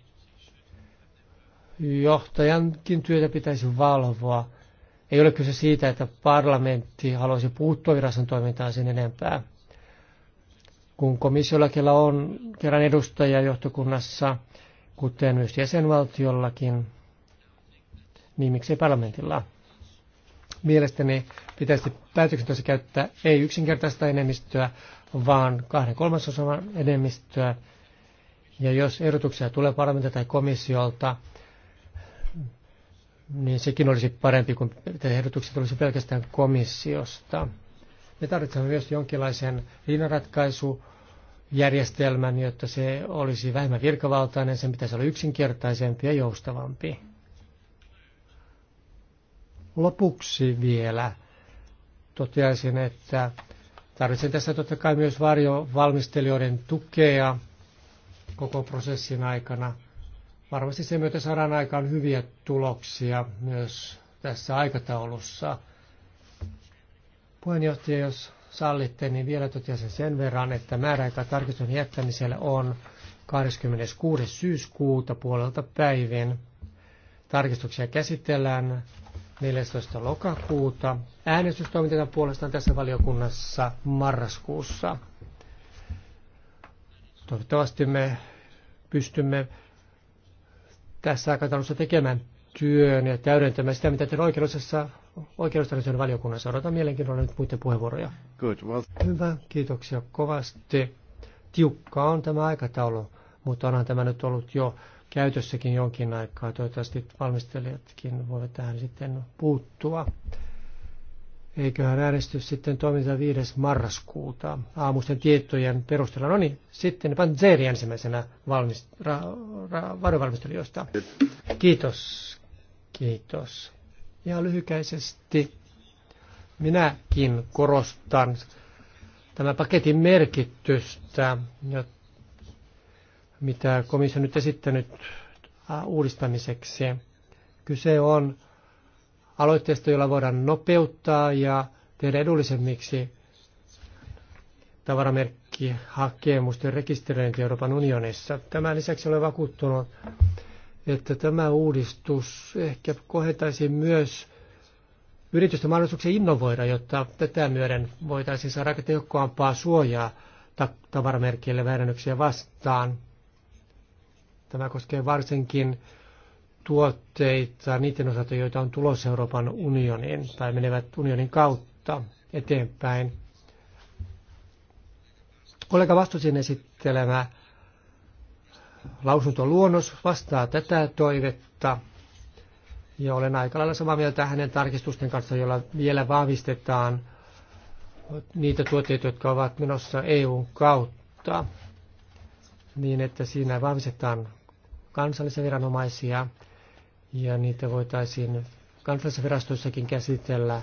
Speaker 2: johtajankin työtä pitäisi valvoa. Ei ole kyse siitä, että parlamentti haluaisi puuttua viraston toimintaan sen enempää. Kun komissiollakin on kerran edustaja johtokunnassa, kuten myös jäsenvaltiollakin, niin miksei parlamentilla? mielestäni pitäisi päätöksentössä käyttää ei yksinkertaista enemmistöä, vaan kahden kolmasosan enemmistöä. Ja jos ehdotuksia tulee parlamentin tai komissiolta, niin sekin olisi parempi kuin että ehdotukset tulisi pelkästään komissiosta. Me tarvitsemme myös jonkinlaisen riinaratkaisujärjestelmän, jotta se olisi vähemmän virkavaltainen, sen pitäisi olla yksinkertaisempi ja joustavampi. Lopuksi vielä toteaisin, että tarvitsen tässä totta kai myös varjovalmistelijoiden tukea koko prosessin aikana. Varmasti sen myötä saadaan aikaan hyviä tuloksia myös tässä aikataulussa. Puheenjohtaja, jos sallitte, niin vielä toteaisin sen verran, että määräaika tarkistuksen jättämiselle on 26. syyskuuta puolelta päivin. Tarkistuksia käsitellään 14. lokakuuta. Äänestys toimitetaan puolestaan tässä valiokunnassa marraskuussa. Toivottavasti me pystymme tässä aikataulussa tekemään työn ja täydentämään sitä, mitä teillä oikeudellisessa oikeudellisen valiokunnassa. Odotan mielenkiinnolla nyt muiden puheenvuoroja. Good, well... Hyvä, kiitoksia kovasti. Tiukka on tämä aikataulu, mutta onhan tämä nyt ollut jo käytössäkin jonkin aikaa. Toivottavasti valmistelijatkin voivat tähän sitten puuttua. Eiköhän äänestys sitten toimita 5. marraskuuta aamusten tietojen perusteella. No niin, sitten Panzeri ensimmäisenä varovalmistelijoista. Kiitos, kiitos. Ja lyhykäisesti minäkin korostan tämän paketin merkitystä, mitä komissio nyt esittänyt uudistamiseksi. Kyse on aloitteesta, jolla voidaan nopeuttaa ja tehdä edullisemmiksi tavaramerkkihakemusten rekisteröinti Euroopan unionissa. Tämän lisäksi olen vakuuttunut, että tämä uudistus ehkä kohentaisi myös yritysten mahdollisuuksia innovoida, jotta tätä myöden voitaisiin saada tehokkaampaa suojaa tavaramerkille väärännyksiä vastaan. Tämä koskee varsinkin tuotteita niiden osalta, joita on tulossa Euroopan unionin tai menevät unionin kautta eteenpäin. Kollega Vastusin esittelemä lausuntoluonnos vastaa tätä toivetta. Ja olen aika lailla samaa mieltä hänen tarkistusten kanssa, jolla vielä vahvistetaan niitä tuotteita, jotka ovat menossa EUn kautta, niin että siinä vahvistetaan kansallisia viranomaisia ja niitä voitaisiin kansallisissa virastoissakin käsitellä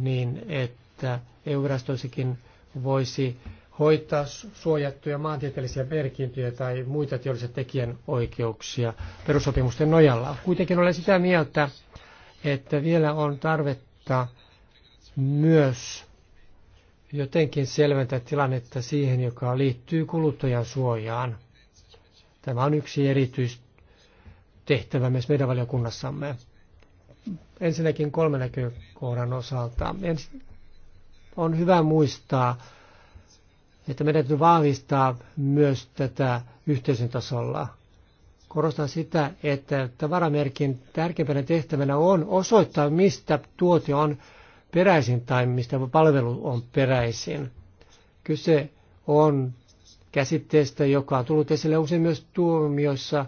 Speaker 2: niin, että EU-virastoissakin voisi hoitaa suojattuja maantieteellisiä merkintöjä tai muita teollisia tekijänoikeuksia perussopimusten nojalla. Kuitenkin olen sitä mieltä, että vielä on tarvetta myös jotenkin selventää tilannetta siihen, joka liittyy kuluttajan suojaan. Tämä on yksi erityistehtävä myös meidän valiokunnassamme. Ensinnäkin kolmen näkökohdan osalta. Ens, on hyvä muistaa, että meidän täytyy vahvistaa myös tätä yhteisön tasolla. Korostan sitä, että tavaramerkin tärkeimpänä tehtävänä on osoittaa, mistä tuote on peräisin tai mistä palvelu on peräisin. Kyse on käsitteestä, joka on tullut esille usein myös tuomioissa,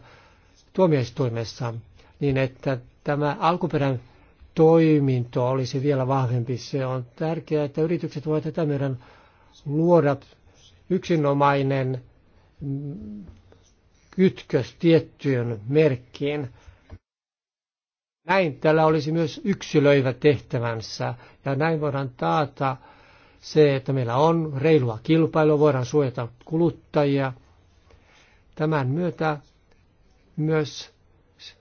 Speaker 2: tuomioistuimessa, niin että tämä alkuperän toiminto olisi vielä vahvempi. Se on tärkeää, että yritykset voivat tätä meidän luoda yksinomainen kytkös tiettyyn merkkiin. Näin tällä olisi myös yksilöivä tehtävänsä ja näin voidaan taata se, että meillä on reilua kilpailua, voidaan suojata kuluttajia. Tämän myötä myös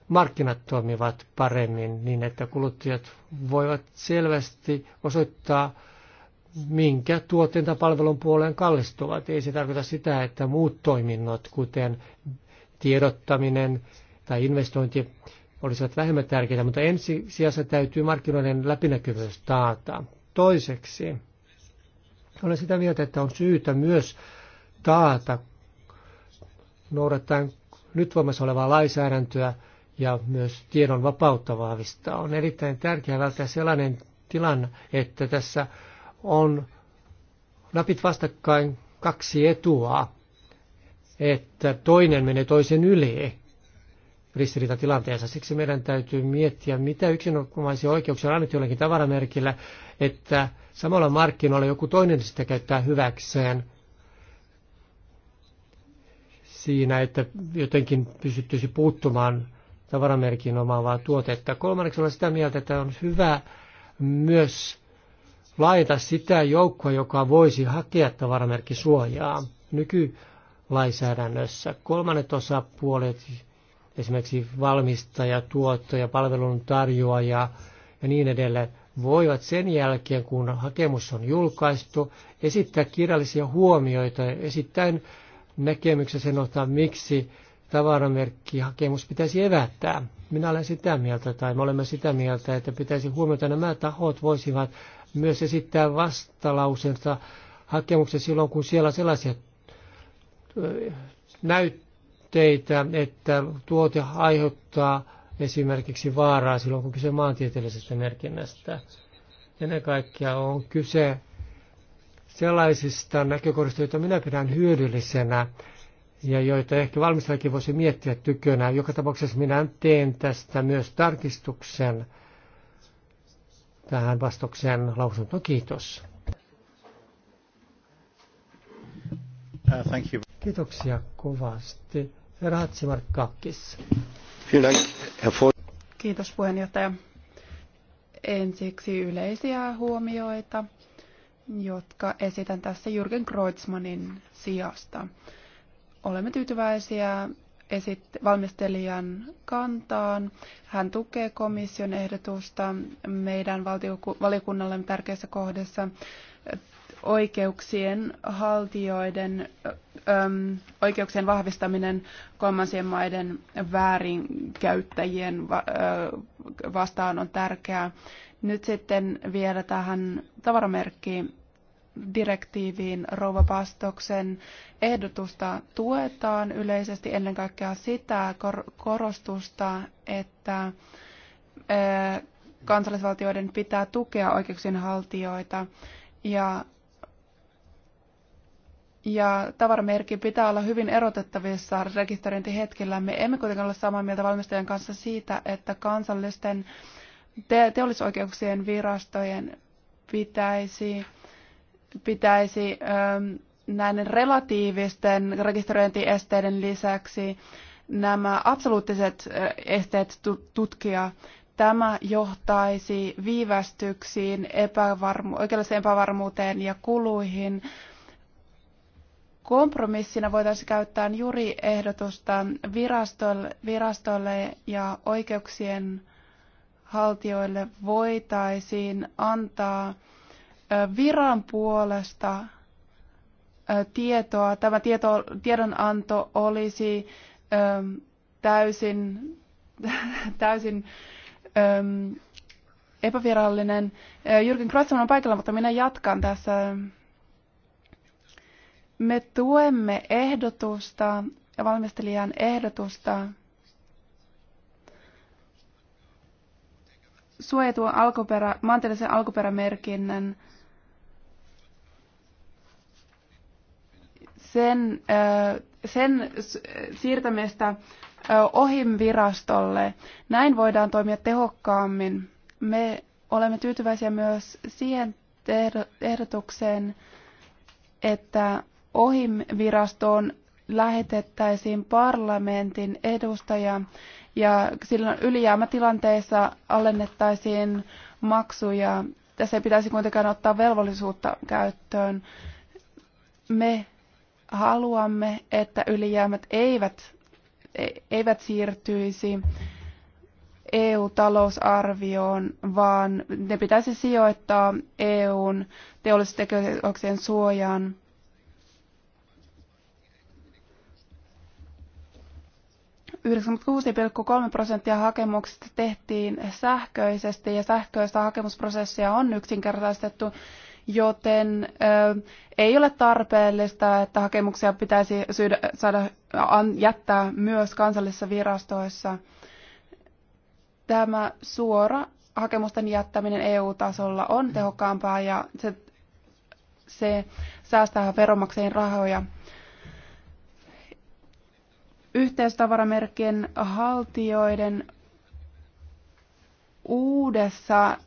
Speaker 2: markkinat toimivat paremmin niin, että kuluttajat voivat selvästi osoittaa, minkä tuotteen tai palvelun puoleen kallistuvat. Ei se tarkoita sitä, että muut toiminnot, kuten tiedottaminen tai investointi, olisivat vähemmän tärkeitä, mutta ensi täytyy markkinoiden läpinäkyvyys taata. Toiseksi olen sitä mieltä, että on syytä myös taata noudattaen nyt voimassa olevaa lainsäädäntöä ja myös tiedon vapautta vahvistaa. On erittäin tärkeää välttää sellainen tilanne, että tässä on napit vastakkain kaksi etua, että toinen menee toisen yli ristiriitatilanteessa. Siksi meidän täytyy miettiä, mitä yksinomaisia oikeuksia on annettu jollakin tavaramerkillä, että samalla markkinoilla joku toinen sitä käyttää hyväkseen siinä, että jotenkin pystyttäisi puuttumaan tavaramerkin omaavaa tuotetta. Kolmanneksi olen sitä mieltä, että on hyvä myös laita sitä joukkoa, joka voisi hakea tavaramerkkisuojaa nykylainsäädännössä. Kolmannet osapuolet, esimerkiksi valmistaja, tuottaja, palvelun tarjoaja ja niin edelleen, voivat sen jälkeen, kun hakemus on julkaistu, esittää kirjallisia huomioita ja esittäen näkemyksen sen ottaa, miksi tavaramerkkihakemus pitäisi evättää. Minä olen sitä mieltä, tai me olemme sitä mieltä, että pitäisi huomioida nämä tahot voisivat myös esittää vastalausensa hakemuksen silloin, kun siellä sellaisia näytteitä, että tuote aiheuttaa esimerkiksi vaaraa silloin, kun kyse maantieteellisestä merkinnästä. Ennen kaikkea on kyse sellaisista näkökohdista, joita minä pidän hyödyllisenä ja joita ehkä valmistajakin voisi miettiä tykönä. Joka tapauksessa minä teen tästä myös tarkistuksen tähän vastaukseen lausunto. Kiitos. Uh, thank you. Kiitoksia kovasti. Herra
Speaker 4: kakkis. Kiitos puheenjohtaja. Ensiksi yleisiä huomioita, jotka esitän tässä Jürgen Kreutzmannin sijasta. Olemme tyytyväisiä esit- valmistelijan kantaan. Hän tukee komission ehdotusta meidän valiokunnallemme tärkeissä kohdissa oikeuksien haltijoiden oikeuksien vahvistaminen kolmansien maiden väärinkäyttäjien va- ö, vastaan on tärkeää. Nyt sitten vielä tähän tavaramerkkiin direktiiviin Rouva Pastoksen ehdotusta tuetaan yleisesti ennen kaikkea sitä korostusta, että kansallisvaltioiden pitää tukea oikeuksien haltijoita ja ja tavaramerkin pitää olla hyvin erotettavissa rekisteröintihetkellä. Me emme kuitenkaan ole samaa mieltä valmistajan kanssa siitä, että kansallisten te- teollisoikeuksien virastojen pitäisi, pitäisi ähm, näiden relatiivisten rekisteröintiesteiden lisäksi nämä absoluuttiset äh, esteet tutkia. Tämä johtaisi viivästyksiin, epävarmu- oikeudelliseen epävarmuuteen ja kuluihin. Kompromissina voitaisiin käyttää juuri ehdotusta virastolle, virastolle ja oikeuksien haltijoille voitaisiin antaa viran puolesta tietoa. Tämä tieto, tiedonanto olisi täysin, *laughs* täysin epävirallinen. Jyrkin Kreutzmann on paikalla, mutta minä jatkan tässä me tuemme ehdotusta, valmistelijan ehdotusta suojatun alkuperä, maantieteellisen alkuperämerkinnän sen, sen siirtämistä ohim virastolle. Näin voidaan toimia tehokkaammin. Me olemme tyytyväisiä myös siihen ehdotukseen, että ohimvirastoon lähetettäisiin parlamentin edustaja ja silloin ylijäämätilanteessa alennettaisiin maksuja. Tässä ei pitäisi kuitenkaan ottaa velvollisuutta käyttöön. Me haluamme, että ylijäämät eivät, eivät siirtyisi EU-talousarvioon, vaan ne pitäisi sijoittaa EUn teollisten suojaan. 96,3 prosenttia hakemuksista tehtiin sähköisesti ja sähköistä hakemusprosessia on yksinkertaistettu, joten ö, ei ole tarpeellista, että hakemuksia pitäisi syydä, saada, an, jättää myös kansallisissa virastoissa. Tämä suora hakemusten jättäminen EU-tasolla on tehokkaampaa ja se, se säästää veronmaksajien rahoja yhteistavaramerkkien haltijoiden uudessa,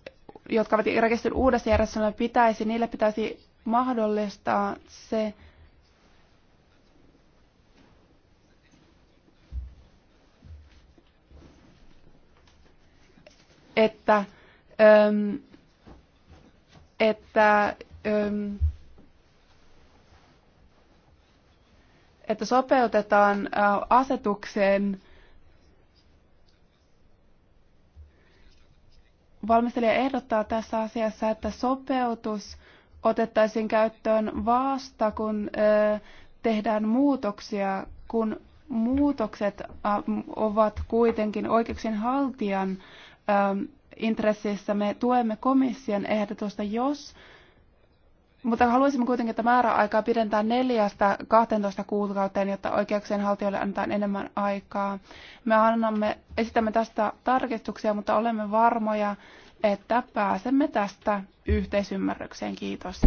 Speaker 4: jotka ovat rekisteröidyt uudessa järjestelmässä, pitäisi, niille pitäisi mahdollistaa se, että, että, että että sopeutetaan asetukseen Valmistelija ehdottaa tässä asiassa, että sopeutus otettaisiin käyttöön vasta, kun tehdään muutoksia, kun muutokset ovat kuitenkin oikeuksien haltijan intressissä. Me tuemme komission ehdotusta, jos mutta haluaisimme kuitenkin, että määräaikaa pidentää neljästä 12 kuukauteen, jotta oikeuksien haltijoille annetaan enemmän aikaa. Me annamme, esitämme tästä tarkistuksia, mutta olemme varmoja, että pääsemme tästä yhteisymmärrykseen. Kiitos.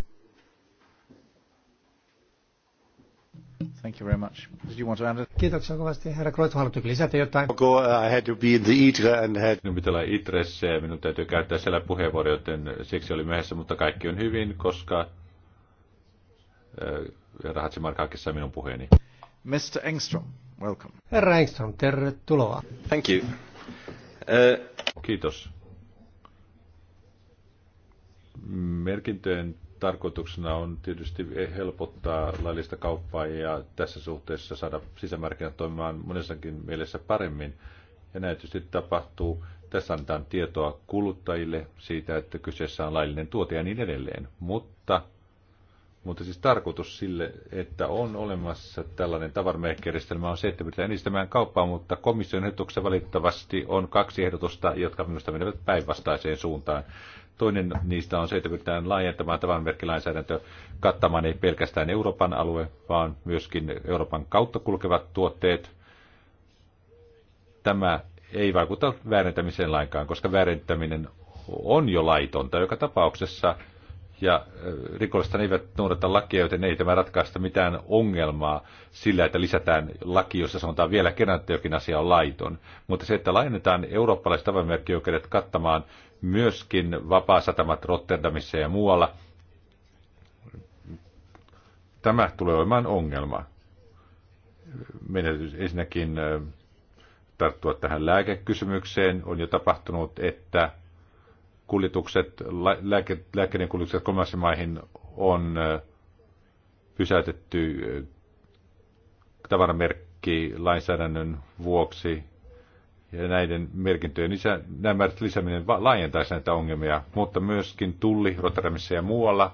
Speaker 2: Thank you very much. Did you want to add it? Kiitoksia kovasti. Herra Kroitu, haluatteko lisätä
Speaker 1: jotain? Go, uh, I had to be in the ITRE and had... Minun pitää olla ITREssä minun täytyy käyttää siellä puheenvuoro, joten siksi oli myöhässä, mutta kaikki on hyvin, koska kissa minun puheeni.
Speaker 2: Mr. Engström, welcome. Herra Engström, tervetuloa.
Speaker 1: Thank you. Uh... Kiitos. Merkintöjen tarkoituksena on tietysti helpottaa laillista kauppaa ja tässä suhteessa saada sisämarkkinat toimimaan monessakin mielessä paremmin. Ja näin tietysti tapahtuu. Tässä annetaan tietoa kuluttajille siitä, että kyseessä on laillinen tuote ja niin edelleen. Mutta mutta siis tarkoitus sille, että on olemassa tällainen tavarmerkkijärjestelmä, on se, että pitää edistämään kauppaa, mutta komission ehdotuksessa valitettavasti on kaksi ehdotusta, jotka minusta menevät päinvastaiseen suuntaan. Toinen niistä on se, että pyritään laajentamaan tavarmerkkilainsäädäntö kattamaan ei pelkästään Euroopan alue, vaan myöskin Euroopan kautta kulkevat tuotteet. Tämä ei vaikuta väärentämiseen lainkaan, koska väärentäminen on jo laitonta. Joka tapauksessa ja äh, rikollista eivät noudata lakia, joten ei tämä ratkaista mitään ongelmaa sillä, että lisätään laki, jossa sanotaan vielä kerran, että jokin asia on laiton. Mutta se, että laajennetaan eurooppalaiset avainmerkkioikeudet kattamaan myöskin vapaa vapaa-satamat Rotterdamissa ja muualla, tämä tulee olemaan ongelma. Meidän ensinnäkin äh, tarttua tähän lääkekysymykseen. On jo tapahtunut, että kuljetukset, lääke, lääkkeiden kuljetukset kolmansiin maihin on pysäytetty tavaramerkki lainsäädännön vuoksi ja näiden merkintöjen lisä, nämä lisääminen laajentaisi näitä ongelmia, mutta myöskin tulli Rotterdamissa ja muualla.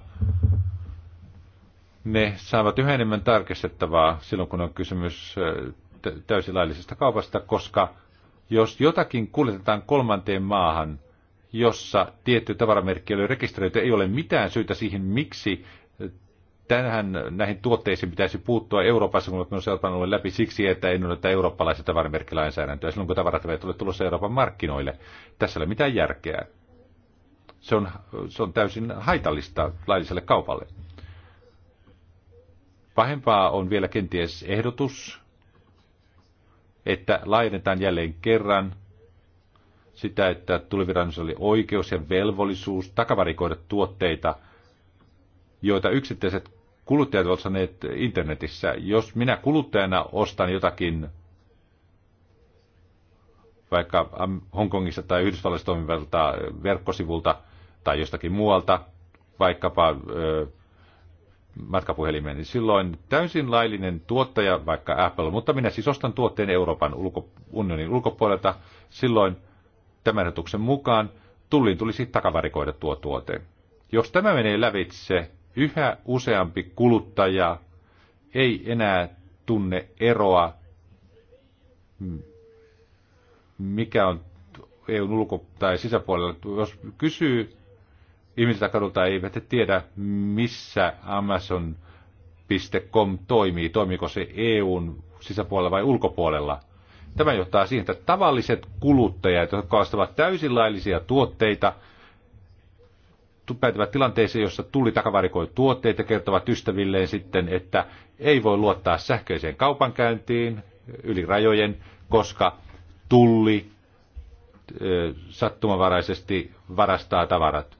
Speaker 1: Ne saavat yhä enemmän tarkistettavaa silloin, kun on kysymys täysin laillisesta kaupasta, koska jos jotakin kuljetetaan kolmanteen maahan – jossa tietty tavaramerkki oli rekisteröity, ei ole mitään syytä siihen, miksi tähän, näihin tuotteisiin pitäisi puuttua Euroopassa, kun on Euroopan alueen läpi siksi, että ei noudata eurooppalaisia tavaramerkkilainsäädäntöä silloin, kun tavarat eivät ole tulossa Euroopan markkinoille. Tässä ei ole mitään järkeä. Se on, se on täysin haitallista lailliselle kaupalle. Pahempaa on vielä kenties ehdotus, että laajennetaan jälleen kerran sitä, että tuliviranomaisella oli oikeus ja velvollisuus takavarikoida tuotteita, joita yksittäiset kuluttajat ovat saaneet internetissä. Jos minä kuluttajana ostan jotakin vaikka Hongkongissa tai Yhdysvalloissa toimivalta verkkosivulta tai jostakin muualta, vaikkapa ö, matkapuhelimeen, niin silloin täysin laillinen tuottaja, vaikka Apple, mutta minä siis ostan tuotteen Euroopan ulko, unionin ulkopuolelta, silloin – Tämän ehdotuksen mukaan tullin tulisi takavarikoida tuo tuote. Jos tämä menee lävitse, yhä useampi kuluttaja ei enää tunne eroa, mm, mikä on EUn ulko- tai sisäpuolella. Jos kysyy ihmisiltä kadulta, eivät he tiedä, missä Amazon.com toimii. Toimiko se EUn sisäpuolella vai ulkopuolella? Tämä johtaa siihen, että tavalliset kuluttajat, jotka ostavat täysin laillisia tuotteita, päätyvät tilanteeseen, jossa tuli takavarikoi tuotteita, kertovat ystävilleen sitten, että ei voi luottaa sähköiseen kaupankäyntiin yli rajojen, koska tulli sattumavaraisesti varastaa tavarat.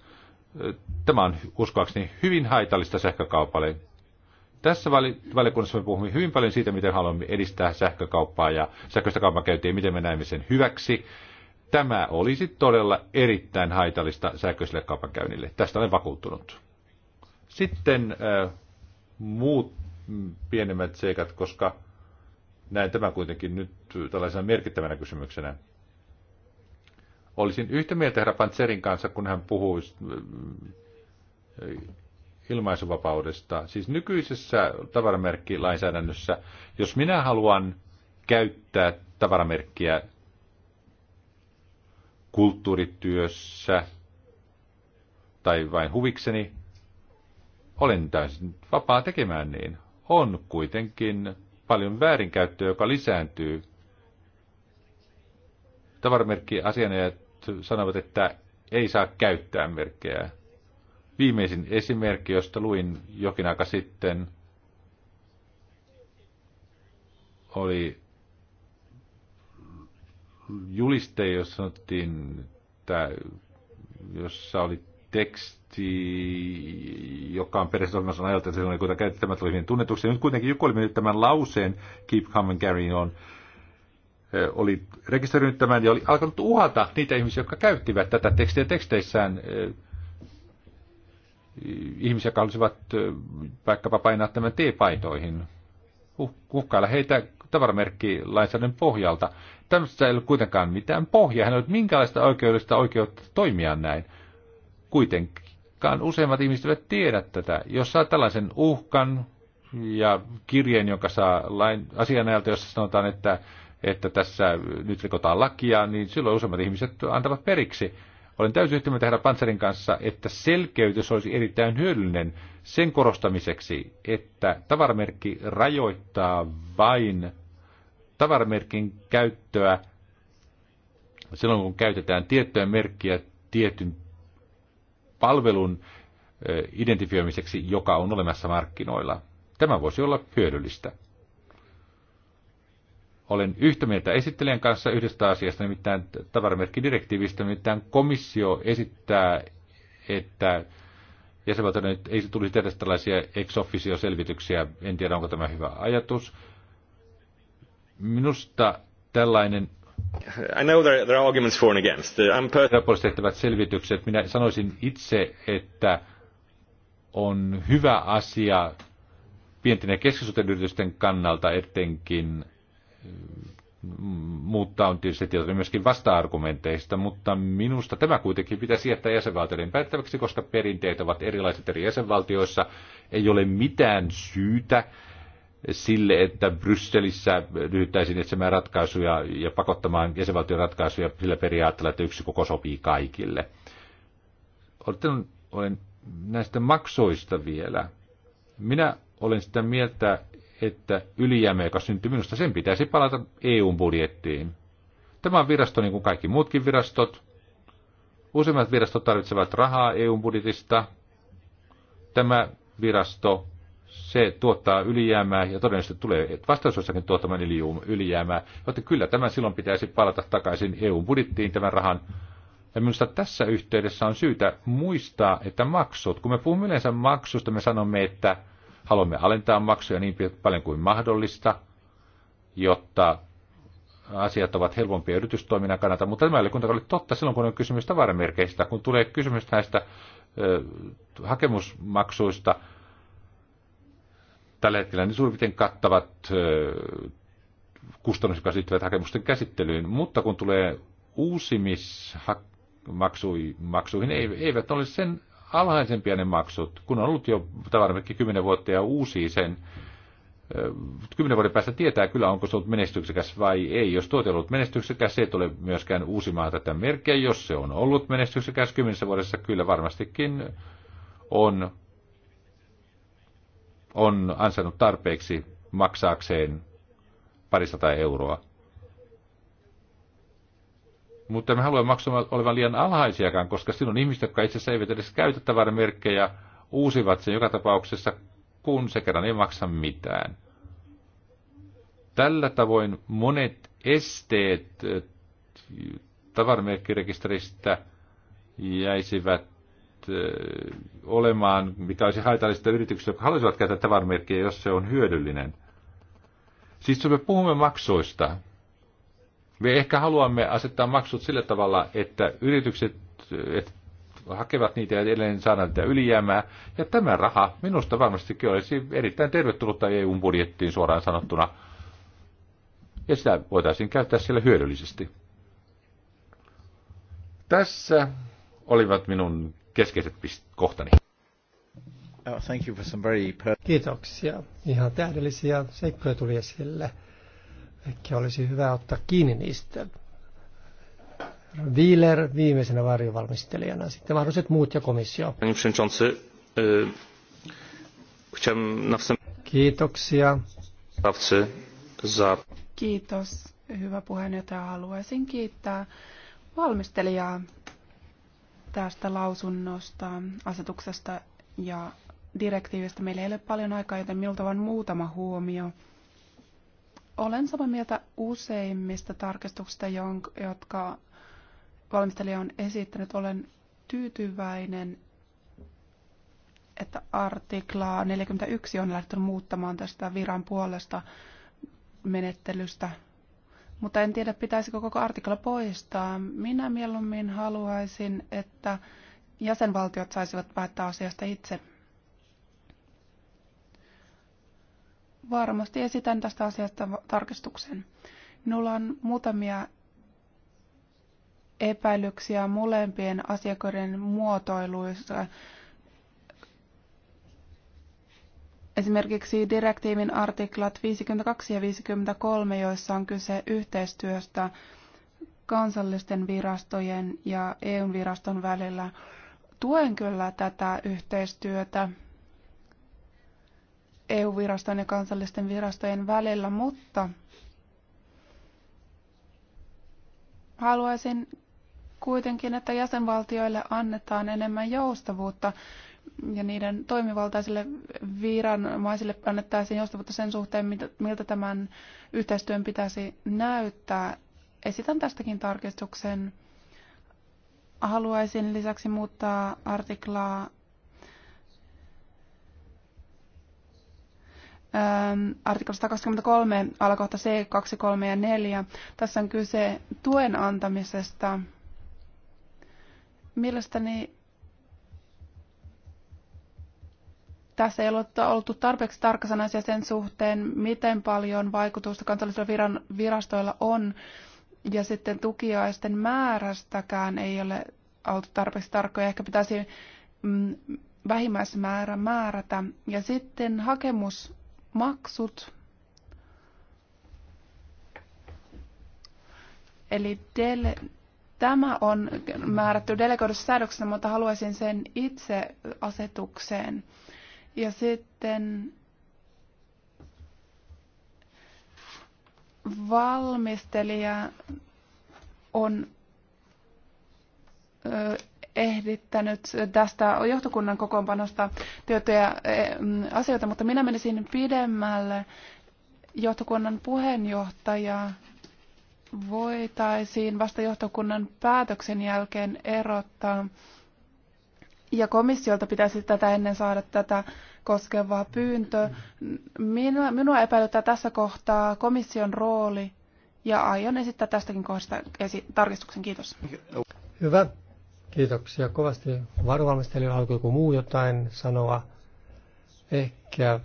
Speaker 1: Tämä on uskoakseni hyvin haitallista sähkökaupalle. Tässä valiokunnassa me puhumme hyvin paljon siitä, miten haluamme edistää sähkökauppaa ja sähköistä kaupankäyntiä, miten me näemme sen hyväksi. Tämä olisi todella erittäin haitallista sähköiselle kaupankäynnille. Tästä olen vakuuttunut. Sitten äh, muut pienemmät seikat, koska näen tämän kuitenkin nyt tällaisena merkittävänä kysymyksenä. Olisin yhtä mieltä herra Pantserin kanssa, kun hän puhui äh, ilmaisuvapaudesta. Siis nykyisessä tavaramerkkilainsäädännössä, jos minä haluan käyttää tavaramerkkiä kulttuurityössä tai vain huvikseni, olen täysin vapaa tekemään niin. On kuitenkin paljon väärinkäyttöä, joka lisääntyy. Tavaramerkki asianajat sanovat, että ei saa käyttää merkkejä. Viimeisin esimerkki, josta luin jokin aika sitten, oli juliste, jossa sanottiin, että, jossa oli teksti, joka on perusolemassa ajalta, että se oli kuitenkin, tämä tuli hyvin tunnetuksi. Nyt kuitenkin joku oli mennyt tämän lauseen, keep coming, carry on, oli rekisteröinyt tämän ja oli alkanut uhata niitä ihmisiä, jotka käyttivät tätä tekstiä teksteissään ihmisiä, jotka olisivat vaikkapa painaa tämän T-paitoihin, uhkailla heitä tavaramerkki lainsäädännön pohjalta. Tämmöistä ei ole kuitenkaan mitään pohjaa. Hän ei ole minkäänlaista oikeudellista oikeutta toimia näin. Kuitenkaan useimmat ihmiset eivät tiedä tätä. Jos saa tällaisen uhkan ja kirjeen, jonka saa lain, asianajalta, jossa sanotaan, että, että tässä nyt rikotaan lakia, niin silloin useimmat ihmiset antavat periksi. Olen täysin yhtä mieltä herra Panzerin kanssa, että selkeytys olisi erittäin hyödyllinen sen korostamiseksi, että tavaramerkki rajoittaa vain tavaramerkin käyttöä silloin, kun käytetään tiettyä merkkiä tietyn palvelun identifioimiseksi, joka on olemassa markkinoilla. Tämä voisi olla hyödyllistä. Olen yhtä mieltä esittelijän kanssa yhdestä asiasta, nimittäin tavaramerkkidirektiivistä, nimittäin komissio esittää, että jäsenvaltioiden ei tulisi tehdä tällaisia ex officio selvityksiä. En tiedä, onko tämä hyvä ajatus. Minusta tällainen I know there, there are arguments for and against. I'm tehtävät selvitykset. Minä sanoisin itse, että on hyvä asia pienten ja keskisuuden yritysten kannalta etenkin mutta on tietysti tietoinen myöskin vasta-argumenteista, mutta minusta tämä kuitenkin pitäisi jättää jäsenvaltioiden päättäväksi, koska perinteet ovat erilaiset eri jäsenvaltioissa. Ei ole mitään syytä sille, että Brysselissä ryhdyttäisiin etsimään ratkaisuja ja pakottamaan jäsenvaltion ratkaisuja sillä periaatteella, että yksi koko sopii kaikille. Olen näistä maksoista vielä. Minä olen sitä mieltä, että ylijäämä, joka syntyy minusta, sen pitäisi palata EU-budjettiin. Tämä on virasto niin kuin kaikki muutkin virastot. Useimmat virastot tarvitsevat rahaa EU-budjetista. Tämä virasto, se tuottaa ylijäämää ja todennäköisesti tulee vastaisuudessakin tuottamaan ylijäämää, joten kyllä tämä silloin pitäisi palata takaisin EU-budjettiin tämän rahan. Ja minusta tässä yhteydessä on syytä muistaa, että maksut, kun me puhumme yleensä maksusta, me sanomme, että – Haluamme alentaa maksuja niin paljon kuin mahdollista, jotta asiat ovat helpompia yritystoiminnan kannalta, mutta tämä oli, ole totta silloin, kun on kysymys tavaramerkeistä. Kun tulee kysymys näistä ö, hakemusmaksuista, tällä hetkellä niin suurin piirtein kattavat ö, kustannukset, jotka liittyvät hakemusten käsittelyyn, mutta kun tulee uusimismaksuihin, maksuihin, eivät ole sen alhaisempia ne maksut, kun on ollut jo tavaramerkki 10 vuotta ja uusi sen, kymmenen vuoden päästä tietää kyllä, onko se ollut menestyksekäs vai ei. Jos tuote on ollut menestyksekäs, se ei tule myöskään uusimaan tätä merkkiä. Jos se on ollut menestyksekäs 10 vuodessa, kyllä varmastikin on, on ansainnut tarpeeksi maksaakseen parisataa euroa mutta me haluamme maksua olevan liian alhaisiakaan, koska silloin ihmiset, jotka itse asiassa eivät edes käytä merkkejä, uusivat sen joka tapauksessa, kun se kerran ei maksa mitään. Tällä tavoin monet esteet eh, tavaramerkkirekisteristä jäisivät eh, olemaan, mikä olisi haitallista yrityksille, jotka haluaisivat käyttää tavaramerkkiä, jos se on hyödyllinen. Siis me puhumme maksuista, me ehkä haluamme asettaa maksut sillä tavalla, että yritykset että hakevat niitä ja edelleen saadaan niitä ylijäämää. Ja tämä raha minusta varmastikin olisi erittäin tervetullutta eu budjettiin suoraan sanottuna. Ja sitä voitaisiin käyttää siellä hyödyllisesti. Tässä olivat minun keskeiset kohtani. Oh, Kiitoksia.
Speaker 2: Ihan täydellisiä seikkoja tuli esille. Ehkä olisi hyvä ottaa kiinni niistä. Wieler viimeisenä varjovalmistelijana, sitten mahdolliset muut ja komissio. Kiitoksia.
Speaker 4: Kiitos, hyvä puheenjohtaja. Haluaisin kiittää valmistelijaa tästä lausunnosta, asetuksesta ja direktiivistä. Meillä ei ole paljon aikaa, joten minulta vain muutama huomio. Olen samaa mieltä useimmista tarkistuksista, jotka valmistelija on esittänyt. Olen tyytyväinen, että artikla 41 on lähtenyt muuttamaan tästä viran puolesta menettelystä. Mutta en tiedä, pitäisikö koko artikla poistaa. Minä mieluummin haluaisin, että jäsenvaltiot saisivat päättää asiasta itse. varmasti esitän tästä asiasta tarkistuksen. Minulla on muutamia epäilyksiä molempien asiakirjojen muotoiluissa. Esimerkiksi direktiivin artiklat 52 ja 53, joissa on kyse yhteistyöstä kansallisten virastojen ja EU-viraston välillä. Tuen kyllä tätä yhteistyötä eu virastojen ja kansallisten virastojen välillä, mutta haluaisin kuitenkin, että jäsenvaltioille annetaan enemmän joustavuutta ja niiden toimivaltaisille viranomaisille annettaisiin joustavuutta sen suhteen, miltä tämän yhteistyön pitäisi näyttää. Esitän tästäkin tarkistuksen. Haluaisin lisäksi muuttaa artiklaa Ähm, artikla 123, alakohta C, 2, 3 ja 4. Tässä on kyse tuen antamisesta. Mielestäni tässä ei ollut oltu tarpeeksi tarkkasanaisia sen suhteen, miten paljon vaikutusta kansallisilla viran, virastoilla on, ja sitten tukiaisten määrästäkään ei ole oltu tarpeeksi tarkkoja. Ehkä pitäisi mm, vähimmäismäärä määrätä. Ja sitten hakemus maksut. Eli dele, tämä on määrätty delegoidussa säädöksessä, mutta haluaisin sen itse asetukseen. Ja sitten valmistelija on ehdittänyt tästä johtokunnan kokoonpanosta tietoja eh, mm, asioita, mutta minä menisin pidemmälle. Johtokunnan puheenjohtaja voitaisiin vasta johtokunnan päätöksen jälkeen erottaa. Ja komissiolta pitäisi tätä ennen saada tätä koskevaa pyyntö. Minua, minua epäilyttää tässä kohtaa komission rooli ja aion esittää tästäkin kohdasta esi- tarkistuksen. Kiitos.
Speaker 2: Hyvä. Kiitoksia kovasti varovalmistelijoille. Haluatko joku muu jotain sanoa? Ehkä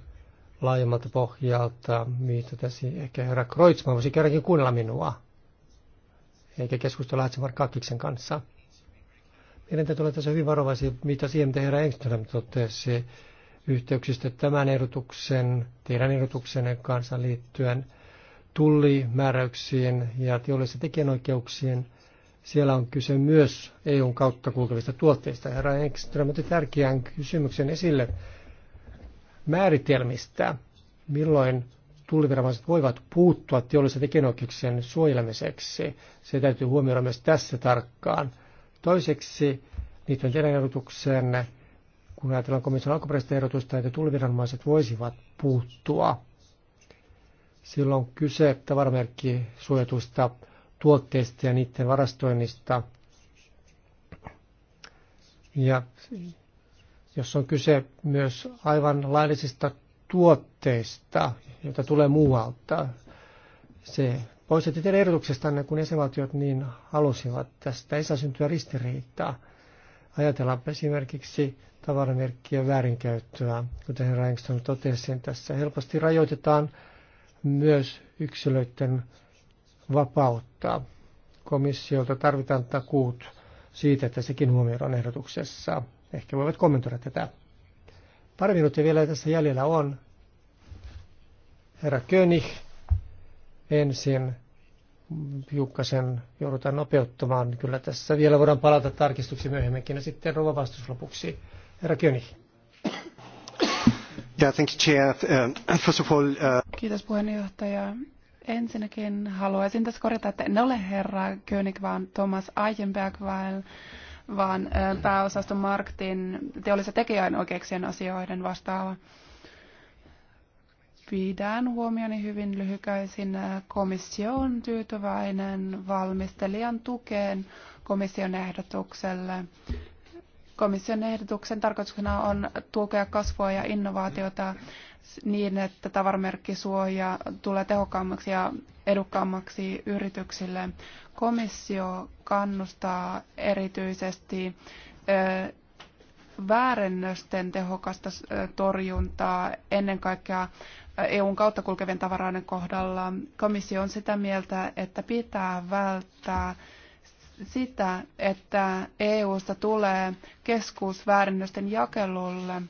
Speaker 2: laajemmalta pohjalta, mitä tässä ehkä herra Kreutzmann voisi kerrankin kuunnella minua, eikä keskustella Hatsimar Kakkiksen kanssa. Meidän täytyy olla tässä hyvin varovaisia, mitä siihen, mitä herra Engström totesi yhteyksistä tämän erotuksen, teidän erotuksenne kanssa liittyen tullimääräyksiin ja teollisen tekijänoikeuksien siellä on kyse myös EUn kautta kulkevista tuotteista. Herra Engström otti tärkeän kysymyksen esille määritelmistä, milloin tulliviranomaiset voivat puuttua teollisen tekijänoikeuksien suojelemiseksi. Se täytyy huomioida myös tässä tarkkaan. Toiseksi liittyen teidän ehdotukseen, kun ajatellaan komission alkuperäistä ehdotusta, että tulliviranomaiset voisivat puuttua. Silloin kyse tavaramerkki suojatuista tuotteista ja niiden varastoinnista. Ja jos on kyse myös aivan laillisista tuotteista, joita tulee muualta, se poistettiin teidän ehdotuksestanne, kun jäsenvaltiot niin halusivat. Tästä ei saa syntyä ristiriitaa. Ajatellaan esimerkiksi tavaramerkkiä väärinkäyttöä, kuten Rangston totesi, tässä helposti rajoitetaan myös yksilöiden vapauttaa. Komissiolta tarvitaan takuut siitä, että sekin huomioidaan ehdotuksessa. Ehkä voivat kommentoida tätä. Pari minuuttia vielä tässä jäljellä on. Herra König, ensin hiukkasen joudutaan nopeuttamaan. Kyllä tässä vielä voidaan palata tarkistuksiin myöhemminkin ja sitten rouva vastus lopuksi. Herra König. Yeah, thank you, Chair. Uh, first of all, uh...
Speaker 4: Kiitos puheenjohtaja. Ensinnäkin haluaisin tässä korjata, että en ole herra König, vaan Thomas Eichenberg, vaan, vaan pääosasto Marktin teollisen oikeuksien asioiden vastaava. Pidän huomioni hyvin lyhykäisin komission tyytyväinen valmistelijan tukeen komission ehdotukselle Komission ehdotuksen tarkoituksena on tukea kasvua ja innovaatiota niin, että tavaramerkkisuoja tulee tehokkaammaksi ja edukkaammaksi yrityksille. Komissio kannustaa erityisesti väärennösten tehokasta torjuntaa ennen kaikkea EUn kautta kulkevien tavaroiden kohdalla. Komissio on sitä mieltä, että pitää välttää sitä, että EUsta tulee keskusväärennösten jakelulle.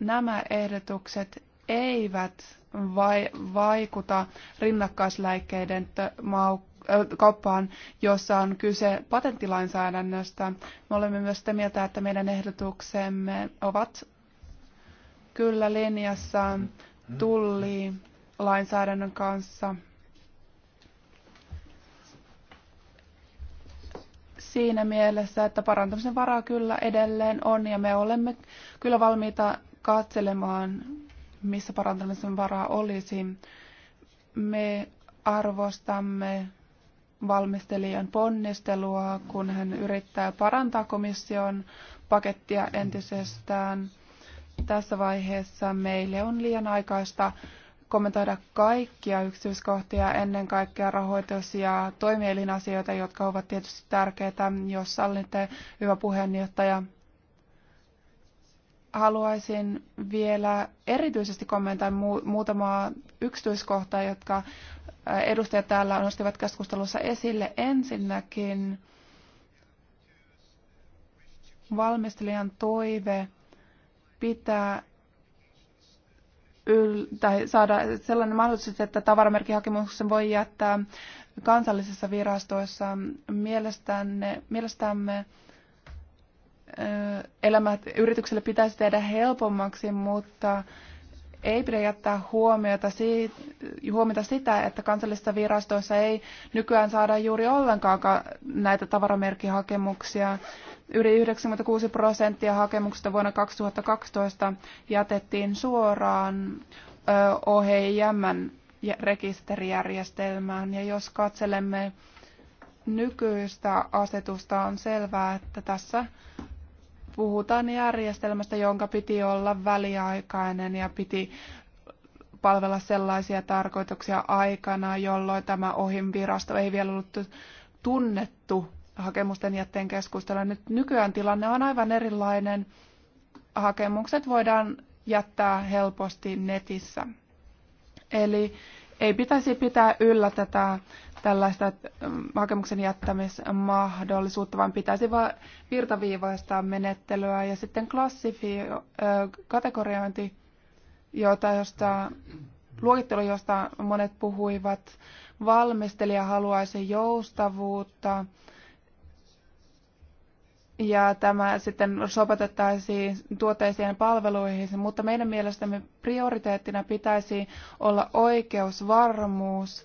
Speaker 4: Nämä ehdotukset eivät vai, vaikuta rinnakkaislääkkeiden kauppaan, jossa on kyse patenttilainsäädännöstä. Me olemme myös sitä mieltä, että meidän ehdotuksemme ovat kyllä linjassa mm-hmm. tulli lainsäädännön kanssa. siinä mielessä, että parantamisen varaa kyllä edelleen on ja me olemme kyllä valmiita katselemaan, missä parantamisen varaa olisi. Me arvostamme valmistelijan ponnistelua, kun hän yrittää parantaa komission pakettia entisestään. Tässä vaiheessa meille on liian aikaista kommentoida kaikkia yksityiskohtia, ennen kaikkea rahoitus- ja toimielinasioita, jotka ovat tietysti tärkeitä, jos sallitte, hyvä puheenjohtaja. Haluaisin vielä erityisesti kommentoida muutamaa yksityiskohtaa, jotka edustajat täällä nostivat keskustelussa esille. Ensinnäkin valmistelijan toive pitää yl- tai saada sellainen mahdollisuus, että tavaramerkkihakemuksen voi jättää kansallisessa virastoissa. Mielestämme, mielestämme elämät yritykselle pitäisi tehdä helpommaksi, mutta ei pidä jättää huomiota, siitä, huomiota sitä, että kansallisissa virastoissa ei nykyään saada juuri ollenkaan näitä tavaramerkkihakemuksia. Yli 96 prosenttia hakemuksista vuonna 2012 jätettiin suoraan OHIMn rekisterijärjestelmään. Ja jos katselemme nykyistä asetusta, on selvää, että tässä puhutaan järjestelmästä, jonka piti olla väliaikainen ja piti palvella sellaisia tarkoituksia aikana, jolloin tämä ohin virasto ei vielä ollut tunnettu hakemusten jätteen keskustella. Nyt nykyään tilanne on aivan erilainen. Hakemukset voidaan jättää helposti netissä. Eli ei pitäisi pitää yllä tätä tällaista mm, hakemuksen jättämismahdollisuutta, vaan pitäisi vain virtaviivaistaa menettelyä ja sitten klassifio, kategoriointi, jota, josta, luokittelu, josta monet puhuivat. Valmistelija haluaisi joustavuutta ja tämä sitten sopetettaisiin tuotteisiin ja palveluihin, mutta meidän mielestämme prioriteettina pitäisi olla oikeusvarmuus –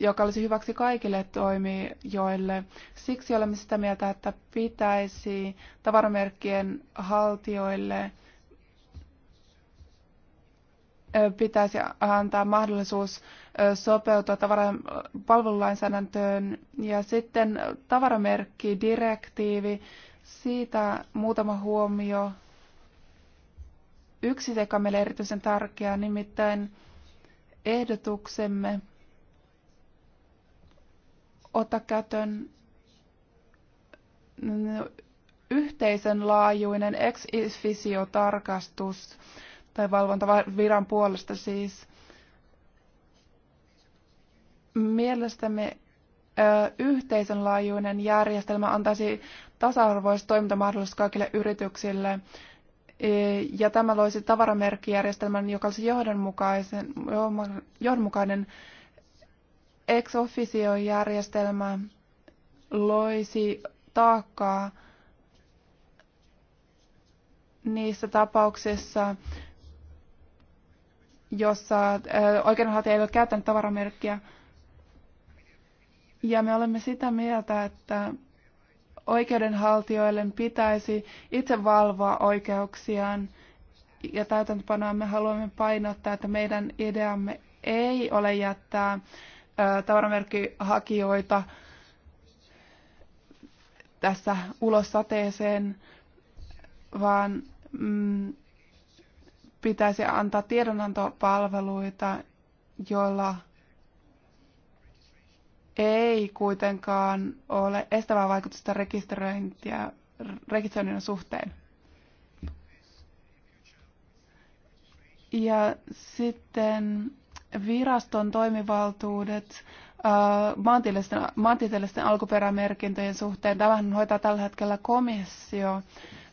Speaker 4: joka olisi hyväksi kaikille toimijoille. Siksi olemme sitä mieltä, että pitäisi tavaramerkkien haltijoille pitäisi antaa mahdollisuus sopeutua tavaran palvelulainsäädäntöön. Ja sitten tavaramerkki direktiivi siitä muutama huomio. Yksi seikka meille erityisen tärkeä, nimittäin ehdotuksemme – ota käyttöön yhteisen laajuinen ex officio tarkastus tai valvontaviran puolesta siis. Mielestämme yhteisen laajuinen järjestelmä antaisi tasa arvoista toimintamahdollisuus kaikille yrityksille. Ja tämä loisi tavaramerkkijärjestelmän, joka olisi johdonmukaisen, johdonmukainen ex officio-järjestelmä loisi taakkaa niissä tapauksissa, jossa oikeudenhaltija ei ole käyttänyt tavaramerkkiä. Ja me olemme sitä mieltä, että oikeudenhaltijoille pitäisi itse valvoa oikeuksiaan ja täytäntöpanoa me haluamme painottaa, että meidän ideamme ei ole jättää tavaramerkkihakijoita tässä ulos sateeseen, vaan mm, pitäisi antaa tiedonantopalveluita, joilla ei kuitenkaan ole estävää vaikutusta rekisteröintiä rekisteröinnin suhteen. Ja sitten viraston toimivaltuudet maantieteellisten, maantieteellisten alkuperämerkintöjen suhteen. Tämähän hoitaa tällä hetkellä komissio.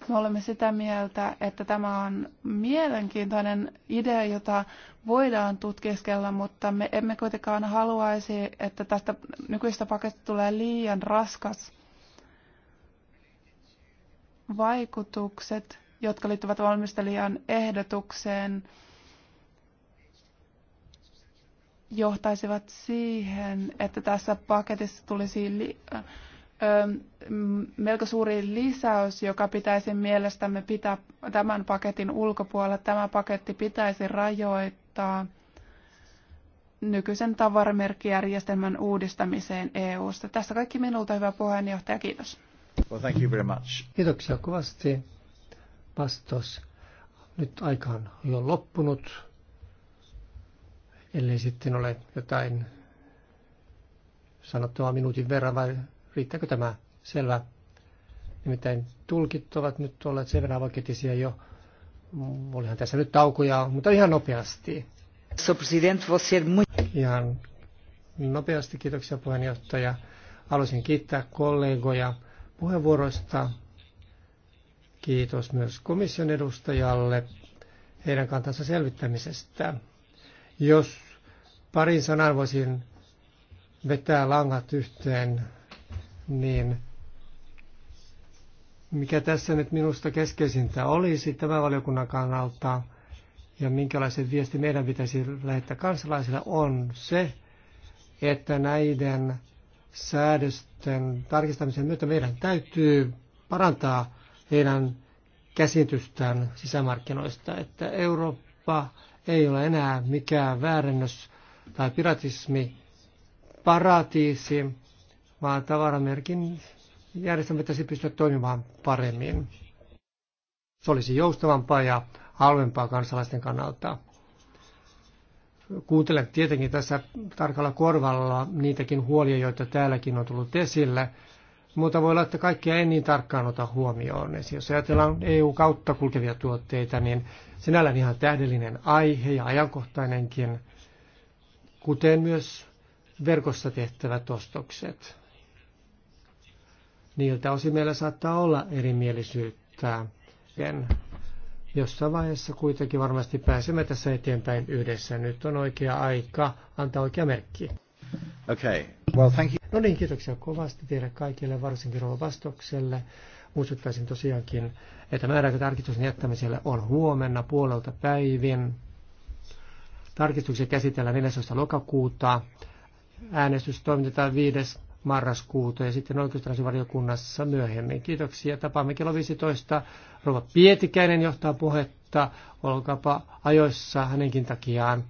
Speaker 4: Me olemme sitä mieltä, että tämä on mielenkiintoinen idea, jota voidaan tutkiskella, mutta me emme kuitenkaan haluaisi, että tästä nykyistä paketista tulee liian raskas. Vaikutukset, jotka liittyvät valmistelijan ehdotukseen, johtaisivat siihen, että tässä paketissa tulisi li- melko suuri lisäys, joka pitäisi mielestämme pitää tämän paketin ulkopuolella. Tämä paketti pitäisi rajoittaa nykyisen tavaramerkkijärjestelmän uudistamiseen EU-sta. Tässä kaikki minulta, hyvä puheenjohtaja. Kiitos.
Speaker 1: Well, thank you very much. Kiitoksia
Speaker 2: kovasti. Vastaus. Nyt aika on jo loppunut ellei sitten ole jotain sanottavaa minuutin verran, vai riittääkö tämä selvä? Nimittäin tulkit ovat nyt olleet sen verran vaketisia jo. Olihan tässä nyt taukoja, mutta ihan nopeasti. Ihan nopeasti, kiitoksia puheenjohtaja. Haluaisin kiittää kollegoja puheenvuoroista. Kiitos myös komission edustajalle heidän kantansa selvittämisestä. Jos parin sanan voisin vetää langat yhteen, niin mikä tässä nyt minusta keskeisintä olisi tämän valiokunnan kannalta ja minkälaisen viesti meidän pitäisi lähettää kansalaisille on se, että näiden säädösten tarkistamisen myötä meidän täytyy parantaa heidän käsitystään sisämarkkinoista, että Eurooppa ei ole enää mikään väärennös tai piratismi paratiisi, vaan tavaramerkin järjestelmä pitäisi pystyä toimimaan paremmin. Se olisi joustavampaa ja halvempaa kansalaisten kannalta. Kuuntelen tietenkin tässä tarkalla korvalla niitäkin huolia, joita täälläkin on tullut esille – mutta voi olla, että kaikkia ei niin tarkkaan ota huomioon. Jos ajatellaan EU-kautta kulkevia tuotteita, niin sinällään ihan tähdellinen aihe ja ajankohtainenkin, kuten myös verkossa tehtävät ostokset. Niiltä osin meillä saattaa olla erimielisyyttä. Jossain vaiheessa kuitenkin varmasti pääsemme tässä eteenpäin yhdessä. Nyt on oikea aika antaa oikea merkki.
Speaker 3: Okay. Well, thank
Speaker 2: you. No niin, kiitoksia kovasti teille kaikille, varsinkin Rova Vastokselle. Muistuttaisin tosiaankin, että määräaikatarkistuksen jättämiselle on huomenna puolelta päivin. Tarkistuksia käsitellään 14. lokakuuta. Äänestys toimitetaan 5. marraskuuta ja sitten oikeustransvaliokunnassa myöhemmin. Kiitoksia. Tapaamme kello 15. Rova Pietikäinen johtaa puhetta. Olkaapa ajoissa hänenkin takiaan.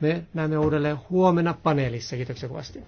Speaker 2: Me näemme uudelleen huomenna paneelissa. Kiitoksia kovasti.